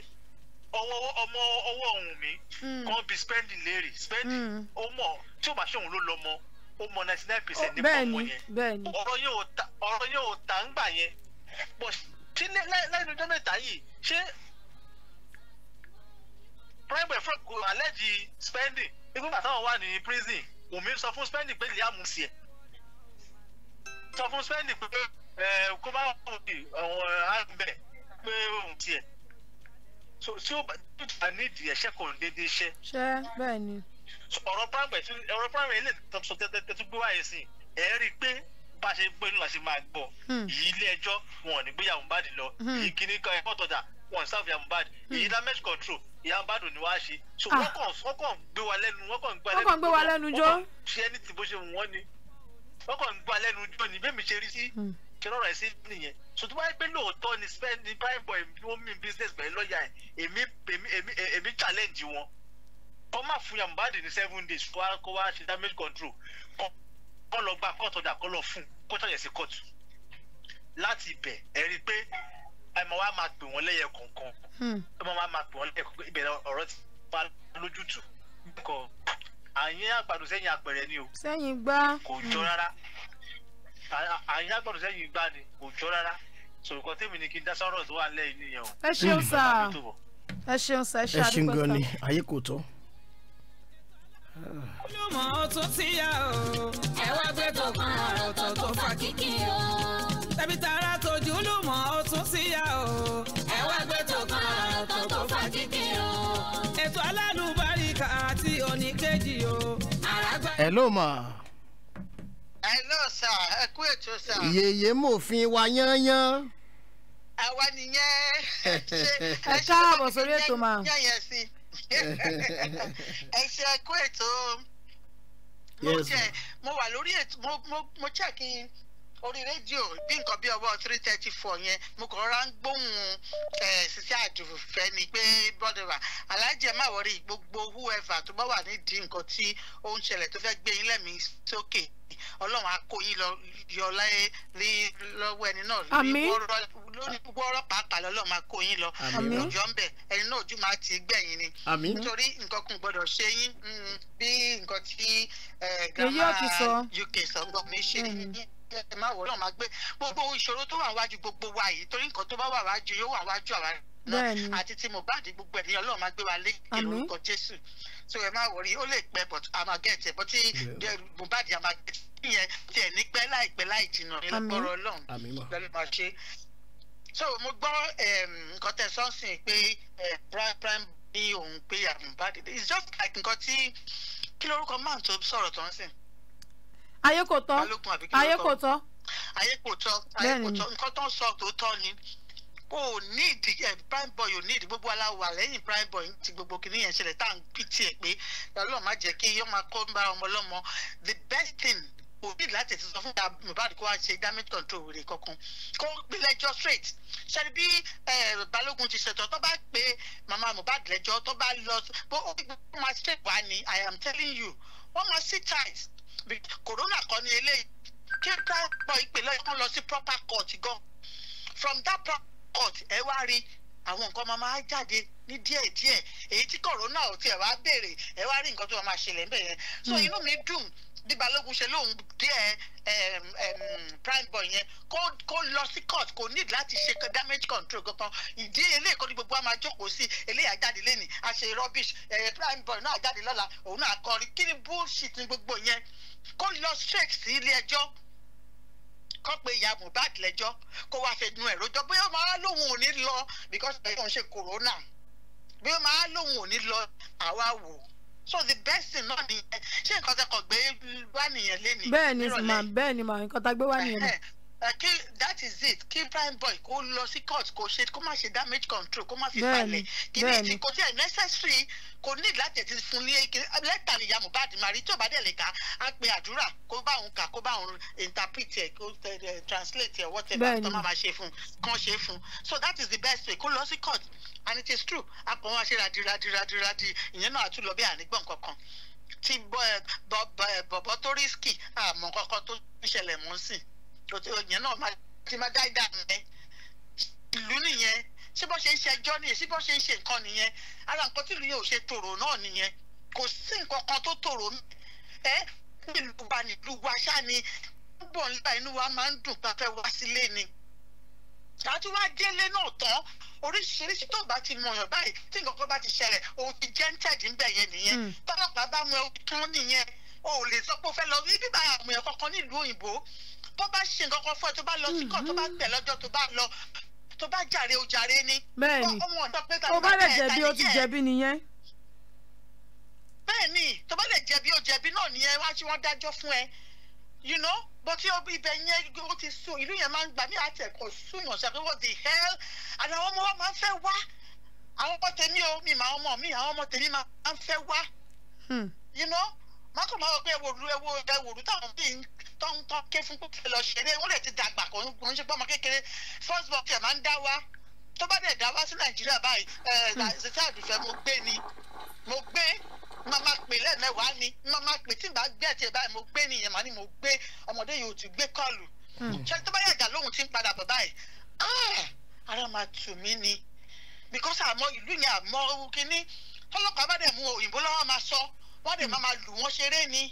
ọwọ́ ọmọ ọwọ́ ọ̀hún mi hmm. kan bí spending léèrè spending hmm. ó mọ̀ tí ó bá ṣòun ló lọ mọ ó mọ ninety nine percent nípa ọmọ yẹn ọ̀rọ̀ yẹn ò tà ń gbà yẹn bọ̀ ṣé lẹ́nu ọjọ́ mẹ́ta yìí ṣé prime boy fún àlẹ́jì spending ikú bàtà wọn wà ní prison Wùmí sọ fún spending pé ìyá mu sí ẹ sọ fún spending pé eh, kó bá wù ú àwọn àgbẹ̀ pé òun tiẹ̀ so tí ó bá tó ti bá nídìí ẹ̀ṣẹ́ kò dédé ṣẹ́. ṣé bẹ́ẹ̀ ni. ọ̀rọ̀ primary tí ọ̀rọ̀ primary ilé ìtọ́sọ tẹ́tẹ́ tó gbé wáyé sí ẹ̀ rí i pé bá a ṣe gbé nílò àṣẹ máa gbọ́ yìí hmm. ilé ẹjọ́ wọn ò ní gbé Ìyá Mohbad lọ yìí kìíní kan ẹ̀kọ́ tọ́jà wọn ò ní sáfù Ìyá Mohbad hmm. yìí damage control Ìyá Mohbad ò ní wá ṣe so ah. wọ́n kàn wọ́n kàn gbé wa lẹ́nu wọ́n kàn gbé wa lẹ́nu jọ́ ṣe ẹni tí bó ṣe wù wọ́n ni wọ́n kàn gbé wa lẹ́nu jọ́ ni bẹ́ẹ̀ mi ṣe rí sí. Hmm kí lọ́rọ̀ ẹ̀ sí nìyẹn ṣùgbọ́n wáyé pé lóòótọ́ ni spend ni prime boy ó mi business pẹ̀lú lọ́ọ̀yà ẹ̀ èmi èmi èmi challenge wọn kọ́ máa fún yàn Mohbad ní seven days kó wá kó wá ṣe damage control kọ́ lọ gba court. ọjà kọ́ lọ fún kóòtù ọjà sí kóòtù láti ibẹ̀ ẹ̀ rí i pé ẹ máa wá máa pè wọ́n lẹ́yẹ kọ̀ọ̀kan hmm. ẹ máa wá máa pè wọ́n lẹ́yẹ kọ̀ọ̀kan ibẹ̀ ọ̀rọ̀ ti fa lójútùú nǹkan àyín àgbàdo sẹ́yìn apẹ̀rẹ̀ ni o sẹ́yìn gbá kò jọ rárá. Hmm àyìnlágbọ̀n tó sẹ́yìn gbá ni kò jọ rárá sòrùkọ tèmi ni kí n dá sọ́rọ̀ tó wà lẹ́yìn nìyẹn o. ẹ ṣeun sá ẹ ṣeun sá ẹ ṣe àdúgbò sá. ẹ ṣeun gan ni ayé kò tọ́. olùmọ̀ ó tún ti yá o ẹ wá gbé tó kan ọ̀rọ̀ tó tó fa kíkì o. tẹ̀bí tara tòjú olùmọ̀ ó tún ti yá o ẹ wá gbé tó kan ọ̀rọ̀ tó tó fa kíkì o. ètò alálùbáríkà àti oníkejì o. ẹ ló mọ̀ hello sir ẹ kú ètò sir. yèyé mòfin wa yányán. àwa nìyẹn. ẹ káàbọ̀ sórí ètò máa. ẹ ṣe ẹ kú ètò mo jẹ mo wà lórí ètò mo mo mo check in orí rédíò bí nǹkan bí ọwọ́ three thirty four yẹn mo kàn rọra ń gbóhùn ṣiṣẹ́ àdùfẹ́ ni pé bọ́dọ̀wà alájẹ má wọrí gbogbo whoever tó bá wà nídìí nǹkan tí ó ń ṣẹlẹ̀ tó fẹ́ gbé yín lẹ́mìí sókè ọlọ́run á kó yín lọ yọ láyé rí lọ́wọ́ ẹni náà lórí gbogbo ọ̀rọ̀ pàápàá lọ́lọ́run á kó yín lọ ọjọ́ ń bẹ̀ ẹni náà ojú máa ti gbẹ̀yìn ni nítorí nǹkan kan gbọ́dọ̀ ṣe yín mm, bí nǹkan tí grandma eh, uk sọ gbọ́ mi ṣe mm. ẹ máa wọ̀ náà máa gbé gbogbo ìṣòro tó wà wájú gbogbo wa yìí torí nǹkan tó bá wà wájú yóò wà wájú àwa náà àti tí Mohbad gbogbo ènìyàn Ọlọ́run máa gbé wa lé lórúkọ Jésù so ẹ máa wọrí ó lè pẹ́ but a máa gẹ̀ tẹ̀ but Mohbad a máa gẹ̀ tẹ̀ yẹn tiẹ̀ ní pẹ́ láìpẹ́ láì jìnnà nílùpọ̀rọ̀ ọlọ́run lọ́lọ́ máa ṣe. so mo gbọ́ nǹkan tẹ sọ́ọ̀sìn pé prime ní òun pé Mohbad it's just like nǹkan tí kí lórúkọ máà tó sọ̀rọ̀ tó sìn. ayé kò tọ́ ayé kò tọ́. ayé kò tọ́ ayé kò tọ́ nǹkan tó ń sọ tó tọ́ ni o need ẹ prime boy o need gbogbo aláwọ àlẹyìn prime boy ti gbogbo kìnìún yẹn ṣẹlẹ̀ tá à ń pìtì pé Ọlọ́run má jẹ́ kí yọọ máa kó ń bá ọmọ ọlọ́mọ the best thing kò ní láti ti sọ fún ya Mohbad kó wá ṣe damage control rẹ̀ kankan kó gbé lẹ́jọ́ straight ṣebí bí Balógun ti ṣètò tó bá pe mama Mohbad lẹ́jọ́ tó bá lọ bó ó gbé ma straight wá ni I am telling you wọ́n ma sit tight corona kọ́ ni eléyìí kí n bá gbọ́ ìpìlẹ̀ kan lọ sí proper court gan from that proper court ẹ wá rí àwọn nǹkan máa máa jáde ní díẹ̀díẹ̀ èyí tí corona ò tiẹ̀ wá béèrè ẹ wá rí nǹkan tó máa ṣẹlẹ̀ ń bẹ̀ yẹn so hmm. inú mi dùn bí balógun ṣe lóun dé prime boy yẹn kó lọ sí court kò need láti ṣe damage control kankan ìdí eléyìí kọ́ ni gbogbo wa máa jókòó sí eléyìí àjáde lẹ́nìí a ṣe rubbish prime boy náà àjáde lọ́la òun náà kọrin kí ni bullshit ni gbogbo yẹn kó lọ straight sí ilé ẹjọ́ kọ́ pé ìyá Mohbad lẹ́jọ́ kó wá fẹnu ẹ̀ rojọ́ bóyá ọmọ ara lòun ò ní lọ because ẹ̀yọ́ ń ṣe corona bóyá ọmọ ara lòun ò ní lọ àwa wò ó so the best thing náà nìyẹn ṣé nǹkan tẹ kàn gbé wá nìyẹn lé ní. bẹ́ẹ̀ ni mà bẹ́ẹ̀ nǹkan tá gbé wá nìyẹn kí that is it kí prime boy kó lọ sí court kó ṣe kó má ṣe damage control kó má fi falẹ̀ kí ní ti kò tiẹ̀ necessary kò need láti ti fún ní lẹ́tà níyà Mohbad mari tí ò bá dẹ̀ lè kà á pe àdúrà kó bá òun kà kó bá òun interpret ẹ̀ kó translate ẹ̀ whatever tó má ma ṣe fún kàn ṣe fún so that is the best way kó lọ sí court and it is true àpò wọn ṣe radiradiradiradi ìyẹn náà àtúlọ bí ànígbọ̀n kankan ti bọ̀ bọ̀ bọ̀ bọ̀ tó risky àmọ́ kankan tó ń ṣẹlẹ̀ mọ́ sí òyìn náà máa ti máa dá ìdá mi ìlú nìyẹn ṣé bó ṣe ń ṣe ẹjọ́ nìyẹn ṣé bó ṣe ń ṣe nǹkan nìyẹn ara nǹkan tí ìlú yẹn ò ṣe tòrò náà nìyẹn kò sí nǹkan kan tó tòrò ẹ ìlú wa nílùú wa ṣáà ni púpọ̀ nígbà inú wa máa ń dùn bá fẹ́ wá sílé ni àti wá délé náà tán oríṣiríṣi tó bá ti mọyàn báyìí tí nǹkan kan bá ti ṣẹlẹ̀ òun ti jẹ́ńtẹ̀dì ń bẹ̀ yẹn nìyẹn hmm. tọ́lọ́pàá bá mú ẹ tán nìyẹn o ò lè sọ pé o fẹ́ lọ rí bíbá àmọ̀ kankan nílùú òyìnbó bó bá ṣe nǹkan kan fún ẹ tó bá lọ sí kọ tó bá gbẹ mhm. lọ́jọ́ tó bá lọ tó bá jàre o jàre ni. bẹ́ẹ̀ni tó bá lè jẹ̀bi o ti jẹ̀bi nìyẹn. bẹ́ẹ̀ni tó bá lè jẹ̀bi o jẹ̀bi náà nìyẹn wá sí wọn dájọ́ fún ẹ you know but tí ibẹ̀ yẹn ó ti sùn ìlú yẹn máa ń gbà mí àti ẹ̀kọ́ sùn yàn ṣàpé what the hell and àwọn ọmọ wa máa ń fẹ́ wá àwọn ọmọ tèmi o mi màá ọmọ mi àwọn ọmọ tèmi máa ń fẹ́ wá hmm. you know má kàn máa wọ pé ẹwòrú ẹwòrú táwọn bíi ń tó ń tọ́ fún pípẹ́ lọ ṣeré wọ́n lè ti dàgbà kò ń ṣe gbọ́mọ kékeré first box ẹ̀ máa ń dá wá tó bá dẹ̀ dá wá sí nàìjíríà báyìí ṣètò eh, hmm. àdùfẹ́ mo gbé ni mo gbé mama pè lẹ́ẹ̀mẹ́wàá ni mama pè tí n bá gbé ẹ̀tì báyìí mo gbé nìyẹn màá ni mo gbé ọmọdé yìí ò ti gbé kọlù hmm. ṣé tó bá yàgà lóhùn tí ń padà bọ̀ báyìí ah, ara máa tù mí ni because àmọ́ ìlú yẹn àmọ́ kínní tọ́lọ́pàá bá dẹ̀ mú òyìnbó lọ́wọ́ máa sọ wọ́n dẹ̀ hmm. máa lù wọ́n ṣeré ni.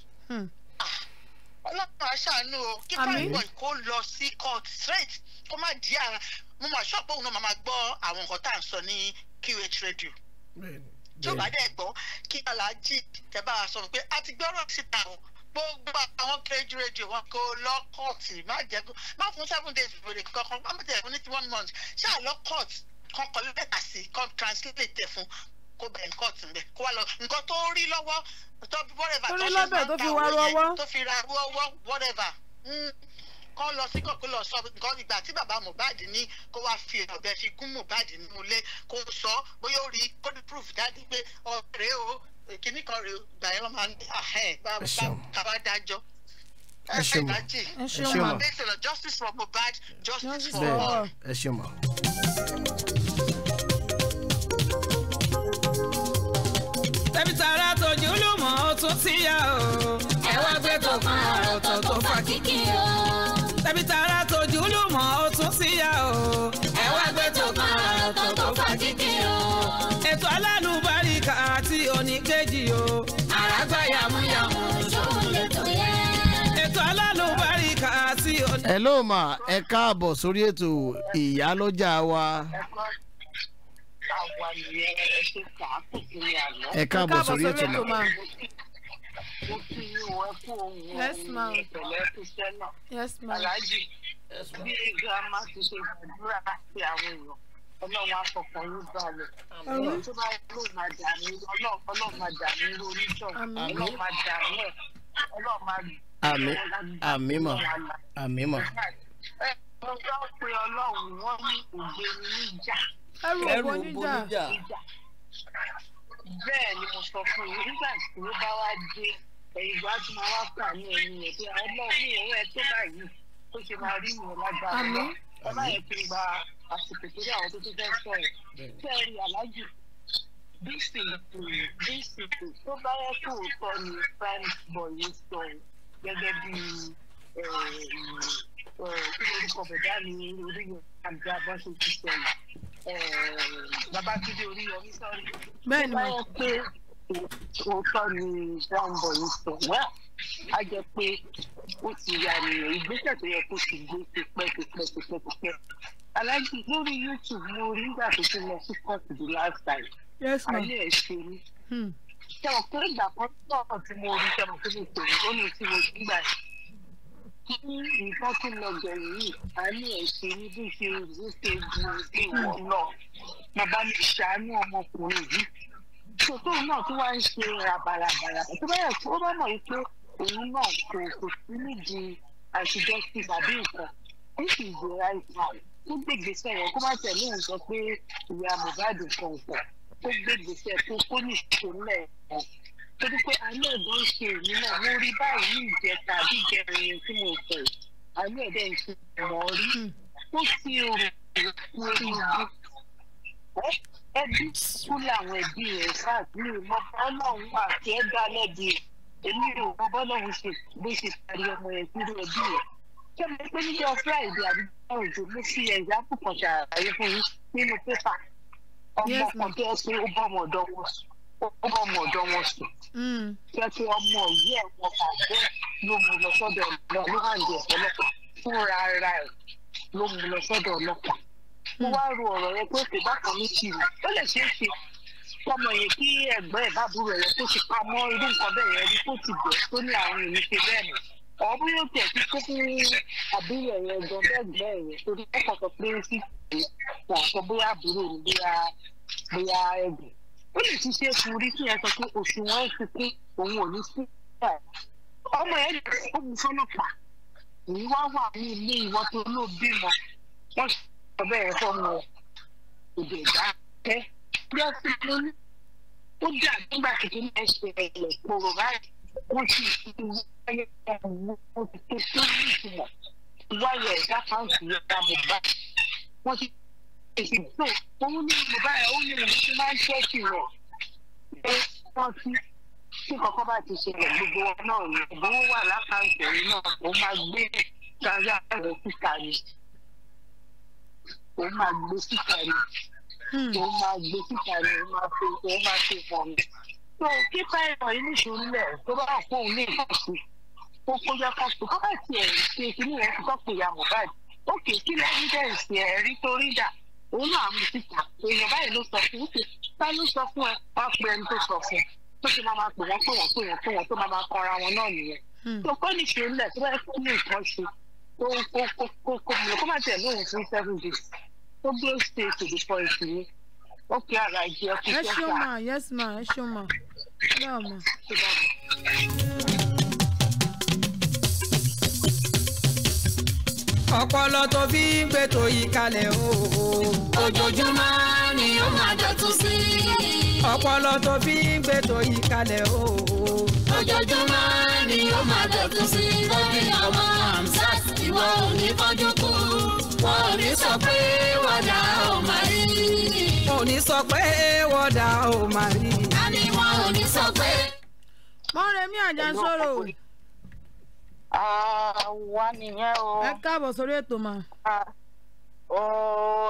Ah ọlọ́run aṣàánú o kí prime kó lọ sí court straight kó má di ara mo mà ṣọ́ọ̀pù òun náà màmá gbọ́ àwọn nǹkan tá à ń sọ ní QH radio tí ó bá dẹ̀ gbọ́ kí aláàjì tẹ́ bá a sọ pé a ti gbọ́rọ̀ síta o gbogbo àwọn kẹjú rédíò wọn kò lọ kọ́ọ̀tì má jẹ́ kó má fún seven days ìbèrè kankan má bẹ̀rẹ̀ fún ní one month ṣáà lọ kọ́ọ̀tì kan lẹ́tà sí kan translate fún kó bẹ̀rẹ̀ nǹkan tì mẹ́ kó wá lọ nǹkan tó rí lọ́wọ́ tó fi wọ́rẹ́bà tó ṣe máa ta owó yẹn tó fi ra owó wọ́rẹ́bà hmm, kọ́ lọ sí kọ̀kọ́ lọ sọ nǹkan ìgbà tí bàbá Mohbad ní kó wá fi ọ̀bẹ fi gún Mohbad nínú ilé kó sọ bóyá ó rí kódì proof dájú pé ọ̀rẹ́ o kìíní kan rèé gbà yẹn wọ́n máa ń ahẹ́ bá ẹ ṣe mọ ẹ ṣe mọ ẹ ṣe mọ. tẹbí tara tòjú ló mọ̀ ó tún ti yá o. ẹ gbé tó kan ọ̀rọ̀ tó fa kíkì o. tẹbí tara tòjú ló ó tún ti yá o. ẹ gbé tó kan ọ̀rọ̀ tó fa kíkì o. ètò alálùbáríkà àti oníkejì o. àràgbá yàmúyàmú ojú lè tó yẹ. ètò alálùbáríkà àti oníkejì o. ẹ ló mà ẹ káàbọ̀ sórí ètò ìyálọ́jà wa. ẹ kọ́ ẹ àwa nìyẹn ẹ ṣe kà á kù sí ní àná. ẹ káàbọ̀ sórí ètò náà. mo kí yín o ẹ kú ohun ọ̀hún ti ṣe gbàdúrà sí àwọn èèyàn ọlọ́run afọkàn balẹ̀ ẹni tó bá lóun máa dà mí ọlọ́run máa dà mí lóníṣọ̀ ọlọ́run máa dà mí ẹ̀ ọlọ́run máa àmì àmì mọ àmì mọ. ẹ mo gbọ́ pé ọlọ́run wọ́n ní ògbéni níjà ẹrù òbó níjà bẹ́ẹ̀ ni mo sọ fún yín nígbà tí ó bá wá dé ẹ̀yìn ìgbà tí máa wá kà ní ẹ̀yìn yẹn pé ọlọ́run mi ìwé ẹ tó báyìí ó ṣe máa rí ìwọ̀n lágbára lọ ọlá yẹn fi gba àsìkò torí àwọn tó tó fẹ́ sọ ẹ̀ tẹ́ ẹ rí aláàjì bíìsì bíìsì tó bá yẹ kó sọ ni french boy yìí sọ gẹ́gẹ́ bí kí lórúkọ bẹ̀dá mi orí yẹn àgbà bá ṣe ti sọ yìí. Ehm, Babátúndé Oríyọmí sọ̀rí. Bẹ́ẹ̀ni mo. Báyọ̀ pé òótọ́ ni Brown boy ń sọ wá. A jẹ pé ó ti ya nìyẹn ìgbésẹ̀ tó yẹ kó ti gbé tipẹ́ tipẹ́ tipẹ́ tipẹ́. Aláàjì lórí YouTube mo rí nígbà tó ti lọ sí court the last time. Yes ma. Àlẹ́ ẹ̀ ṣe mí. Hmm. Ṣé o pé ìgbà kan náà tí mo rí ṣe mo fi ṣe tèmi ó ní tí mo ti gbà yìí tí nǹkan tó lọ bẹ̀rù yìí àánú ẹ̀ ṣe ní bí ṣe ìwé ṣe ju ìwọ náà mo bá lè ṣàánú ọmọkùnrin yìí ṣòtò náà tó wá ń ṣe rabarabara tó bá yẹ kó bá mọ̀ wípé òun náà kò kò sí nídìí àtijọ́ sí bàbí nǹkan ó sì gbéra ìta tó gbègbèsẹ̀ yẹn kó má tẹ̀lé òun pé ìyá Mohbad nǹkan nǹkan tó gbègbèsẹ̀ tó kó nìṣó lẹ̀ torí pé àánú ẹ̀gbọ́n ń ṣe èmi náà mo rí báyìí ní ìjẹta àbí ìjẹrin tí mo fẹ́ àánú ẹ̀dẹ̀ ń ṣe mọ̀ rí ó ti rò ó ti rò ẹbí kú làwọn ẹbí rẹ̀ káàkiri mọ ọlọ́run àti ẹ̀dá lẹ́bi èmi ò mọ bọ́lọ́run ṣe bó ṣe parí ọmọ yẹn kúrò ẹbí rẹ̀ kẹ́mi pé níjọ́ Friday àdúgbò òjò mo fi ẹ̀yà púpọ̀ ṣàlàyé fún yín nínú pépà ọmọ kan tó ẹ pé ó bọ́ ọmọ ọ̀dọ́ wọn sùn ó ọmọ ọ̀dọ́ wọn sùn tẹ́tí mm. ọmọ ọ̀yẹ́ ẹ̀wọ̀n pàdé ló mú lọ sọ́dọ̀ ọ̀nà ló hàn dé ọ̀pọ̀lọpọ̀ fúnra ara ẹ̀ ló mú lọ sọ́dọ̀ ọlọ́pàá mo wá ro ọ̀rọ̀ yẹn pé kò bá kàn mí kiri ó lè ṣeé ṣe ọmọ yẹn kí ẹ̀gbọ́n ẹ̀ bábúrò yẹn tó ti pa mọ́ irú nǹkan bẹ́ẹ̀ yẹn rí tó ti bẹ̀ tó ní àwọn èmi ṣe bẹ́ẹ̀ ni ọ̀bí yóò tẹ̀ sí kó fún àbúrò yẹn gan bẹ́ẹ̀gbẹ́ yẹn torí ọkọ̀ sọ pé sí ìwé wọn sọ bóyá àbúrò bóyá bóyá ẹ̀gbọ́n ó lè ti ṣe fún rí kí ẹ sọ pé òṣùwọ̀n ẹ ti kún òun ò ní sí ẹ ọmọ ẹ lè ó mú fọlọ́pàá èyí wá wà ní ilé ìwọ tó ló bímọ wọn sọ bẹ́ẹ̀ fọmọ èdè ìdákẹ́ bí ó ti ló ní ó dà nígbà kìkì ní ẹsẹ̀ ẹ̀lẹ̀ kóró báyìí wọ́n ti fi wáyé ẹ̀wọ̀ wọ́n ti tó tó ìtumọ̀ wáyé ẹ̀dá kan sì yẹ ká bọ̀ báyìí wọ́n ti èsì tó òun ní ìlú báyìí òun ní ìlú tí máa ń ṣẹ́kì rẹ̀ pé wọ́n ti tí kọ̀ọ̀kan bá ti ṣẹlẹ̀ gbogbo wọn náà ní ìbówó wà lákàntì òun náà ó máa gbé kárí àárẹ̀ síta ni ó máa gbé síta ni ó máa gbé síta ni ó máa fi ó máa fi fọ̀ mi. tó kí fáìlọ yìí nìṣòro lẹ̀ tó bá wà fún òun ní ìkọ̀sí ó kójọ kọ̀sí kọ́kọ́ tiẹ̀ ṣe kí ni wọ́n ti kọ́ pé ìyá Mohbad ó kè kí lẹ́yìn dẹ̀ ṣe ẹ̀rí torí dà òun náà mú síta èèyàn báyìí ló sọ fún wípé tá ló sọ fún ẹ wọn pe ẹni tó sọ fún tó ṣe máa máa pè wọn pé wọn pè wọn pé wọn tó máa máa kọra wọn náà nìyẹn tó kọ́ ní ṣe ńlẹ̀ tó bá yẹ kó ní nǹkan ṣe kó kó kó kó kó mi kó má tẹ̀ lóhùn fún seven days tó gbé stay to the point yìí ó kí ara ìjẹ́ kó kẹ́kọ̀ọ́. ẹ ṣeun ma yes ma ẹ ṣeun ma. ọpọlọ tó fi ń gbètò yìí kalẹ̀ o. ojoojúmọ́ ni ó máa dọ̀tún sí ọpọlọ tó fi ń gbètò yìí kalẹ̀ o. ojoojúmọ́ ni ó máa dọ̀tún sí i. lórí ọmọ Hamzat ìwọ ò ní kọjú kú. wọn ò ní sọ pé wọ́dà ò máa rí. wọn ò ní sọ pé wọ́dà ò máa rí. a ní wọn ò ní sọ pé. mọ́rẹ̀mí àjànsóró àwa nìyẹn o. ẹ káàbọ̀ sórí ètò mà.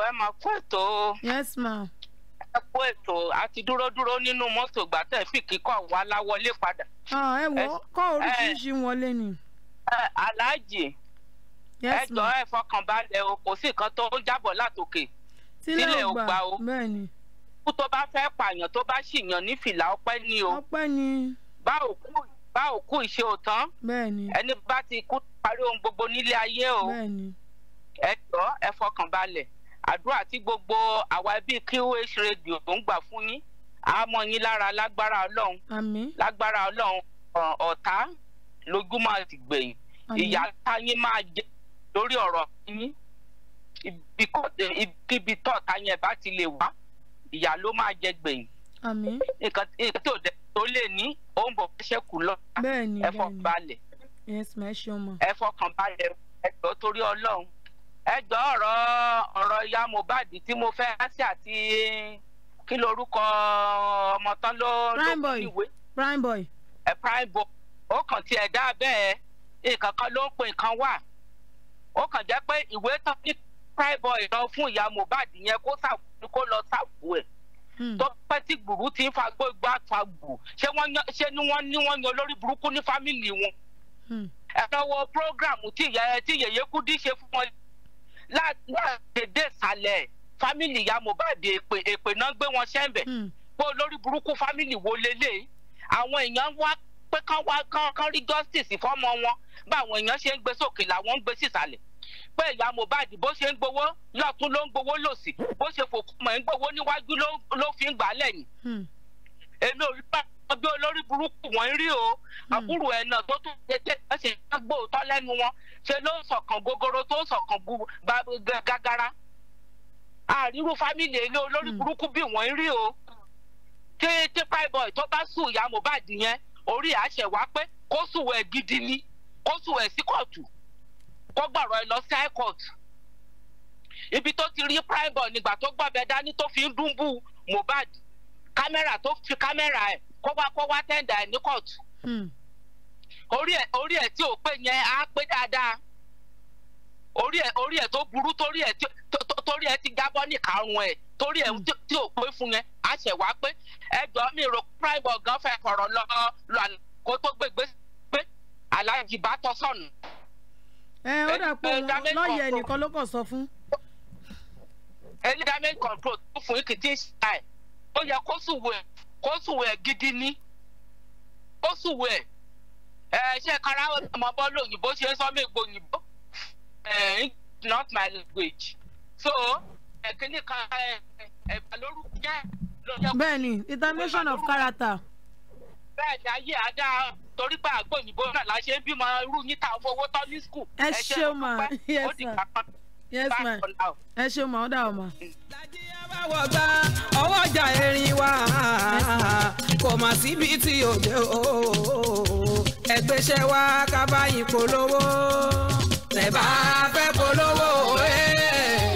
ẹ mà kú ètò. yes ma. ẹ kú ètò àti dúródúró nínú mọ́tò ìgbà tẹ̀ fi kíkọ́ wa láwọlé padà. ẹ wọ kọ́ oríṣiríṣi wọlé ni. aláàjì ẹ jọ ẹ fọkàn balẹ̀ o kò sí nǹkan tó ń jábọ̀ látòkè sílẹ̀ ò gbà o kú tó bá fẹ́ pààyàn tó bá ṣìyàn ní fìlà ọpẹ́ ni o. ọpẹ́ ni. bá òkú yìí bá òkú ìṣe òtán ẹni bá ti kú parí ohun gbogbo nílé ayé o ẹ jọ ẹ fọkàn balẹ̀ àdúrà tí gbogbo àwa ẹbí QH radio tó ń gbà fún yín àmọ́ yín lára lágbára Ọlọ́run lágbára Ọlọ́run ọ̀tá lójúmọ́ àti gbẹ̀yìn ìyá táyín máa jẹ lórí ọ̀rọ̀ yín ibikíbi tọ́ọ̀tá yẹn bá ti lè wá ìyá ló máa jẹ gbẹ̀yìn nǹkan tó dẹ tó lè ní ó ń bọ̀ ṣẹ́kù lọ ẹ̀fọ́ balẹ̀ ẹ̀fọ́ kan balẹ̀ ẹ̀jọ̀ torí ọlọ́run ẹ̀jọ̀ ọ̀rọ̀ ọ̀rọ̀ ya Mohbad tí mo fẹ́ ṣe àti kí lorúkọ ọmọ tán ló ló ìwé prime boy ẹ prime boy ó kàn tiẹ̀ dá bẹ́ẹ̀ nǹkan kan ló ń pè nǹkan wà ó kàn jẹ́ pé ìwé tán ní prime boy lọ fún ìyá Mohbad yẹn kó lọ sáfù ẹ̀ Hmm. tọ́pẹ́ tí gbùrú ti ń fa gbogbo àfagbò ṣé ni wọ́n ní wọ́n yan olórí burúkú ní fámìlì wọn. Hmm. ẹ̀rọ wo prógrámù tí yèyé Kúdí ṣe fún wọn láàdédé ìsàlẹ̀ fámìlì ìyá Mohbad èpè èpè náà gbé wọn ṣẹ́ńbẹ̀ hmm. pé olórí burúkú fámìlì wo lélẹ̀ àwọn èèyàn wá pé kán wá kán rí justice fọ́mọ wọn báwọn èèyàn ṣe ń gbé sókè làwọn ń gbé sísàlẹ̀ pé ìyá Mohbad bó ṣe ń gbowó lọ́tún ló ń gbowó lòsì bó ṣe fòkú ń gbowó níwájú ló fi ń gbà lẹ́yìn hmm. èmi ò rí pa ọgbẹ́ olórí burúkú wọ́n rí o hmm. àbúrò ẹ̀nà tó tún ṣe tẹ́ ẹ ṣe ń gbóòótọ́ lẹ́nu wọn ṣe ló ń sọ̀kan gogoro tó ń sọ̀kan gàgàrà àrírú fámìlì ilé olórí hmm. burúkú bí wọ́n rí o tí tí Primeboy tó bá sùn ìyá Mohbad yẹn orí àṣẹ wá pé kó sùn ẹ̀ gidi ni kó sùn ẹ̀ sí kó gbọ̀rọ̀ ẹ lọ sí high court ibi tó ti rí prime boy nígbà tó gbọ̀bẹ dání tó fi ń dùnbù Mohbad kámẹ́rà tó fi kámẹ́rà ẹ̀ kó wá kó wá tẹ́ǹdà ẹ̀ ní court hmm. orí ẹ̀ orí ẹ̀ tí ò pé yẹn á pé dáadáa orí ẹ̀ orí ẹ̀ tó burú torí ẹ̀ torí ẹ̀ ti jábọ́ ní karùn-ún torí ẹ̀ hmm. tí ò pé fún yẹn á ṣẹ̀ wá pé ẹjọ́ mi ro prime boy gan fẹ́ fọ̀rọ̀ lọ lọ kó tó gbégbé pé aláàjì bá tọ́ sọ̀nù ẹ ó dà pé lọ́ọ̀yẹ̀ nìkan ló kàn sọ fún. ẹ control tó fún ìkìtì ṣáà ẹ ó yẹ kó sùwẹ̀ kó sùwẹ̀ gidi ní kó sùwẹ̀ ẹ ṣe kára ọmọ bọ́ọ̀lù òyìnbó ṣe sọ́mọ ègbò òyìnbó not my language so ẹ̀kíní kan ẹ̀ ẹ̀ lórúkọ jẹ́. bẹ́ẹ̀ni determination of character bẹ́ẹ̀ ni ayé àdá torí pé àgbo òyìnbó náà la ṣe ń bímọ irú yín tá a fowó tọ́ ní skul. ẹ ṣeun ma yes ma yes ma ẹ ṣeun ma ó dà ọ ma. ìdájí ẹ bá wọ gbá ọwọ́ ọjà erin wá kò mà síbi tí ò dé o ẹgbẹ́ṣẹ́ wá ká báyìí polówó tẹ̀ bá fẹ́ polówó ẹ̀. Eh.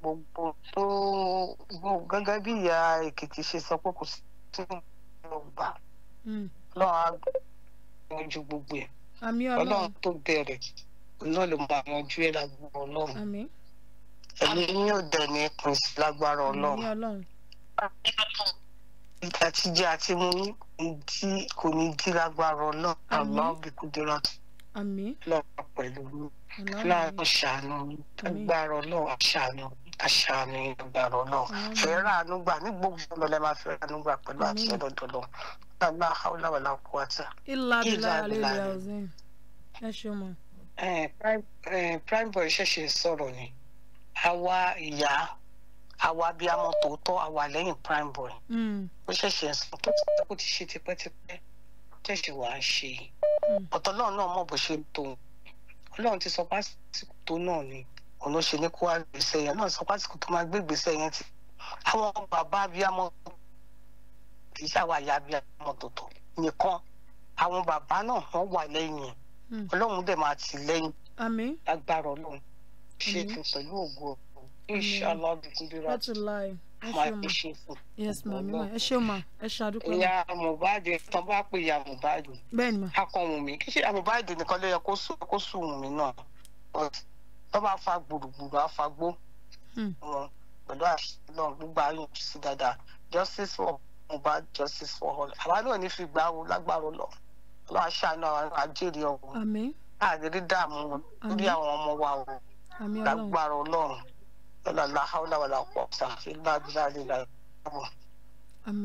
gbogbo tó gẹ́gẹ́ bí ìyá Èkìtì ṣe sọ pé kò sí tó gbà lọ́wọ́ àgbẹ̀ ju gbogbo ẹ̀ ọlọ́run tó bẹ̀rẹ̀ náà ló máa yanjú ẹ̀ lágbára ọlọ́run ẹ̀mí yóò dẹ̀ ní prince lágbára ọlọ́run àtijọ́ àti mú ìdí kò ní dí lágbára ọlọ́run àmọ́ bí kúndúrà lọ́wọ́ pẹ̀lú mi láàrin ṣàánú agbára ọlọ́run ṣàánú aṣàánú agbára ọlọ́run fẹ́ẹ́rẹ́ àánúgbà ní gbogbo ọ̀nà lẹ́ máa fẹ́ẹ́rẹ́ àánúgbà pẹ̀lú àti ọ̀dọ̀ dọ̀lọ́ gbàgbà haúlá wà lápò àtà. ìlà ìlà ìlà ẹ ṣe mọ. prime boy ṣẹ̀ṣẹ̀ sọ̀rọ̀ ni àwa ìyá àwa abiyamọ tòótọ́ àwa lẹ́yìn prime boy hmm. ó ṣẹ̀ṣẹ̀ sọ tó ti ṣe tipẹ́tipẹ́ ṣẹ̀ṣẹ̀ wàá ṣe hmm. ọ̀tọ̀ náà náà mọ̀ bó ṣe ń tó ọlọ́run ti sọ pásítọ̀ tó náà ni ọ̀nà ṣe ní kó wá gbèsè yẹn náà sọ pásítọ̀ tó máa gbé gbèsè yẹn ti àwọn bàbá abiyamọ kì í ṣàwọn àyà abiyamọ tòótọ́ nìkan àwọn bàbá náà wọ́n wà lẹ́yìn hmm. ọlọ́run dẹ̀ máa tì lẹ́yìn agbára ọlọ́run ṣe tún pẹ̀lú ògo ìṣàlọ́ àdùkú bí ra máa fi ṣe fún. yes ma mi ma ẹ ṣe ma ẹ ṣe àdúpẹ́. ìyá Mohbad tán bá pè ìyá Mohbad. bẹ́ẹ̀ni ma. akọ̀wùnmí kí ṣe ìyá nìkan ló yẹ kó sùn kó sùn wùnmí náà tó bá fa gbùrùgbùrù àfagbó hmm. wọn pẹ̀lú àṣìlọ gbígbà yóò sí dáadáa justice for Mohbad justice for all àwa náà ní fi gbà wo lágbára lọ lọ́wọ́ aṣáájú àwọn àjèrè ọ̀hún àdérí dààmú lórí àwọn ọmọ wa ọ̀hún lágbára Ọlọ́run wala la hawla wala quwwata illa billahi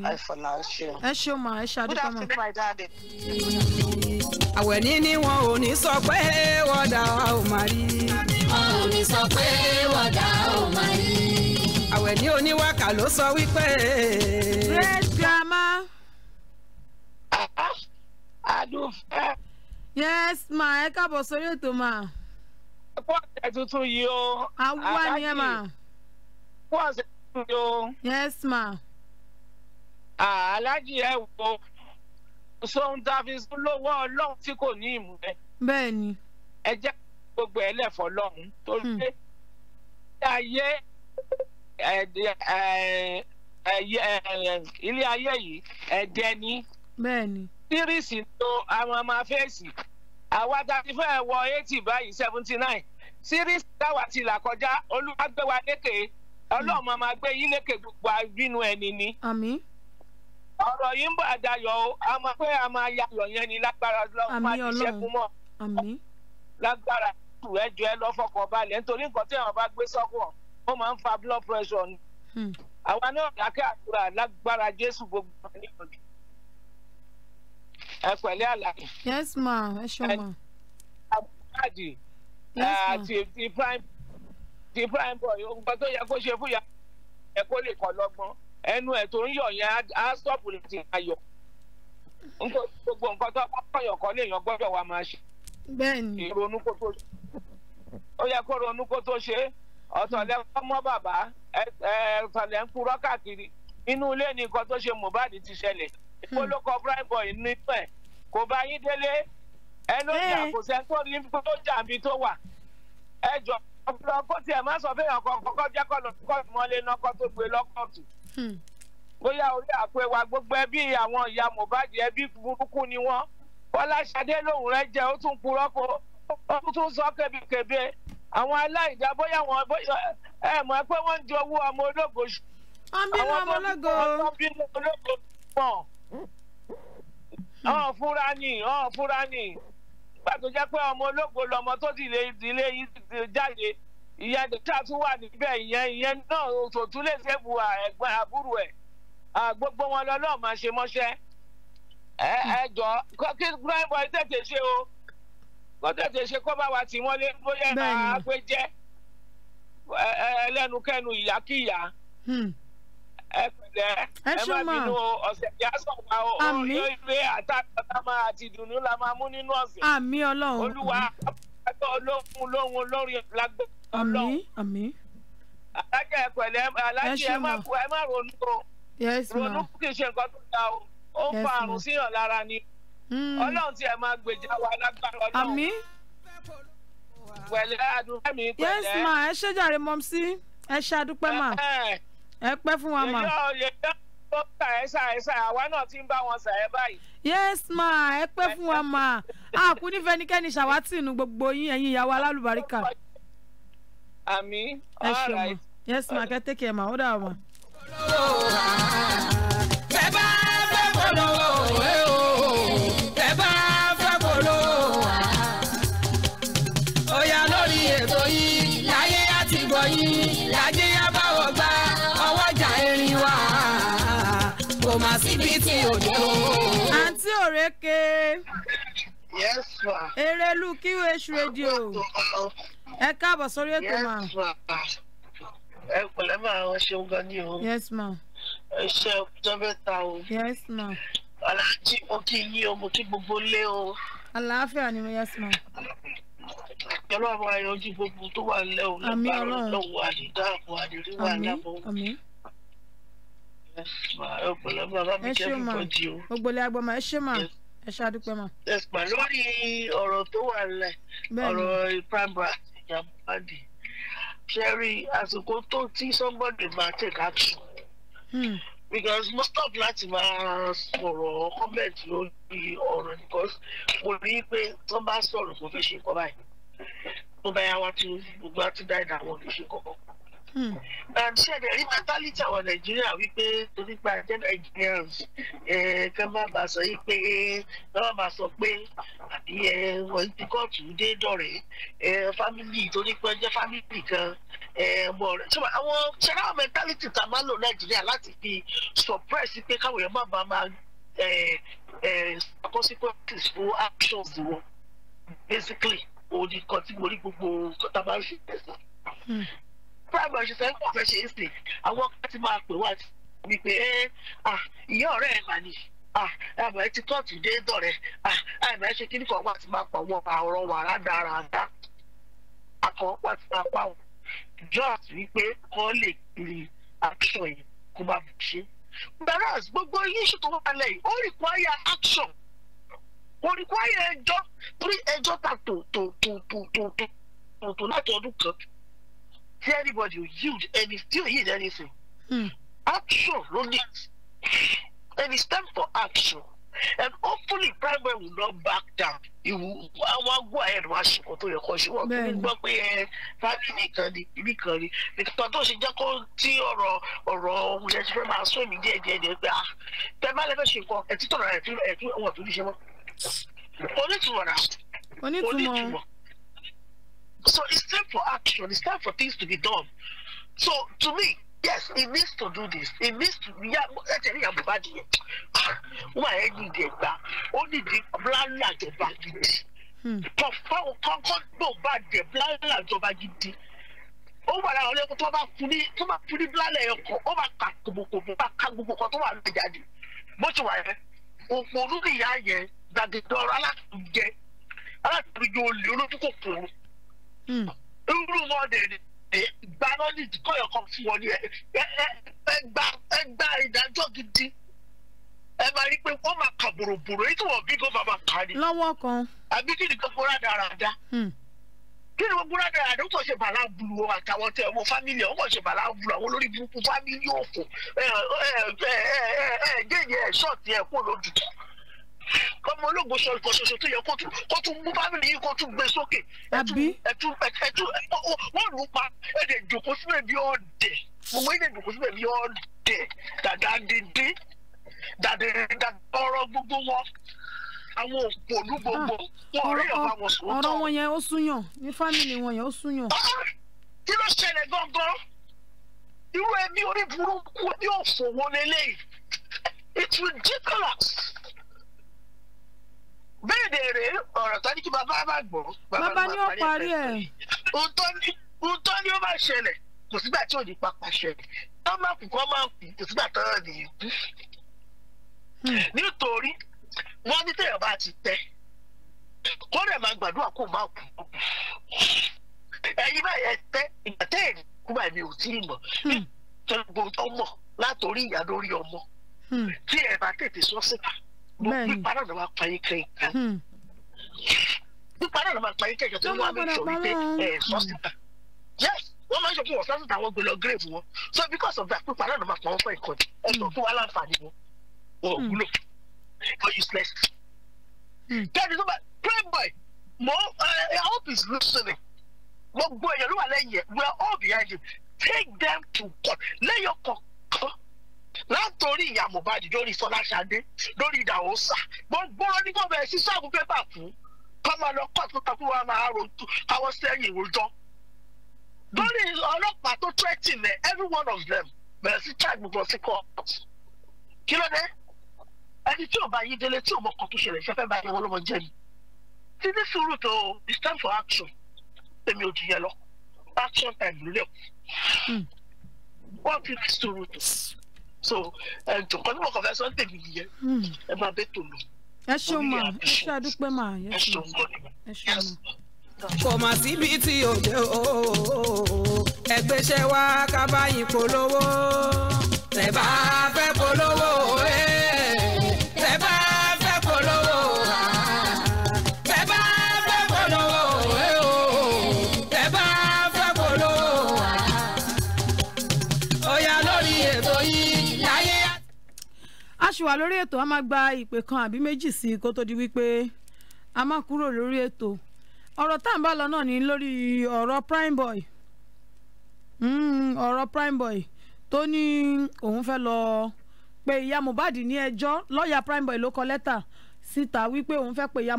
ẹ fọlá ma ẹ ṣe àdúgbò mọ. àwẹ̀ níní wọn ò ní sọ pé wọ́dà ò máa rí. wọn ò ní sọ pé wọ́dà ò máa rí. àwẹ̀ ní oníwàkà ló sọ wípé. great grandma. adùn fẹ́. yes ma ẹ káàbọ̀ sórí ètò ma fún ọ̀sẹ̀ tuntun yìí o. àwa ni ẹ mà. fún tuntun yìí o. yes ma. aláàjì ẹ wo sóhun tá a fi sún lọ́wọ́ ọlọ́run tí kò ní ìmúlẹ̀. bẹ́ẹ̀ ni. ẹ jẹ́ gbogbo ẹ lẹ́fọ̀ọ́ lọ́hùn-ún tó hmm. lé. ayé ilé ayé yìí ẹ̀dẹ́ ni. bẹ́ẹ̀ ni. tírísì àwọn ọmọ afẹ́sì àwa ta ti fẹ́ wọ eighty báyìí seventy nine síríìsì táwa ti là kọjá olúwa lékè ọlọ́mọ máa gbé yín lékè gbogbo àbínú ẹni ni. ọ̀rọ̀ yìí ń bọ̀ àdayọ̀ o a máa pé a máa yayọ̀ yẹn ni lágbára ọlọ́run máa ti ṣẹ́kù mọ́. lágbára tù ẹ ẹ lọ fọkàn balẹ̀ nítorí nǹkan tí àwọn bá gbé sọ́kàn ó máa ń fa blood pressure ni. Hmm. àwa náà dákẹ́ àdúrà lágbára jésù gbogbo ní ẹ pẹ̀lẹ́ yes ma ẹ ṣe ma. àbúrádì àti ti prime ti prime boy nǹkan tó yẹ kó ṣe fún ya ẹ kó lè kọ́ lọ́gbọ́n ẹnu ẹ̀ tó ń yọ̀ yẹn á sọ̀pù láti máa yọ̀ gbogbo nǹkan tó bá kọ̀yọ̀ kọ́ léèyàn gbọ́dọ̀ wá máa ṣe. bẹ́ẹ̀ni. ìrònú kó tó ó yẹ kó ronú kó tó ṣe ọ̀tọ̀lẹ́ mọ́ bàbá ẹ̀ ẹ̀ ọ̀tọ̀lẹ́ ń purọ́ káàkiri inú ilé ni nǹkan tó ṣe Mohbad ti ṣẹlẹ̀ ìpolókọ prime boy ní pẹ̀ kò bá yín délé ẹnu ìjà kò sẹ́ tó ní tó jàǹbí tó wà ẹ jọ lọ kó tiẹ̀ má sọ fẹ́yàn kan kọ́kọ́ jẹ́ kọ́ lọ́kọ́ ìmọ̀lé nọ́kọ́ tó gbé lọ́kọ́ọ̀tù hmm. bóyá orí àpò ẹwà gbogbo ẹbí àwọn ìyá Mohbad ẹbí burúkú ni wọ́n Fọláṣadé lòun rẹ jẹ ó tún purọ́ kó ó tún sọ kébékébé àwọn aláìdá bóyá wọn ẹ mọ̀ pé wọ́n ń jowú ọmọ ológo ṣùgbọ́n àwọn tó ń bínú ọmọ ológo pọ̀ ọ̀ fúra nì ọ̀ fúra nì nígbà tó jẹ́ pé ọmọ ológo lọmọ tó ti lè ìdílé yìí jáde ìyá dèkà tún wà níbẹ̀ ìyẹn ìyẹn náà òtòtú lè ṣèbù ẹ̀gbọ́n àbúrò ẹ̀ gbogbo wọn lọ́lọ́ọ̀ máa ṣe mọ́ṣẹ́ ẹ ẹ jọ kí prime boy tètè ṣe o kó tètè ṣe kó bá wa tì wọ́n lé bóyá àgbẹ̀ jẹ́ ẹlẹ́nukẹ́nu ìyá kí ìyá. Hmm ẹ pẹ̀lẹ́ ẹ má bínú ọ̀sẹ̀ yà sọ̀rọ̀ wa o yóò gbé máa ti dùnú la máa mú nínú ọ̀sẹ̀. àmín ọlọ́run olúwa àtọ olóhùn olóhùn olórí lágbó ọlọ́run. àmín àmín. alájà ẹ pẹ̀lẹ́ alájà ẹ má ẹ má ronú o ronú kì í ṣe nǹkan tó dáa o ó ń fa àrùn síyàn lára ni hmm. ọlọ́run tí ẹ máa gbèjà wa lágbára ọlọ́run. àmín. pẹ̀lẹ́ àdúrà mi pẹ̀lẹ́. yes ma ẹ ṣe jàre mọ́mísí ẹ ṣe àdúpẹ́ ma ẹ pẹ́ fún wa ma. yes ma ẹ pẹ́ fún wa ma a kú nífẹ̀ẹ́ nìkẹ́ni ṣàwátì inú gbogbo yín ẹ̀yin ìyàwó alálùbáríkà. àmì all right. yes ma kẹ́ tẹ́kẹ̀ ma ó dà wọ́n. òrèké. yes ma. erelu QH radio. ẹ káàbọ̀ sórí ètò ma. yes ma. ẹ pẹ̀lẹ́ máa ń ṣeun gan ni o. yes ma. ẹ ṣe ọjọ́ mẹ́ta o. yes ma. aláàjì mo kí yín o mo kí gbogbo lé o. àlàáfíà ni mo yes ma ọlọ́run ayọ̀ ojú gbogbo tó wà nílẹ̀ òun lọ́gbàá ọlọ́run àdìdá àbò àdìrí wà lábọ̀ ọ̀pọ̀lọpọ̀ bá mi jẹ́ fún bọ́dì o. ògbólé agbọ́mọ ẹ ṣé mà ẹ ṣe àdúpẹ́ mà. ẹ pà lórí ọ̀rọ̀ tó wà lẹ̀ ọ̀rọ̀ ìpamọ́ ìjàmbáde ṣẹ́rí àsìkò tó tí somebody máa take action. Hmm. because mo stop láti máa sọ̀rọ̀ comment lórí ọ̀rọ̀ because mo rí i pé tó bá sọ̀rọ̀ kò fẹ́ ṣe nǹkan báyìí tó bá yá wá tí gbogbo àti dáìdá wọn lè ṣe kọ̀ọ̀kan. Hmm. ṣé ẹ̀dẹ̀ rí mentality àwọn nàìjíríà wípé torípa jẹ́ nigerians kẹ́ má bàa sọ yìí pé kẹ́ má bàa sọ pé àbí wọ́n ti kóòtù dé dọ̀rẹ́ family torípa jẹ́ family kan ọmọ rẹ̀ ṣé àwọn ṣé àwọn mentality tá a máa lò nàìjíríà láti fi suppress pé káwọn èèyàn má bàa máa consequences for actions wọn basically òun ni kan tí mo rí gbogbo tá a máa ń ṣe hmm. fúlàgbà òṣìṣẹ́ ń pàfẹ́ ṣe é sè àwọn kan ti máa pè wá mi pé eh, ah, ìyá ọ̀rẹ́ ẹ̀ mà ah, ti dé ah, ṣe kí máa akọ máa pa wọn wípé lè kiri action yìí kó má bù ṣe. gbogbo tó wà tí anybody will yield any tí yield anything mm. action ló ní and it's time for action and hopefully prime minister will not back down he will wa go ahead wa ṣe nǹkan tó yẹ kó ṣe wọn kí n gbọ́ pé ẹ family kan ni ibi kan ni nǹkan tó ṣe jẹ́ kó tí ọ̀rọ̀ ọ̀rọ̀ oúnjẹ ti fẹ́ máa sọ èmi díẹ̀ díẹ̀ díẹ̀ pé ah tẹ bá lẹ́fẹ̀ẹ́ ṣe nǹkan ẹ̀ títọ̀rọ̀ ẹ̀ tún ẹ̀ tún wọn ò tún ní ṣe mọ́ onítùmọ̀ náà onítùmọ̀. So it's time for action. It's time for things to be done. So to me, yes, it needs to do this. It needs to. Yeah, that's any abubadi. Why any day Only the plan like the back. Kọ̀fà kọ́kọ́ ló bá ah, dẹ̀ bílálà hmm. ìjọba gidi. Ó wà láwọn ọlẹ́kùn tó bá fún ní tó bá fún ní bílálà ẹ̀kọ́ ó bá ka kòbòkòbò bá ka gbogbo kan tó wà lóde jáde. Bó ti wà yẹn, òpònú nìyá yẹn gbàgede ọ̀rọ̀ alátùjẹ alátùjẹ olè olójú kòkòrò irú wọn dẹ̀ dẹ̀ gba knowledge kọ́yọ̀ kan fún wọn ni ẹ gba ẹ gba ìdájọ́ gidi ẹ máa rí i pé wọ́n máa kà bòròbòrò èyí tí wọ́n bí gan máa kà ni. lọ́wọ́ kan. àbí kí ni gbogbo rádà rádà. kí ni gbogbo rádà rádà ó kàn ṣe bàlá bulu àtàwọn tẹ ọmọ fámìlì ọ̀ kàn ṣe bàlá bulu àwọn olórí burúkú fámìlì òkun ẹ ẹ ẹ ẹ ẹ jẹ́yẹ ẹ ṣọ́ọ̀tì ẹ kó lójú kọ́mọ ológun sọ nǹkan ṣoṣo tó yẹ kó tún kó tún mú fámìlì yìí kó tún gbé sókè ẹtú ẹtú wọ́n lù ú pa ẹ̀dẹ̀ jòkó síbẹ̀ bí ọ̀dẹ̀ gbogbo ẹ̀dẹ̀ jòkó síbẹ̀ bí ọ̀dẹ̀ dàdà dídí dàdà ọ̀rọ̀ gbogbo wọn àwọn òpònú gbogbo ah, wọn ọ̀rẹ́ ọ̀bá wọn sòótọ́. ọ̀rọ̀ wọn yẹn ó súnyàn ní fámìlì wọn yẹn ó súnyàn. Ah, kí ló ṣẹlẹ̀ gangan irú ẹbí orí burúkú ẹbí òfò wọn lélẹ́yìí it's ridiculous bẹ́ẹ̀ dẹ̀ rèé ọ̀rọ̀ tó ní kí bàbá má gbọ́. bàbá ni ó parí ẹ̀. òótọ́ ni ó máa ṣẹlẹ̀ kò sígbà tí òní papà ṣẹlẹ̀ tó máa kú kó máa kú kò sígbà tó rẹ̀ nìyí kú. Hmm. nítorí wọ́n ní tẹ̀yọ̀ bá ti tẹ́ kó rẹ̀ máa gbàdúrà kó máa kú. ẹ̀yin báyẹn tẹ́ ìgbà tẹ́ kú báyìí mi ò tí ì mọ̀ hmm. nítorí gbogbo ọmọ látòrí ìyá lórí ọmọ hmm. tí ẹ bá tètè sọ síta nípa náà máa pa yín kiri kan hmm. nípa náà máa pa yín kiri kan tó wà ní ìṣòro yes wọ́n máa ń ṣòkun wọ̀sán síta wọ́n gbé lọ gírèfù wọn so because of that nípa náà máa pa wọ́n fún ìkọ́ni ẹ sọ hmm. fún wa láǹfààní wọn wọn ò hmm. wúlò for useless. kẹ́ni tó bá Primeboy mo I hope he's listening gbogbo èèyàn ló wà lẹ́yìn ẹ̀ we are all behind you take them to court lẹ́yìn ọkọ̀ látòrí ìyá Mohbad lórí Fọláṣadé lórí ìdàwọ́sà gbogbo ní gbọ́dọ̀ ẹ̀ sí sáàbù pépà fún kọ́mọ lọ kọ́ tó takú wa máa ro káwọ́ sẹ́yìn rojọ́ lórí ọlọ́pàá tó threatening ẹ̀ every one of them bẹ̀rẹ̀ sí charge gbogbo sí court kí ló dé ẹni tí ò bá yí délé tí ò mọ kàn tó ṣẹlẹ̀ ṣẹ́fẹ́ bá yẹ wọ́n lọ́mọ jẹ́ ni ti ní sùúrù tó it's time for action èmi ò jìyàn lọ action time ló lẹ́kọ̀ọ́ hmm. wọ́n ti ní sùúrù tó so ẹ jọ kọ́ ní mo kàn fẹ́ sọ́ tèmi nìyẹn hmm. ẹ máa bẹ́ tò lọ. ẹ ṣeun ma ẹ ṣe àdúpẹ́ ma ẹ ṣeun ẹ ṣeun ma. kò mà síbi tí òde ẹgbẹ́ṣẹ́ wa ká bá polówó tẹ̀ bá fẹ́ polówó ẹ̀. ṣì wà lórí ètò a máa gba ìpè kan àbí méjì sí i kó tó di wípé a máa kúrò lórí ètò ọ̀rọ̀ tá à ń bá lọ náà ni lórí ọ̀rọ̀ Primeboy hmm, ọ̀rọ̀ Primeboy tó ní òun fẹ́ lọ pe ìyá Mohbad ní ẹjọ́ lọ́ọ̀yà Primeboy ló kọ lẹ́tà síta wípé òun fẹ́ pe ìyá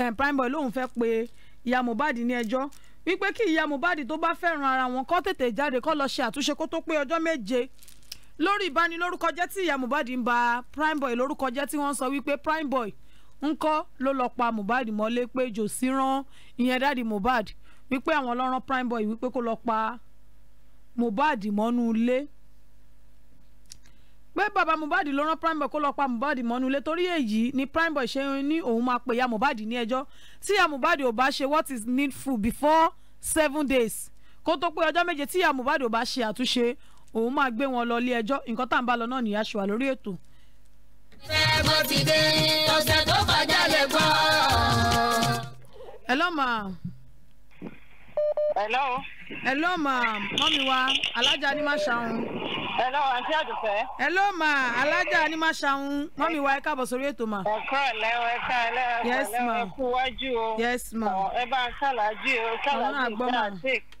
eh, Primeboy lóun fẹ́ pe ìyá Mohbad ní ẹjọ́ wípé kí ìyá Mohbad tó bá fẹ́ràn ara wọn kó tètè jáde kó lọ ṣe àtúnṣe kó tó pé ọjọ́ méje lórí ìbanilórúkọjẹ́ tí ìyá Mohbad ń ba Primeboy lórúkọjẹ́ tí wọ́n sọ wípé Primeboy ńkọ́ ló lọ pa Mohbad mọ́lé pé jòsí rán ìyẹn dáàdi Mohbad wípé àwọn ọlọ́run boy, wípé kó lọ pa Mohbad mọ́nú ilé pé bàbá Mohbad ló rán Primeboy kó lọ pa Mohbad mọ́nú ilé torí èyí ni Primeboy ṣe ní òun máa pè ya Mohbad ní ẹjọ́ tí ya Mohbad ò bá ṣe what is needful before seven days kó tó pé ọjọ́ méje tí ya Mohbad ò bá ṣe àtúnṣe òun máa gbé wọn lọ ilé ẹjọ́ nǹkan tá à ń bá lọ náà nìyá ṣùwà lórí ètò. ṣé mo ti dé ọ̀sẹ̀ tó kọjá lè gbọ́. hello ma. hello. hello ma mọ́mi wa alájà ni má ṣàwọn. hello àǹtí àdùfẹ́. hello ma alájà ni má ṣàwọn mọ́mi wa ẹ káàbọ̀ sórí ètò ma. ẹ̀kọ́ ẹ̀lẹ́wọ̀ ẹ̀ka ẹ̀lẹ́wọ̀ ẹ̀kú wájú o. yes ma. ẹ bá ń ṣàlàjì o ṣàlàjì ìṣẹ́ àti ìpín.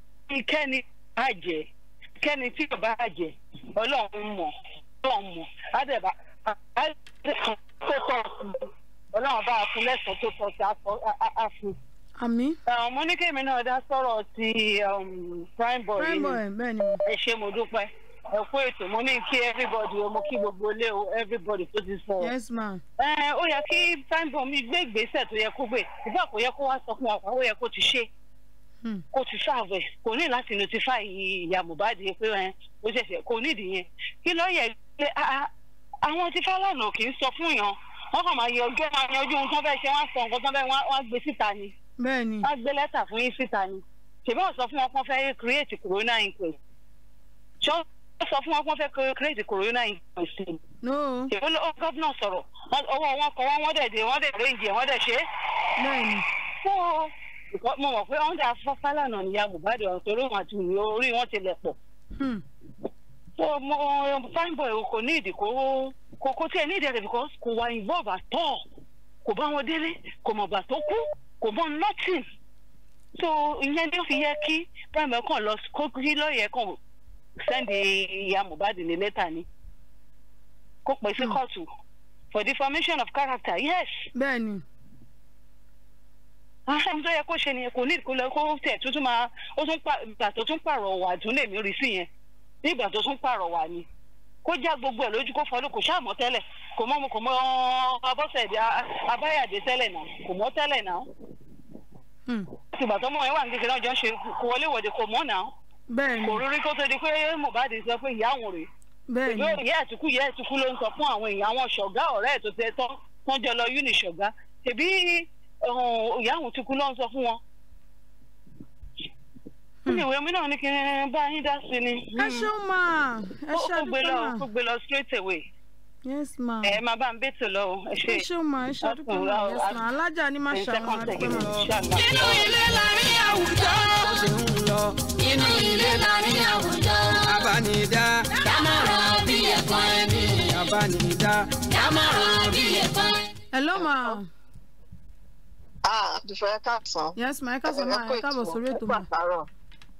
kẹ́ni bàjẹ́ kẹ́ni tí ò bá jẹ́ ọlọ́run mọ̀ ọlọ́run mọ̀ ádẹ́bà ádẹ́kan tó tọ́ ọlọ́run bá a fún lẹ́sàn tó tọ́ sí àfún. àmín. mo ní kéèmí náà sọ̀rọ̀ ti um, prime boy yìí ẹ ṣé mo dúpẹ́ ẹ kú ètò mo ní kí everybody o mo kí gbogbo ilé o everybody tó ti sọ. yes ma. ó yẹ kí prime boy mi gbé ìgbésẹ̀ tó yẹ kó gbé ìgbà kò yẹ kó wá sọ fún wa ó yẹ kó ti ṣe kó ti ṣáàbẹ kò ní láti notify ìyá Mohbad pé ó ṣẹ̀ṣẹ̀ kò nídìí yẹn kí lọ́ọ̀yẹ̀ pé àwọn tí Fálànà kì í sọ fún yàn wọ́n kàn máa yẹ ọjọ́ máa yanjú ohun tí wọ́n fẹ́ ṣe wọ́n sọ nǹkan tí wọ́n fẹ́ wọ́n gbé síta ni wọ́n gbé lẹ́tà fún yín síta ni ṣèbí wọ́n sọ fún wọn pé wọ́n fẹ́ create corona inquest ṣọ́ wọ́n sọ fún wọn pé wọ́n fẹ́ create corona inquest ṣèbí gọ́vnà sọ̀rọ̀ ọwọ́ wọn kọ wọ́n wọ́n dẹ̀ dé wọ́n dẹ̀ réǹjì wọ́n dẹ̀ ṣe mo mọ̀ pé ọ̀ndà fálànà níyà Mohbad ọ̀hún torí wọn àti orí wọn ti lẹ̀ pọ̀ hmm. so mo um, fine boy kò ní ìdí kó kókó tí ẹ ní ìdí rẹ̀ because kò wá involve at all kò bá wọn délé kò mọ̀gbà tó kú kò mọ̀ nothing so ìyẹn ló fi yẹ kí prime kan lọ kó kí lọ́ọ̀yẹ̀ kan sẹ́ndì ìyá Mohbad ní lẹ́tà ni kó pè kóòtù hmm. for defamation of character yes. bẹ́ẹ̀ni ohun tó yẹ kó ṣe nìyẹn kò ní ìkólẹ kó tẹ tó máa ó tún pa ìgbà tó tún pààrọ̀ wà tún lèmi rí sí yẹn nígbà tó tún pààrọ̀ wà ni kó já gbogbo ẹ̀ lójú kó fọlọ kò ṣàmọ tẹ́lẹ̀ kò mọ kò mọ abọ́sẹ̀dé abáyàdé tẹ́lẹ̀ náà kò mọ tẹ́lẹ̀ náà. Hmm. ìgbà tó mọ ẹ wà ní kékeré ọjọ́ ṣe kò wọlé wọ̀de kò mọ náà kò rí rí kó tó di pé Mohbad sọ pé ìyá àwọn rèé bẹ́ẹ̀ni ìlú ìyá ẹtùkú ìyá ẹtùkú ló ń sọ fún àwọn èèyàn àwọn ṣọgá ọ̀rẹ́ ẹ tó tẹ tán tán jọ lọ yúni ṣọgá tèbí ìyá àwọn ti náà sọ fún wọn. ìwé hmm. mi náà ní kí n bá yín dá sí ni. ẹ hmm. ṣeun máa ẹ ṣe àdúgbò náà ó gbé lọ straight away yes ma. ẹ máa bá ń bètò lọ ẹ ṣe ma ẹ ṣe àdúgbò ma yes ma alájà ni máa ṣàwọn àdúgbò ma. inú ilé la ní àwùjọ. bó ṣe ń lọ. inú ilé la ní àwùjọ. abánidá. dámọ̀ràn bí ẹ̀kọ́ ẹni. abánidá. dámọ̀ràn bí ẹ̀kọ́ ẹni. hello ma ah Dùsọ̀yẹ káàsán. yes ma ẹ káàsán ma ẹ káàbọ̀ sórí ètò ma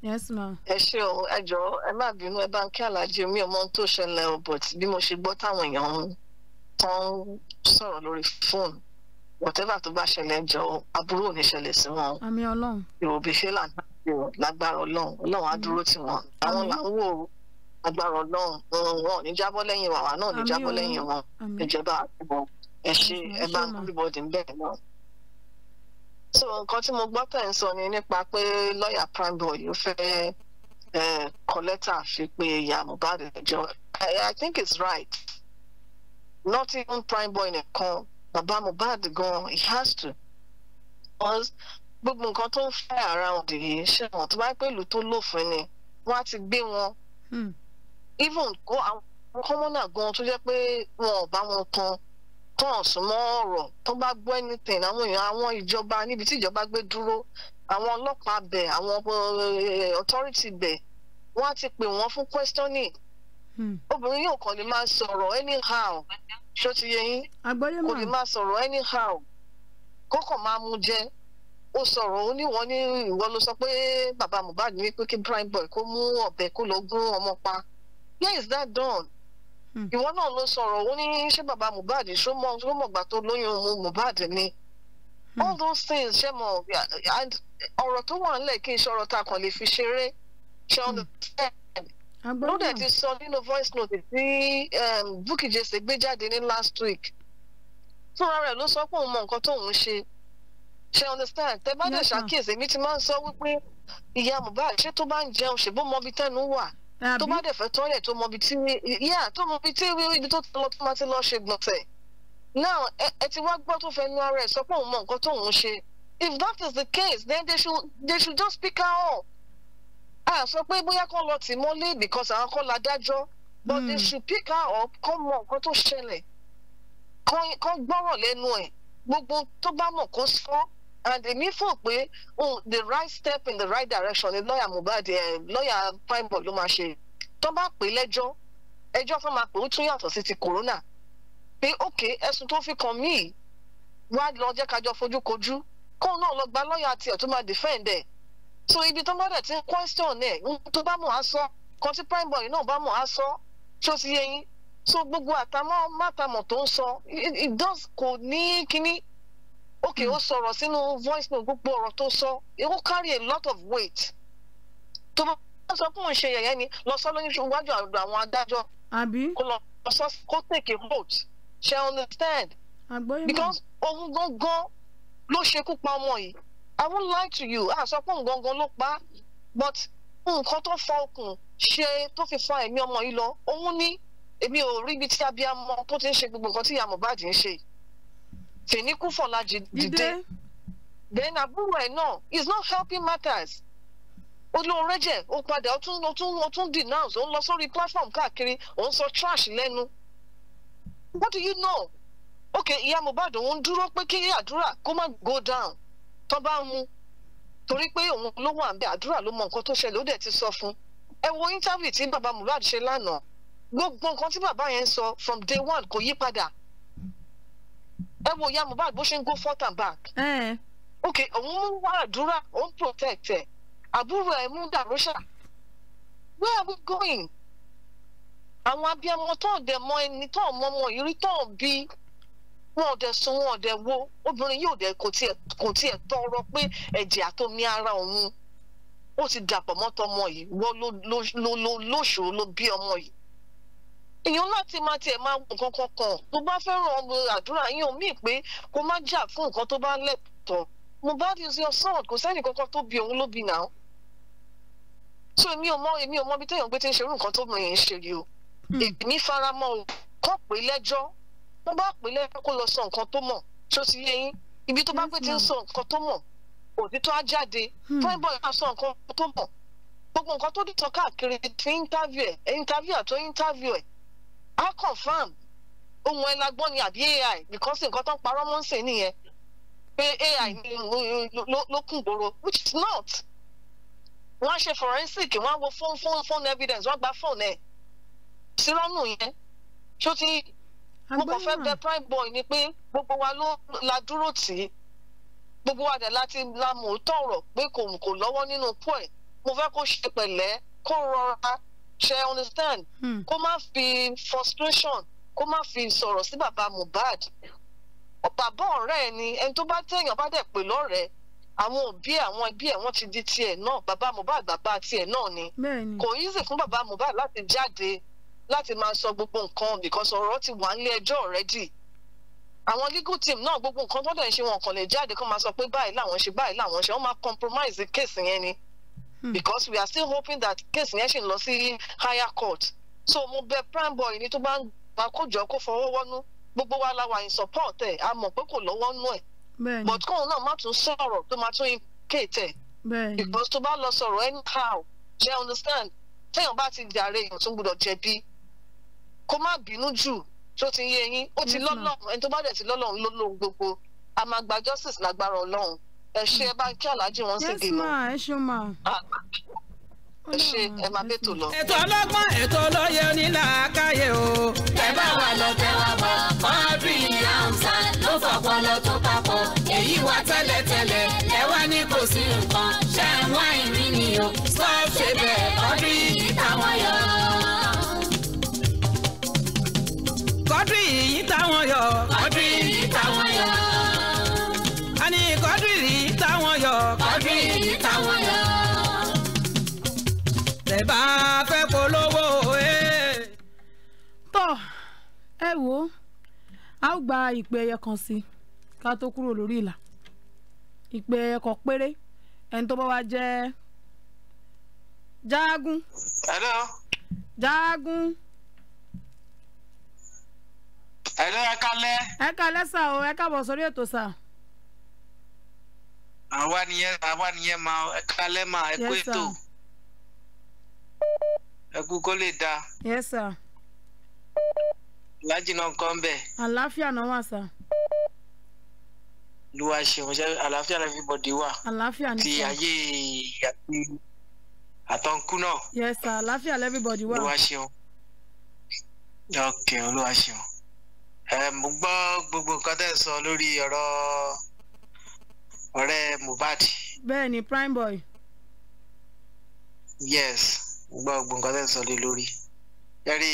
yes ma. ẹ ṣe o ẹ jọ ẹ má bínú ẹ bá ń kí alájí mi ò tó ṣẹlẹ̀ o but bí mo ṣe gbọ́ táwọn èèyàn ń tán sọ̀rọ̀ lórí fóònù whatever tó bá ṣẹlẹ̀ jọ aburú ò ní ṣẹlẹ̀ sí wọn. àmín Ọlọ́run. ìròbí fẹlà lágbára Ọlọ́run Ọlọ́run á dúró tì wọ́n àwọn là ń wò ó agbára Ọlọ́run wọn ò ní jábọ́ lẹ́yìn wàwá náà ò ní jábọ́ lẹ́yìn wọn ìjọba àtúbọ ẹ ṣe ẹ bá ń kúrò bọdì ń náà so nǹkan tí mo gbọ́ tẹ̀ ń sọ ni nípa pé lọ́ọ̀yà boy, ló fẹ́ kọ́lẹ́tà fi pé ìyá Mohbad lẹ́jọ́ I think it's right not even prime Primeboy nìkan bàbá Mohbad gan he has to because gbogbo nǹkan tó ń fẹ́ around yìí ṣe wọ́n tó bá pẹ́ ìlú tó lófin ni wọ́n á ti gbé wọn hmm. even kó àwọn kọ́mọ́nà gan tó jẹ́ pé wọn ò bá wọn kan tán súnmọ́ ọ̀rọ̀ tó bá gbọ́ anything àwọn èèyàn àwọn ìjọba níbi tí ìjọba gbé dúró àwọn ọlọ́pàá bẹ̀ àwọn eh, eh, authority bẹ̀ wọ́n á ti pè wọ́n fún questioning hmm. obìnrin yóò kàn lè máa sọ̀rọ̀ anyhow ṣó ti yé yín kò lè máa sọ̀rọ̀ anyhow kókàn máa mú jẹ́ ó sọ̀rọ̀ ó ní wọ́n ní ìwọ ló sọ pé bàbá Mohbad ní pé kí Primeboy kó mú ọ̀bẹ kó lọ gún ọmọ pa where is that done? Hmm. ìwọ náà ló sọ̀rọ̀ ó ní ṣé bàbá Mohbad ṣó mọ̀ ṣó mọ̀ gbà tó lóyún mu Mohbad ni hmm. all those things ṣe mọ̀ ọ̀rọ̀ tó wà nílẹ̀ kí n ṣe ọ̀rọ̀ tá a kàn lè fi ṣeré ṣe hmm. understand ló dẹ̀ ti sọ nínú voice note tí um, Bukky Jesse gbé jáde ní last week fúnra rẹ̀ ló sọ pé òun mọ nǹkan tóun ṣe ṣe understand tẹ bá dẹ̀ ṣàkíyèsí mi ti máa ń sọ wípé ìyá Mohbad ṣé tó bá ń jẹun ṣèbó mọbi tẹnu wà tó bá dẹ̀ fẹ́ tọ́lẹ̀ tó mọ ibi tí yà tó mọ ibi tí ibi tó lọ tó máa ti lọ ṣe gbọ̀nsẹ̀ now ẹ ti wá gbọ́ tó fẹ́ nu ara ẹ̀ sọ pé òun mọ nǹkan tóun ṣe if that is the case then they should they should just speak out a sọ pé bóyá kán lọ tì mọ́lé because àwọn kan la dájọ́ but they hmm. should pick her up kán mọ nǹkan tó ṣẹlẹ̀ kán gbọ́rọ̀ lẹ́nu ẹ̀ gbogbo tó bá mọ̀ kó sọ and èmi fò pé oh the right step in the right direction The lawyer Mohbad ẹ̀ eh, lawyer prime ló máa ṣe tó bá pè lẹ́jọ́ ẹjọ́ fún máa pè ó tún yàtọ̀ sí ti corona pé ok ẹ̀sùn tó fi kàn mí wá lọ jẹ́ kájọ fojú kojú kóun náà lọ gba lọ́ọ̀yà tiẹ̀ tó máa defend ẹ̀ so ibi tó bá dẹ̀ ti ń question ẹ̀ tó bá mọ̀ á sọ kan tí Primeboy náà bá mọ̀ á sọ tó ti yẹ yín so gbogbo àtàmọ́ mátàmọ̀ tó ń sọ it does kò ní kínní okay ó hmm. sọ̀rọ̀ sínú voice note gbogbo ọ̀rọ̀ tó sọ it will carry a lot of weight tó bá wọ́n sọ fún ìṣe yẹ̀yẹ́ ni lọ sọ lóyún iwájú àgbà àwọn adájọ́ kó lọ sọ kó take a vote ṣe understand because ohun gangan ló ṣekú pa ọmọ yìí i won't lie to you a sọ pé òun gangan ló pa but nǹkan tó fa okùn ṣe tó fi fa ẹ̀mí ọmọ yìí lọ òun ni èmi ò rí ibi tí abiyamọ tó ti ń ṣe gbogbo nǹkan tí ìyá Mohbad ń ṣe yìí Feniku Fọlájí dìde then àbúrò ẹ̀ náà is not helping matters olóore jẹ ó padà ó tún ó tún ó tún denounce ó ń lọ sórí platform káàkiri ó ń sọ trash lẹ́nu what do you know okay ìyá Mohbad òun dúró pé kí àdúrà kó má go down tó bá mu torí pé òun ló wà níbẹ̀ àdúrà ló mọ nǹkan tó ṣẹlẹ̀ ó dẹ̀ ti sọ fún ẹ wo interview tí bàbá Mohbad ṣe lánàá gbogbo nǹkan tí bàbá yẹn ń sọ from day one kò yí padà ẹ wo ìyá Mohbad bó ṣe ń go front and back. ok òun mú wá àdúrà òun protect ẹ àbúrò ẹ mú dàrúṣà where are we going? àwọn abiyamọ tó dẹ̀ mọ ẹni tó mọ ọmọ ìrí tó bí wọn ò dẹ̀ sùn wọn ò dẹ̀ wo obìnrin yóò dẹ̀ kò tiẹ̀ tọrọ pé ẹ̀jẹ̀ àtomi ara òun ó ti dàpọ̀ mọ́tọ́ ọmọ yìí wọ́n ló lóṣù ló bí ọmọ yìí èèyàn láti máa tiẹ̀ máa wọ nǹkan kan kàn tó bá fẹ́ràn ọmọ àdúrà yín ò míì pé kó má jà fún nǹkan tó bá lẹ́tọ̀ọ́ Mohbad is your son kò sẹ́ni kankan tó bí òun ló bí náà so èmi ò mọ èmi ò mọ bí téèyàn gbé tí ń ṣerú nǹkan tó mìíràn ṣe yìí o hmm. èmi faramọ́ o kọ́ pé lẹ́jọ́ wọ́n bá pè lẹ́jọ́ kó lọ sọ nǹkan tó mọ̀ tó ti yé yín ibi tó bá pé ti ń sọ nǹkan tó mọ̀ òtítọ́ á jáde hmm. fúnbọ̀ yóò sọ nǹkan tó mọ̀ gbogbo nǹkan tó dìtọ̀ káàkiri ti interview ẹ̀ interview àtọ́ interview ẹ̀ á confirm. ohun ẹnagbọ́n ni àbí AI because nǹkan tó ń parọ́ mọ́ ń sè nìyẹn pé AI ló kún gbòòrò which is not wọ́n á ṣe forensic wọ́n á wo phone phone phone evidence wọ́n á gba phone ẹ̀ sí lọ́nù yẹn tí ó ti mo kàn fẹ́ bẹ prime boy ni pé gbogbo wa ló la dúró tì í gbogbo wa dẹ̀ láti la mò ń tọ̀rọ̀ pé kò lọ́wọ́ nínú pọ̀ mo fẹ́ kó ṣe pẹ̀lẹ́ kó rọra ṣe understand hmm. kó má fi frustration kó má fi sọ̀rọ̀ sí bàbá Mohbad bàbá ọ̀rẹ́ ni ẹni tó bá tẹ̀yàn bá dẹ̀ pè lọ́rẹ̀ẹ́ àwọn òbí àwọn ẹbí ẹ̀ wọ́n ti di tiẹ̀ náà bàbá Mohbad bàbá tiẹ̀ náà ni kò easy fún bàbá Mohbad láti jáde láti máa sọ gbogbo nǹkan because ọ̀rọ̀ ti wà nílé ẹjọ́ already àwọn legal team náà gbogbo nǹkan tó dẹ̀ ń ṣe wọn kàn lè jáde kó máa sọ pé báyìí làwọn ṣe báyìí làwọn ṣe wọ́n máa compromise case yẹn ni. Hmm. because we are still hoping that case yẹn ṣì lọ sí higher court so mo bẹ̀ prime boy ni tó bá ń gba kójọ kó fọwọ́ wọ́nú gbogbo wa la wà in support ẹ̀ a mọ̀ pé kò lọ́wọ́ nú ẹ̀ but kóun náà má tún sọ̀rọ̀ tó má tún implicate because tó bá lọ sọ̀rọ̀ anyhow you understand téèyàn bá ti jàre èèyàn tún gbọdọ̀ jẹ̀bi kó má bínú jù tó ti yé yín ó ti lọ́lọ́run ẹni tó bá dẹ̀ ti lọ́lọ́run ló lóhun gbogbo a máa gba justice lágbára ọlọ́run ẹ ṣe ẹ bá kí aláàjì wọn ṣe gèlò. ẹ ṣe ma ẹ ah, máa bẹ́tò lọ. ètò ọlọ́gbọ́n ètò olóye onílàákàyè o. ẹ bá wa lọ tẹ wa bọ̀ bá fẹ́ polówó ẹ. Eh. ẹ wo a ó gba ìpè ẹyẹ kan sí i ká tó kúrò lórí ìlà ìpè ẹyẹ kan péré ẹni tó bá wá jẹ́ jágún. hello. jágún. ẹ kálẹ́. ẹ kálẹ́ sà o ẹ káàbọ̀ sórí ètò sà àwa nìyẹn àwa nìyẹn máa ẹ máa ẹ kó ẹkú kó lè da. yes sir. lájì náà kọ́ ń bẹ̀. àlàáfíà náà wà sà. lu àṣewọ̀n ṣe àlàáfíà náà fi bọ̀dé wà. àlàáfíà ní sọ. ti ayé àti àtọ̀nkú náà. yes sir àlàáfíà everybody wà. lu àṣewọ̀n. ok olú àṣewọ̀n. ẹ mo gbọ́ gbogbo nǹkan tẹ́ ẹ sọ lórí ọ̀rọ̀ ọ̀rẹ́ Mohbad. bẹ́ẹ̀ prime boy. yes gbọ́ gbogbo nǹkan tẹ̀ ń sọ lé lórí yẹ́rì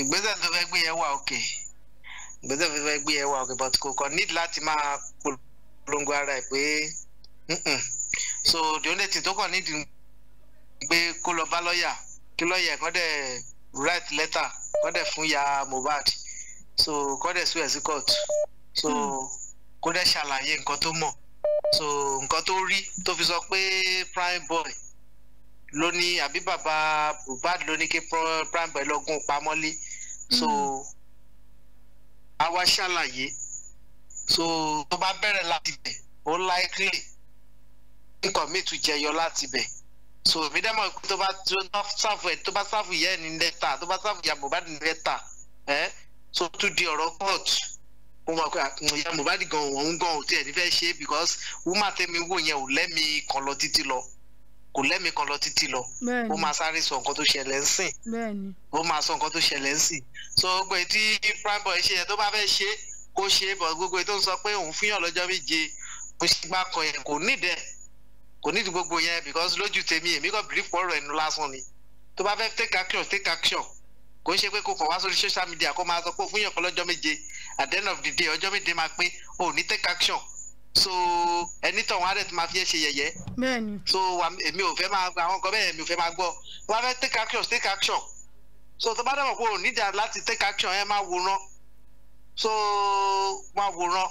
ìgbésẹ̀ tó fẹ́ gbé yẹn wà òkè ìgbésẹ̀ tó fẹ́ gbé yẹn wà òkè but kò kọ́ need láti máa polongo ara ẹ̀ pé so the only thing tó kàn need gbé kó lọ bá lọ́ọ̀yà kí lọ́ọ̀yà kàn dẹ̀ write letter kàn dẹ̀ fún ya Mohbad so kàn dẹ̀ sue sí court so hmm. kó dẹ̀ ṣàlàyé nǹkan tó mọ̀ so nǹkan tó rí tó fi sọ pé prime boy ló ní àbí bàbá Mohbad ló ní kí Prime Boy lọ́gùn pamọ́lé mm-hmm. so àwa ṣàlàyé so tó bá bẹ̀rẹ̀ láti bẹ̀ ó likely nǹkan míì tún jẹyọ láti bẹ̀ so èmi dẹ́ mọ̀ pé tó bá sáfù ẹ̀ tó bá sáfù ìyá ẹ̀ ní tó bá sáfù ìyá Mohbad ní ẹ̀ so tún di ọ̀rọ̀ court mo mọ̀ pé ìyá Mohbad gan òun gan òun tiẹ̀ ní fẹ́ ṣe é because woman tẹ́mi wò yẹn ò lẹ́mi kan lọ títí lọ kò lẹ́mìí kan lọ títí lọ ó máa sáré sọ nǹkan tó ṣẹlẹ̀ ń sìn ó máa sọ nǹkan tó ṣẹlẹ̀ ń sìn so gbogbo etí prime boy ṣe yẹn tó bá fẹ́ ṣe kó ṣe é bọ̀ gbogbo etí tó ń sọ pé òun fíyàn lọ́jọ́ méje kò sì gbà kan yẹn kò nídẹ̀ẹ́ kò nídìí gbogbo yẹn because lójú tèmi èmi kàn believe pọ̀ ọ̀rọ̀ ẹnu lásán ni tó bá fẹ́ take action take action kò ń ṣe pé kò kàn wá sórí social media kó máa sọ pé òun fíyàn kan lọ́jọ́ méje at the end of the day ọjọ́ méje máa pé òun ní take action so ẹni tọ̀ wọn á dẹ̀ tó máa fi ẹ́ ṣe yẹ̀yẹ́ so èmi ò fẹ́ máa àwọn nǹkan bẹ́ẹ̀ mi ò fẹ́ máa gbọ́ wọn á take action take action so tó bá dàbọ̀ pé ò níjà láti take action ẹ máa wòran so máa wòran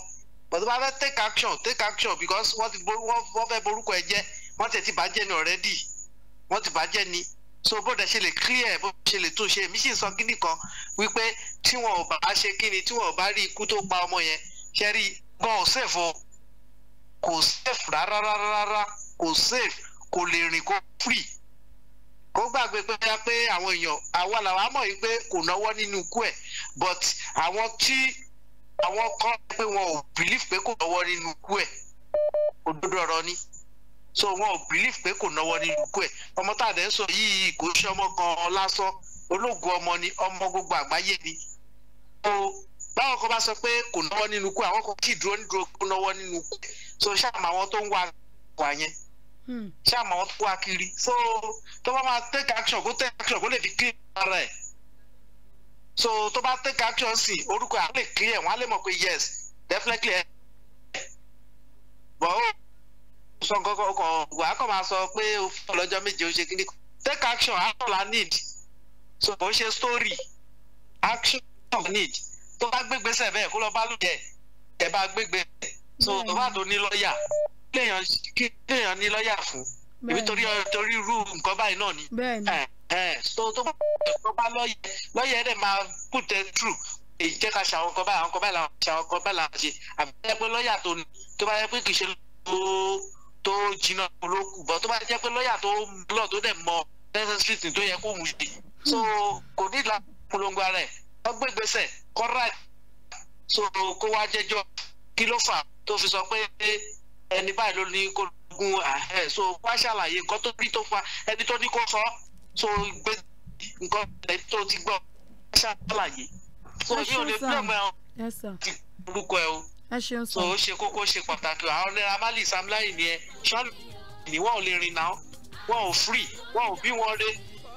but tó bá fẹ́ take action take action because wọ́n ti wọ́n fẹ́ borúkọ ẹ jẹ́ wọ́n ti ti bàjẹ́ ni already wọ́n ti bàjẹ́ ni so bó dẹ̀ ṣe lè clear bó ṣe lè tún ṣe èmi sì ń sọ kíní kan wípé tí wọn ò bá ṣe kíni tí wọn ò bá rí ikú tó pa ọmọ yẹn ṣe rí gan ọ̀sẹ̀ fún un kò safe rárá rárá kò safe kò lè rìn kó free kó gbàgbé pé ya pé àwọn èèyàn àwa làwa mọ̀ yìí pé kò náwó nínú ikú ẹ̀ but àwọn tí àwọn kan pé wọn ò believe pé kò náwó nínú ikú ẹ̀ òdodo ọ̀rọ̀ ni so wọn ò believe pé kò náwó nínú ikú ẹ̀ ọmọ tá a dẹ̀ ń sọ yìí kò ṣe ọmọ gan-an lásán ológun ọmọ ni ọmọ gbogbo àgbáyé ni. So, báwọn kan bá sọ pé kò náwó nínú kú àwọn kan kì í dúró nídúró kó náwó nínú kú so ṣáàmù àwọn tó ń wá wà yẹn hmm. ṣáàmù àwọn tó wá kiri so tó bá máa take action kó take action kó lè fi clear ara ẹ̀ so tó bá take action sí orúkọ àwọn lè clear wọn á lè mọ̀ pé yes definitely ẹ̀ bọ̀ ó sọ kọ́kọ́ kan wà á kàn máa sọ pé o fún ọlọ́jọ́ méje o ṣe kíní take action action la need so kò ṣe story action la need tó bá gbégbèsè bẹ́ẹ̀ kó lọ bá lóye ẹ bá gbégbèsè so tó bá tó ní lọ́ọ̀yà kí lèèyàn ní lọ́ọ̀yà fún ibi torí torí irú nǹkan báyìí náà ni so tó bá tó bá lọ́ọ̀yà lọ́ọ̀yà ẹ̀ dẹ̀ máa put them through èyí jẹ́ ká ṣàwọn kan báyìí àwọn kan báyìí làwọn ṣàwọn kan báyìí làwọn ṣe àbí ẹ pé lọ́ọ̀yà tó ní tó bá yẹ pé kì í ṣe tó jìnnà olókù bọ́ tó bá jẹ́ pé lọ́ọ̀yà tó lọ́ọ̀ tó dẹ̀ mọ necessary tó yẹ kó wù sí so kò ní ìlànà polongo ara ẹ̀ wọ́n kọ́ra so kó wá jẹ́jọ́ kí ló fà tó fi sọ pé ẹni báyìí ló ní kó gun àhẹ so wá ṣàlàyé nǹkan tó rí tó fa ẹni tó ní kó sọ so gbé nǹkan tó ti gbọ́ ṣàlàyé so yìí ò lè bí ọmọ ẹ ti orúkọ ẹ o so ó ṣe kókó ṣe pàtàkì àwọn náírà mali samlai ni ẹ ṣọlù ni wọn ò lè rìn náà wọn ò free wọn ò bí wọn rè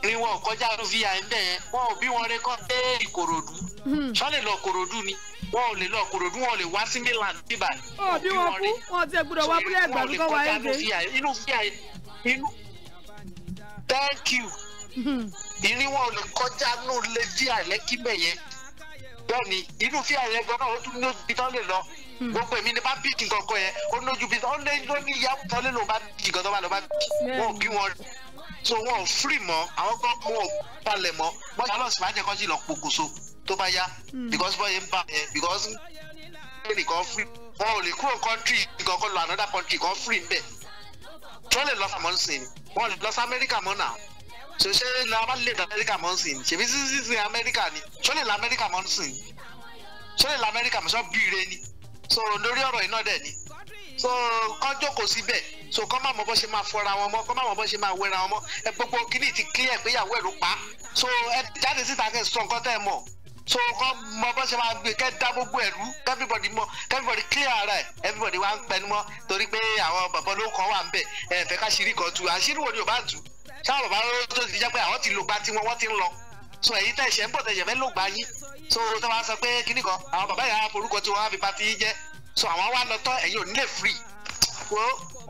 ni wọn ò kọjá lu via ń bẹ́ẹ̀ wọn ò bí wọn rẹ kọ́ dé ìkòròdú sọ hmm. lè lọ kòròdú ni wọn ò lè lọ kòròdú wọn ò lè wá sí Milan bíbà ni. ọ bí wọn kú wọn ò tẹ gbọ́dọ̀ wá búlẹ̀ ẹgbàá ló kọ́ wá ẹ̀ gé. inú via inú thank you hmm. ìní wọn ò lè kọjá nù lè via lẹ́kí bẹ̀yẹn bẹ́ẹ̀ ni inú via yẹn gbọ́dọ̀ ó tún níbi tán lè lọ hmm. gbogbo èmi ni bá bíìkì kankan yẹn ó lójú bí ó ní ìyá tọ́lé ló bá bíìkì kan tó bá lọ bá bíìkì wọn ò bí wọn rí so wọn ò firi mọ àwọn kan wọn ò balẹ̀ mọ wọn yà lọ́sìn máa jẹ́ kọ́sí lọ pokùnso tó bá yá hmm. because bọ́yẹ ń bá yẹn because nìkan firi wọn ò lè kúrò country nìkan kọ́ lọ another country kan firi ń bẹ̀ tí wọ́n lè lọ sàmọ́ nsìn wọ́n lè lọ sí Amẹ́ríkà mọ́ náà ṣe ṣe lọ abálẹ̀ lọ Amẹ́ríkà mọ́ nsìn ṣèbí sísí sí Amẹ́ríkà ni ṣé lè lọ Amẹ́ríkà mọ́ nsìn ṣé lè lọ Amẹ́ríkà mọ́ sọ bí ni sọ̀rọ̀ lórí ọ̀rọ̀ iná dẹ̀ ni so kán jókòó síbẹ̀ so kán má mọ bó ṣe máa fọra wọn mọ́ kán má mọ bó ṣe máa wẹra wọn mọ́ ẹ gbogbo kínní ti clear pé ìyàwó ẹ̀ ló pa so ẹ jáde síta kẹ́ ẹ sọ nǹkan tẹ́ ẹ mọ̀ so kán mọ bó ṣe máa gbé kẹ́ ẹ dá gbogbo ẹ̀ rú everybody mọ everybody clear ara ẹ̀ everybody wá ń pẹnu mọ́ torí pé àwọn bàbá ló kàn wà ń bẹ̀ ẹ fẹ́ ká ṣírí kan tu àṣírí wo ni ò bá tu ṣáà bàbá tó ti jẹ́ pé àwọn ti lògbà tiwọn so èyí tẹ̀ ṣẹ́ ń bọ̀ tẹ̀ ṣẹ́ fẹ́ lògbà yín so tó máa sọ pé kíní kan àwọn bàbá yàrá forúkọ tí wọ́n á fi pa ti yín jẹ́ so àwọn wa lọ tán ẹ̀yin ò nílé free wo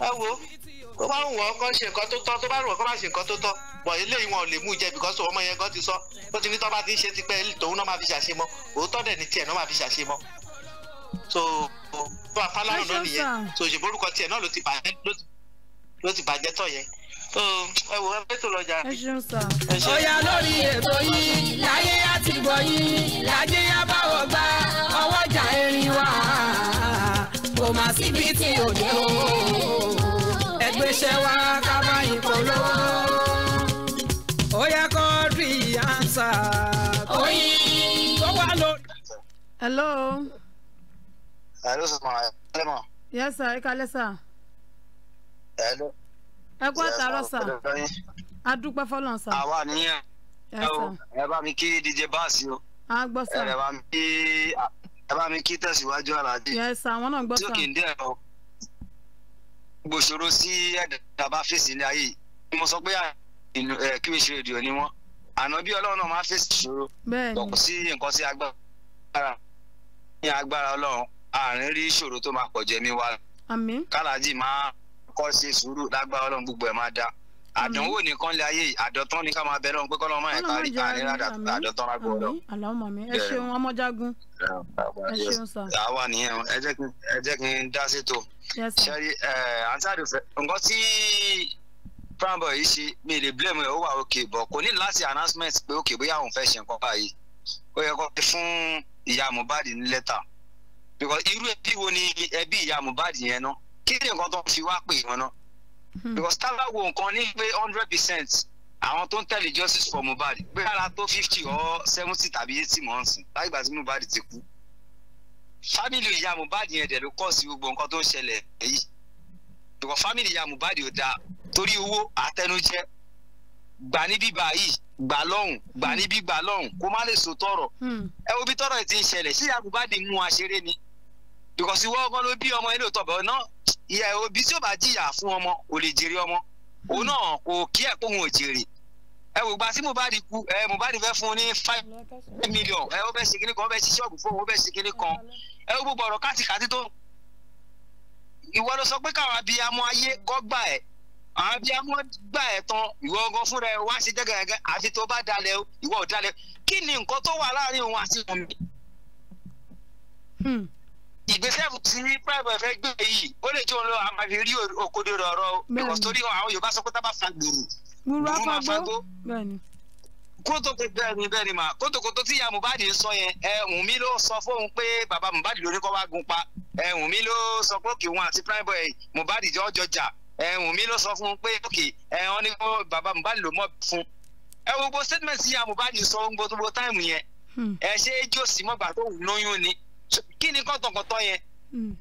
ẹ wo tó bá wù wọn kó ṣe nǹkan tó tọ́ tó bá wù wọn kó má ṣe nǹkan tó tọ́ bọ̀ eléyìí wọn ò lè mú jẹ because ọmọ yẹn gan ti sọ ó ti ní tọ́ bá ti ń ṣe tipẹ́ tòun náà máa fi ṣàṣe mọ́ òótọ́ dẹ̀ ní tiẹ̀ náà máa fi ṣàṣe mọ́ so tó bá náà nìyẹn so òṣèbó orúkọ tiẹ̀ náà ló ti bàjẹ́ tọ̀ yẹn ẹ wò ẹ tó lọ ọ̀yà lórí ètò yìí láyé àtìgbọ̀ yìí lájẹ́ yá báwọ̀ gbá ọwọ́ erin wá kò má síbi tí ò dé o ẹgbẹ́ iṣẹ́ wa ká bá yín polówó ó yẹ kó rí ànsà oyin tó wà lórí. hello. hello sọ ma ẹ lẹ́mọ̀. yes sir ẹ kalẹ́ sir. hello. ẹ kú àtàrọ sà adúpẹ́ fọlọ́n sà. àwa nìyẹn ẹ bá mi kí díje báàsì o ẹ bá mi kí bá mi kí tẹ̀síwájú àràdì. yẹ́sà àwọn náà gbọ́ sàn. tí òkè ń dẹ̀ lọ gbòòṣòro sí ẹ̀dá bá fèsì ní ayé yìí mo sọ pé kí n ṣe èdè ni wọ́n àná bí ọlọ́run náà máa fèsì ṣòro lọ́kùn sí nǹkan sí agbára ní agbára ọlọ́run àárín rí ìṣòro tó máa pọ̀ jẹ́ mi wá. àmín. máa kọ́ ṣe sùúrù lágbára ọlọ́run gbogbo ẹ̀ máa dáa àdánwò mm-hmm. nìkan lè ayé àdọ̀tán ní ká máa bẹ̀rẹ̀ òun pé kọ́ lọ́mọ yẹn kárí àárín àdọ̀tán lágbo ọ̀dọ̀. àlọ́mọ mi ẹ ṣeun ọmọjágun ẹ ṣeun sà. àwa nìyẹn ẹ jẹ́ kí n dá sétò. sẹ́rí àǹtí àdùfẹ́ nǹkan tí prambo yìí ṣe mi lè blame ẹ̀ ó wà òkè bọ̀ kò ní láti announcement pé òkè bóyá òun fẹ́ ṣe nǹkan báyìí ó yẹ kó fún ìyá Mohbad ní lẹ́tà because irú ẹbí wo ni ẹbí ìyá Mohbad yẹn ná kí ni nǹkan tó fi wá pè wọn náà Hmm. because tábà wo nǹkan ní pé hundred percent àwọn tó ń tẹ̀lé justice for Mohbad pé ara tó fifty or seventy tàbí eighty months láì gbà tí Mohbad ti kú Family, ìyá Mohbad yẹn dẹ̀ ló kọ́ sí gbogbo nǹkan tó ń ṣẹlẹ̀ yìí because family, ìyá Mohbad ò dáa torí owó àtẹnujẹ gbà ní bíbá yìí gbà lọ́hùn gbà hmm. ní bíbá lọ́hùn kó má lè sòtọ́ ọ̀rọ̀ hmm. ẹ wo bí tọ́rọ̀ ti ń ṣẹlẹ̀ sí ìyá Mohbad mú wa ni because ìwọ ọgbọ́n ló bí ọmọ ilé òtọ̀ bẹ́ẹ̀ náà ìyá òbí tí ó bá jìyà fún ọmọ o lè jèrè ọmọ òun hmm. náà kò kí ẹ̀ pé òun ò jèrè ẹ wò gba tí Mohbad kú ẹ Mohbad fẹ́ fún un ní five million ẹ ó bẹ́ ṣe kínní kan ó bẹ́ ṣe ṣọ́ọ̀bù fún òun ó ṣe kínní kan ẹ ó gbogbo ọ̀rọ̀ káàtìkàtì tó ìwọ ló sọ pé káwọn abiyamọ ayé kọ́ gbà ẹ̀ àwọn abiyamọ gbà ẹ̀ tán ìwọ ọgán fúnra ẹ wá ṣe jẹ́gẹ̀ẹ́gẹ́ àfi tó bá dalẹ̀ ìwọ ò dalẹ̀ kí ni nǹkan tó wà láàrin òun àti òun mi. Hmm ìgbésẹ̀ tí private fẹ́ gbé yìí ó lè jẹ́ òun lọ àmà fi rí òkodo ọ̀rọ̀ because torí àwọn Yorùbá sọ pé tá bá fa gbòòrò gbòòrò máa fa gbó kótókó bẹ́ẹ̀ ni bẹ́ẹ̀ ni mà kótókótó tí ìyá Mohbad ń sọ yẹn ẹ Wùnmí ló sọ fóun pé bàbá Mohbad ló ní kó wá gun pa ẹ Wùnmí ló sọ pé òkè wọn àti Primeboy Mohbad jọ jọ jà ẹ Wùnmí ló sọ fún un pé òkè ẹ wọn bàbá Mohbad ló mọ̀ fún ẹ gbogbo statement tí ìyá Mohbad sọ gbogbo táìmù yẹn hmm. ẹ ṣe é jòsí mọ́gbà tó lóyún ni kí ni kọ́tọ̀kọ́tọ̀ yẹn hmm.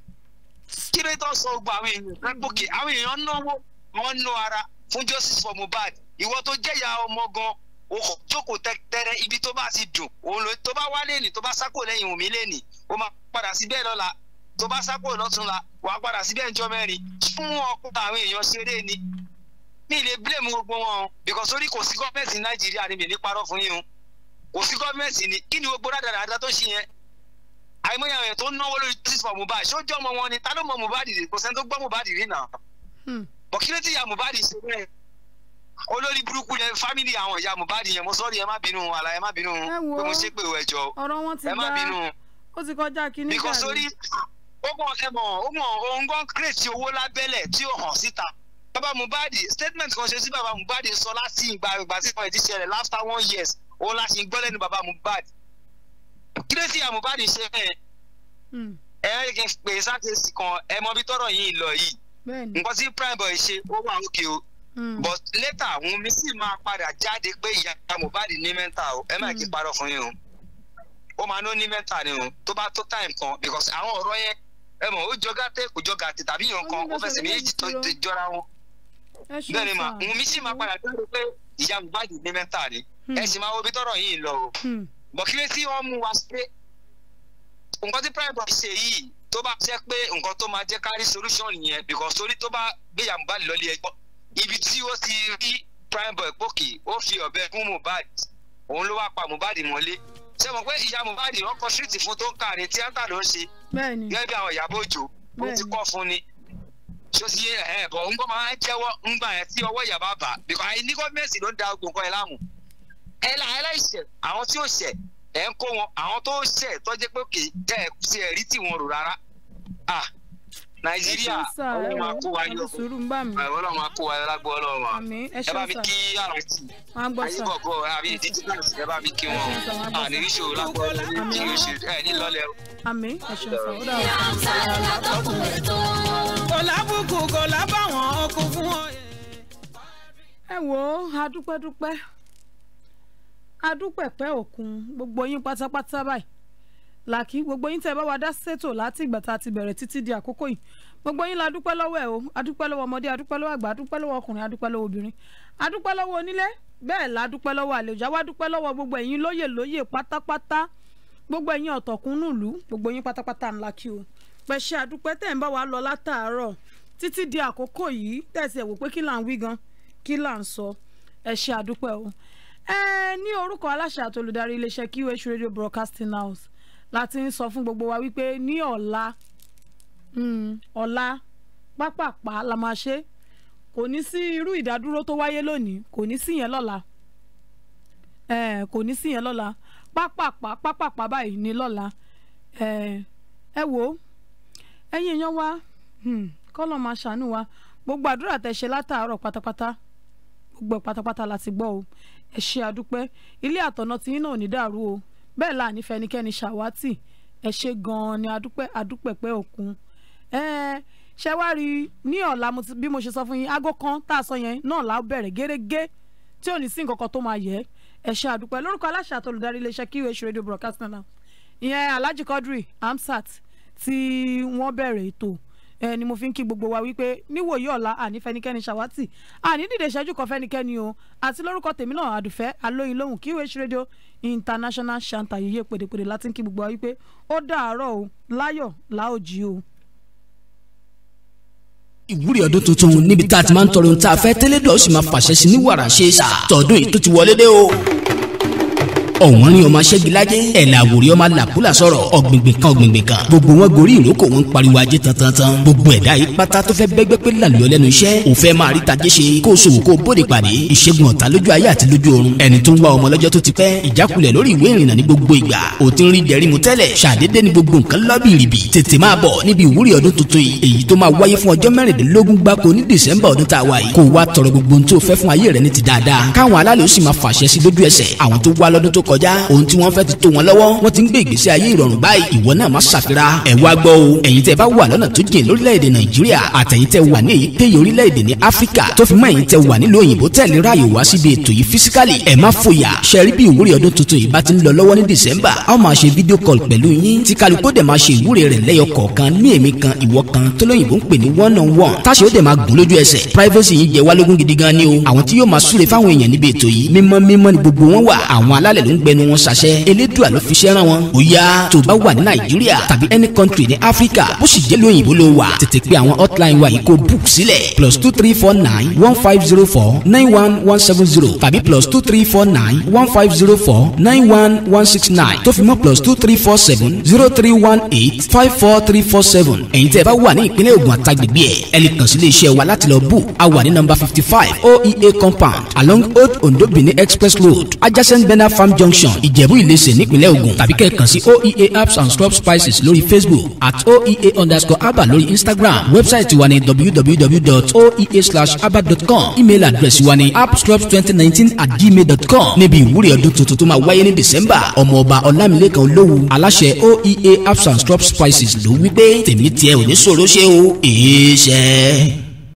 kí ló tó sọ gbogbo àwọn èèyàn lókè àwọn èèyàn náwó wọn nú ara fún justice for Mohbad ìwọ tó jẹ́yà ọmọ gan o kò jókòó tẹ́tẹ́rẹ́ ibi tó bá ti dùn òun ló tó bá wá lẹ́nì tó bá sákò lẹ́yìn òmí lẹ́nì o máa padà síbẹ̀ lọ́la tó bá sákò lọ́túnla wàá padà síbẹ̀ níjọ́ mẹ́rin fún ọkùnrin àwọn èèyàn ṣeré ni mi lè blame gbogbo wọn because orí kò sí gọ́ọ̀mẹ̀ntì Nàìjíríà ni mi ní parọ́ fún yín o kò sí gọ́ọ̀mẹ̀ntì ni kí ni gbogbo rádaràda tó ṣe yẹn àìmọye àwọn èèyàn tó náwó lórí justice for Mohbad ṣó jọ́ ọmọ wọn ni ta ló mọ Mohbad rí kò sẹ́ni tó gbọ́ Mohbad rí nà. Hmm. bọ̀ kí ló ti ya Mohbad ṣe bẹ́ẹ̀ olórí burúkú yẹn fámìlì àwọn ìyá Mohbad yẹn mo sọ́ọ́rì ẹ má bínú àlà ẹ má bínú pé mo ṣépè ẹjọ́ ẹ má bínú. ó ti kọjá kínní gàrí. because orí ogun ẹ̀mọ̀ ogun ọ̀ngàn kírètì owó lábẹ́lẹ̀ tí ó hàn síta bàbá Mohbad statement kan ṣe sí bàbá Mohbad sọ láti ìgbà ìgbà tí wọ́n ti ṣẹlẹ̀ after one years òun láti gbọ́ lẹ́nu bàbá Mohbad kí ló ti ìyá Mohbad ṣe ẹ hmm. ẹ ẹ kí n pè é sákèsì kan ẹ mọ bí tọ̀rọ̀ yìí lọ yìí nǹkan tí prime boy ṣe ó wà òkè o hmm. but later Wunmi sì máa padà jáde pé ìyá Mohbad ní mẹ́ta o ẹ má kí hmm. parọ́ fún yín o ó máa ní ó ní mẹ́ta ni o tó bá tó time kan because àwọn ọ̀rọ̀ yẹn ẹ mọ̀ ó jọ gàtẹ́ kò jọ gàtẹ́ tàbí ìyàn kan ó fẹsẹ̀ méjì tó jọra wọn bẹ́ẹ̀ ni mà Wunmi sì máa padà jáde pé ìyá Mohbad ní mẹ́ta ni ẹ sì máa wo bí tọ̀rọ̀ yìí lọ o bọ̀kílẹ̀ tí wọ́n mú wa ṣe nǹkan tí prime boy ṣe yìí tó bá jẹ́ pé nǹkan tó máa jẹ́ kárí solution nìyẹn because torí tó bá gbé Mohbad lọ́lé ẹjọ́ ibi tí ó ti rí prime boy pòkè ó fi ọ̀bẹ gún Mohbad òun ló wá pa Mohbad mọ́lé ṣé mo pé ìyá Mohbad wọn kọ street fún tó ń kàrin tíátà ló ń ṣe gẹ́gẹ́ bí àwọn Ìyábọ̀ Òjó ó ti kọ́ fún ni sosi ẹ bọ n gbọ máa ń jẹ́wọ́ ngbà yẹn tí ọwọ́ ìyàbá bá because ní gọọmenti ló ń da ogun kan ẹ láàmú ẹlẹ aláìṣẹ̀ àwọn tí ó ṣẹ̀ ẹ ń kó wọn àwọn tó ṣẹ̀ tó jẹ́ pé kì í tẹ ẹ ṣe ẹ̀rí tí wọn rò rárá ah nàìjíríà ọlọ́run máa kó wa yọ ọlọ́run máa kó wa lágbo ọlọ́run wa ẹ bá mi kí àròtì ayébọ̀gọ́ àbí digital ẹ bá mi kí wọn àníríṣò lágbo ọlọ́run kí o ṣe ẹ nílọ́lẹ̀ o. àmín ẹ̀ṣẹ̀ sọ ó dà wọ́n. kò lábùkù kò lábàwọ́n kò fún ọ. ẹ wo adúpẹ́dúpẹ́ adúpẹ̀pẹ́ òkun gbogbo yín pátápátá báyìí làkì gbogbo yín tẹ́ bá wa dá sétò láti ìgbà tá a ti bẹ̀rẹ̀ títí di àkókò yìí gbogbo yín la dúpẹ́ lọ́wọ́ ẹ̀ o adúpẹ́ lọ́wọ́ ọmọdé adúpẹ́ lọ́wọ́ àgbà adúpẹ́ lọ́wọ́ ọkùnrin adúpẹ́ lọ́wọ́ obìnrin adúpẹ́ lọ́wọ́ onílé bẹ́ẹ̀ la dúpẹ́ lọ́wọ́ àlejò àwa dúpẹ́ lọ́wọ́ gbogbo ẹ̀yin lóyè lóyè pátápátá gbogbo ẹ̀yin ọ̀tọ̀kùnú ìlú gbogbo yín pátápátá ńlá kí o pẹ̀ṣẹ̀ àdúpẹ́ tẹ̀ ń bá wa lọ látàárọ̀ títí di àkókò yìí tẹ̀sí ẹ̀ wò pé kí là ń wí gan kí là ń sọ ẹ̀ṣẹ̀ àdúpẹ́ o ẹ ní orúkọ aláṣẹ àtolùdarí iléeṣẹ́ QH radio broadcasting house láti ń sọ fún gbogbo wa wípé ní ọ̀la hmm, ọ̀la pápápá la máa ṣe kò ní sí irú ìdádúró tó wáyé lónìí kò ní sí yẹn lọ́la kò ní sí yẹn lọ́la pápápá pápápá báyìí ní lọ́la ẹ wò ẹ̀yin èèyàn wa hmm, kọ́lọ̀ máa ṣàánú wa gbogbo àdúrà tẹ́ ṣe látàárọ̀ pátápátá gbogbo pátápátá la ti gbọ́ o ẹ ṣe àdúpẹ́ ilé àtọ̀nà tiyín náà ò ní dàrú o bẹ́ẹ̀ là ní fẹnikẹ́ni ṣàwátì ẹ ṣe gan-an ni àdúpẹ́ àdúpẹ́ pẹ́ òkun ṣe wá rí ní ọ̀la bí mo ṣe sọ fún yín aago kan tá a sọ yẹn náà là á bẹ̀rẹ̀ gẹ́rẹ́gẹ́ tí ò ní sí nǹkan kan tó máa yẹ ẹ ṣe àdúpẹ́ lórúkọ aláṣà àti olùdarí iléeṣẹ́ QH radio broadcasting náà ìyẹn Alhaji Quadri Hamzat tí wọ́n bẹ̀rẹ̀ ètò eh, ni mo fi ń kí gbogbo wa wípé níwòye ọ̀la àní fẹnikẹ́ni ṣàwátì àní dìde ìṣẹ́jú kan fẹnikẹ́ni o àti lórúkọ tèmi náà àdùfẹ́ alóyin lóhùn kí wéṣ rédíò international ṣanta yeye pèdèpèdè láti ń kí gbogbo wa wípé ó dàárọ̀ o láyọ̀ láòjì o ìwúrí ọdún tuntun níbi tá a ti máa ń tọrọ ohun tá a fẹ́ tẹ́lẹ̀ dọ̀ sì máa fàṣẹ sí ní wàrà ṣe é sà tọdún yìí tó ti wọlé dé o ọ̀wọ́n rin ọmọ aṣẹ́gilájẹ́ ẹ̀là àwòrí ọmọ làkúlà sọ̀rọ̀ ọ̀gbìngbìn kan ọ̀gbìngbìn kan gbogbo wọn gorí ìrókò wọn pariwo ajé tantan gbogbo ẹ̀dá yìí pátá tó fẹ́ bẹ́gbẹ́ pé làlùyọ lẹ́nu iṣẹ́ ò fẹ́ máa rí tajé ṣe kó o ṣòwò kó o bóde pàdé ìṣègùn ọ̀tá lójú ayé àti lójú ọ̀run ẹni tó ń wá ọmọ lọ́jọ́ tó ti pẹ́ ìjákulẹ̀ lórí ìwé ìrìnnà ní gbogbo ni gbogbo nǹkan lọ́bìrìbì tètè máa bọ̀ níbi ìwúrí ọdún tuntun yìí èyí tó máa wáyé fún ọjọ́ mẹ́rìndínlógún kọjá ohun tí wọ́n fẹ́ ti tó wọn lọ́wọ́ wọ́n ti ń gbé ìgbésí ayé ìrọ̀rùn báyìí ìwọ náà má ṣàfira ẹ̀ wá gbọ́ o ẹ̀yin tẹ́ bá wà lọ́nà tó jìn lórílẹ̀‐èdè nàìjíríà àtẹ̀yin tẹ́ wà ní èyíkéyìí orílẹ̀‐èdè ní áfíríkà tó fi mọ́ ẹ̀yin tẹ́ wà nílùú òyìnbó tẹ̀lé ráàyè wá síbi ètò yìí físíkàlì ẹ̀ má fòyà ṣẹ́rí bí ìwúrí ọdún tuntun yìí bá ti ń lọ lọ́wọ́ ní dìsẹ́mbà a ó máa ṣe fídíò kọ́l pẹ̀lú yín tí kálukú dẹ̀ máa ṣe ìwúrí rẹ̀ lẹ́yọ kọ̀ọ̀kan ní èmi kan ìwọ kan tó lóyìnbó ń one on one táṣe ó dẹ̀ máa gùn lójú privacy yìí jẹ́ wá lógún gidi gan ni o àwọn tí yóò máa súre fáwọn èèyàn níbi ètò yìí mímọ́ mímọ́ ni gbogbo wọn wà àwọn alálẹ̀ ló gbẹnu wọn ṣàṣẹ elédùà ló fi ṣẹ́ rán wọn. ó yá tó bá wà ní nàìjíríà tàbí any country ní áfíríkà bó sì jẹ́ lóyìnbó ló wà tètè pé àwọn hotline wa yìí kó book sílẹ̀ plus two three four nine one five zero four nine one one seven zero tàbí plus two three four nine one five zero four nine one one six nine tó fi mọ́ plus two three four seven zero three one eight five four three four seven ẹ̀yin tẹ́ ẹ bá wà ní ìpínlẹ̀ Ògùn àtàgbègbè ẹ̀ ẹ lè kàn sí iléeṣẹ́ wa láti lọ book a wà ní nọ́mbà fifty five oea compound along old ondo benin express road adjacent bena farm junction junction ìjẹ̀bú ìlẹsẹ̀ nípínlẹ̀ Ògùn tàbí kẹ́ẹ̀kan sí oea apps and scrub spices lórí facebook at oea underscore herbal lórí instagram wẹ́bsáìtì wa ni www.oea/herbal.com email address wa ni appscrubs2019 at gmail.com níbi ìwúrí ọdún tuntun tó máa wáyé ní december ọmọọba ọlámilẹ́kan olówó aláṣẹ oea apps and scrub spices ló wí pé tèmi tiẹ̀ ò ní sọ̀rọ̀ ṣe o èé ṣe.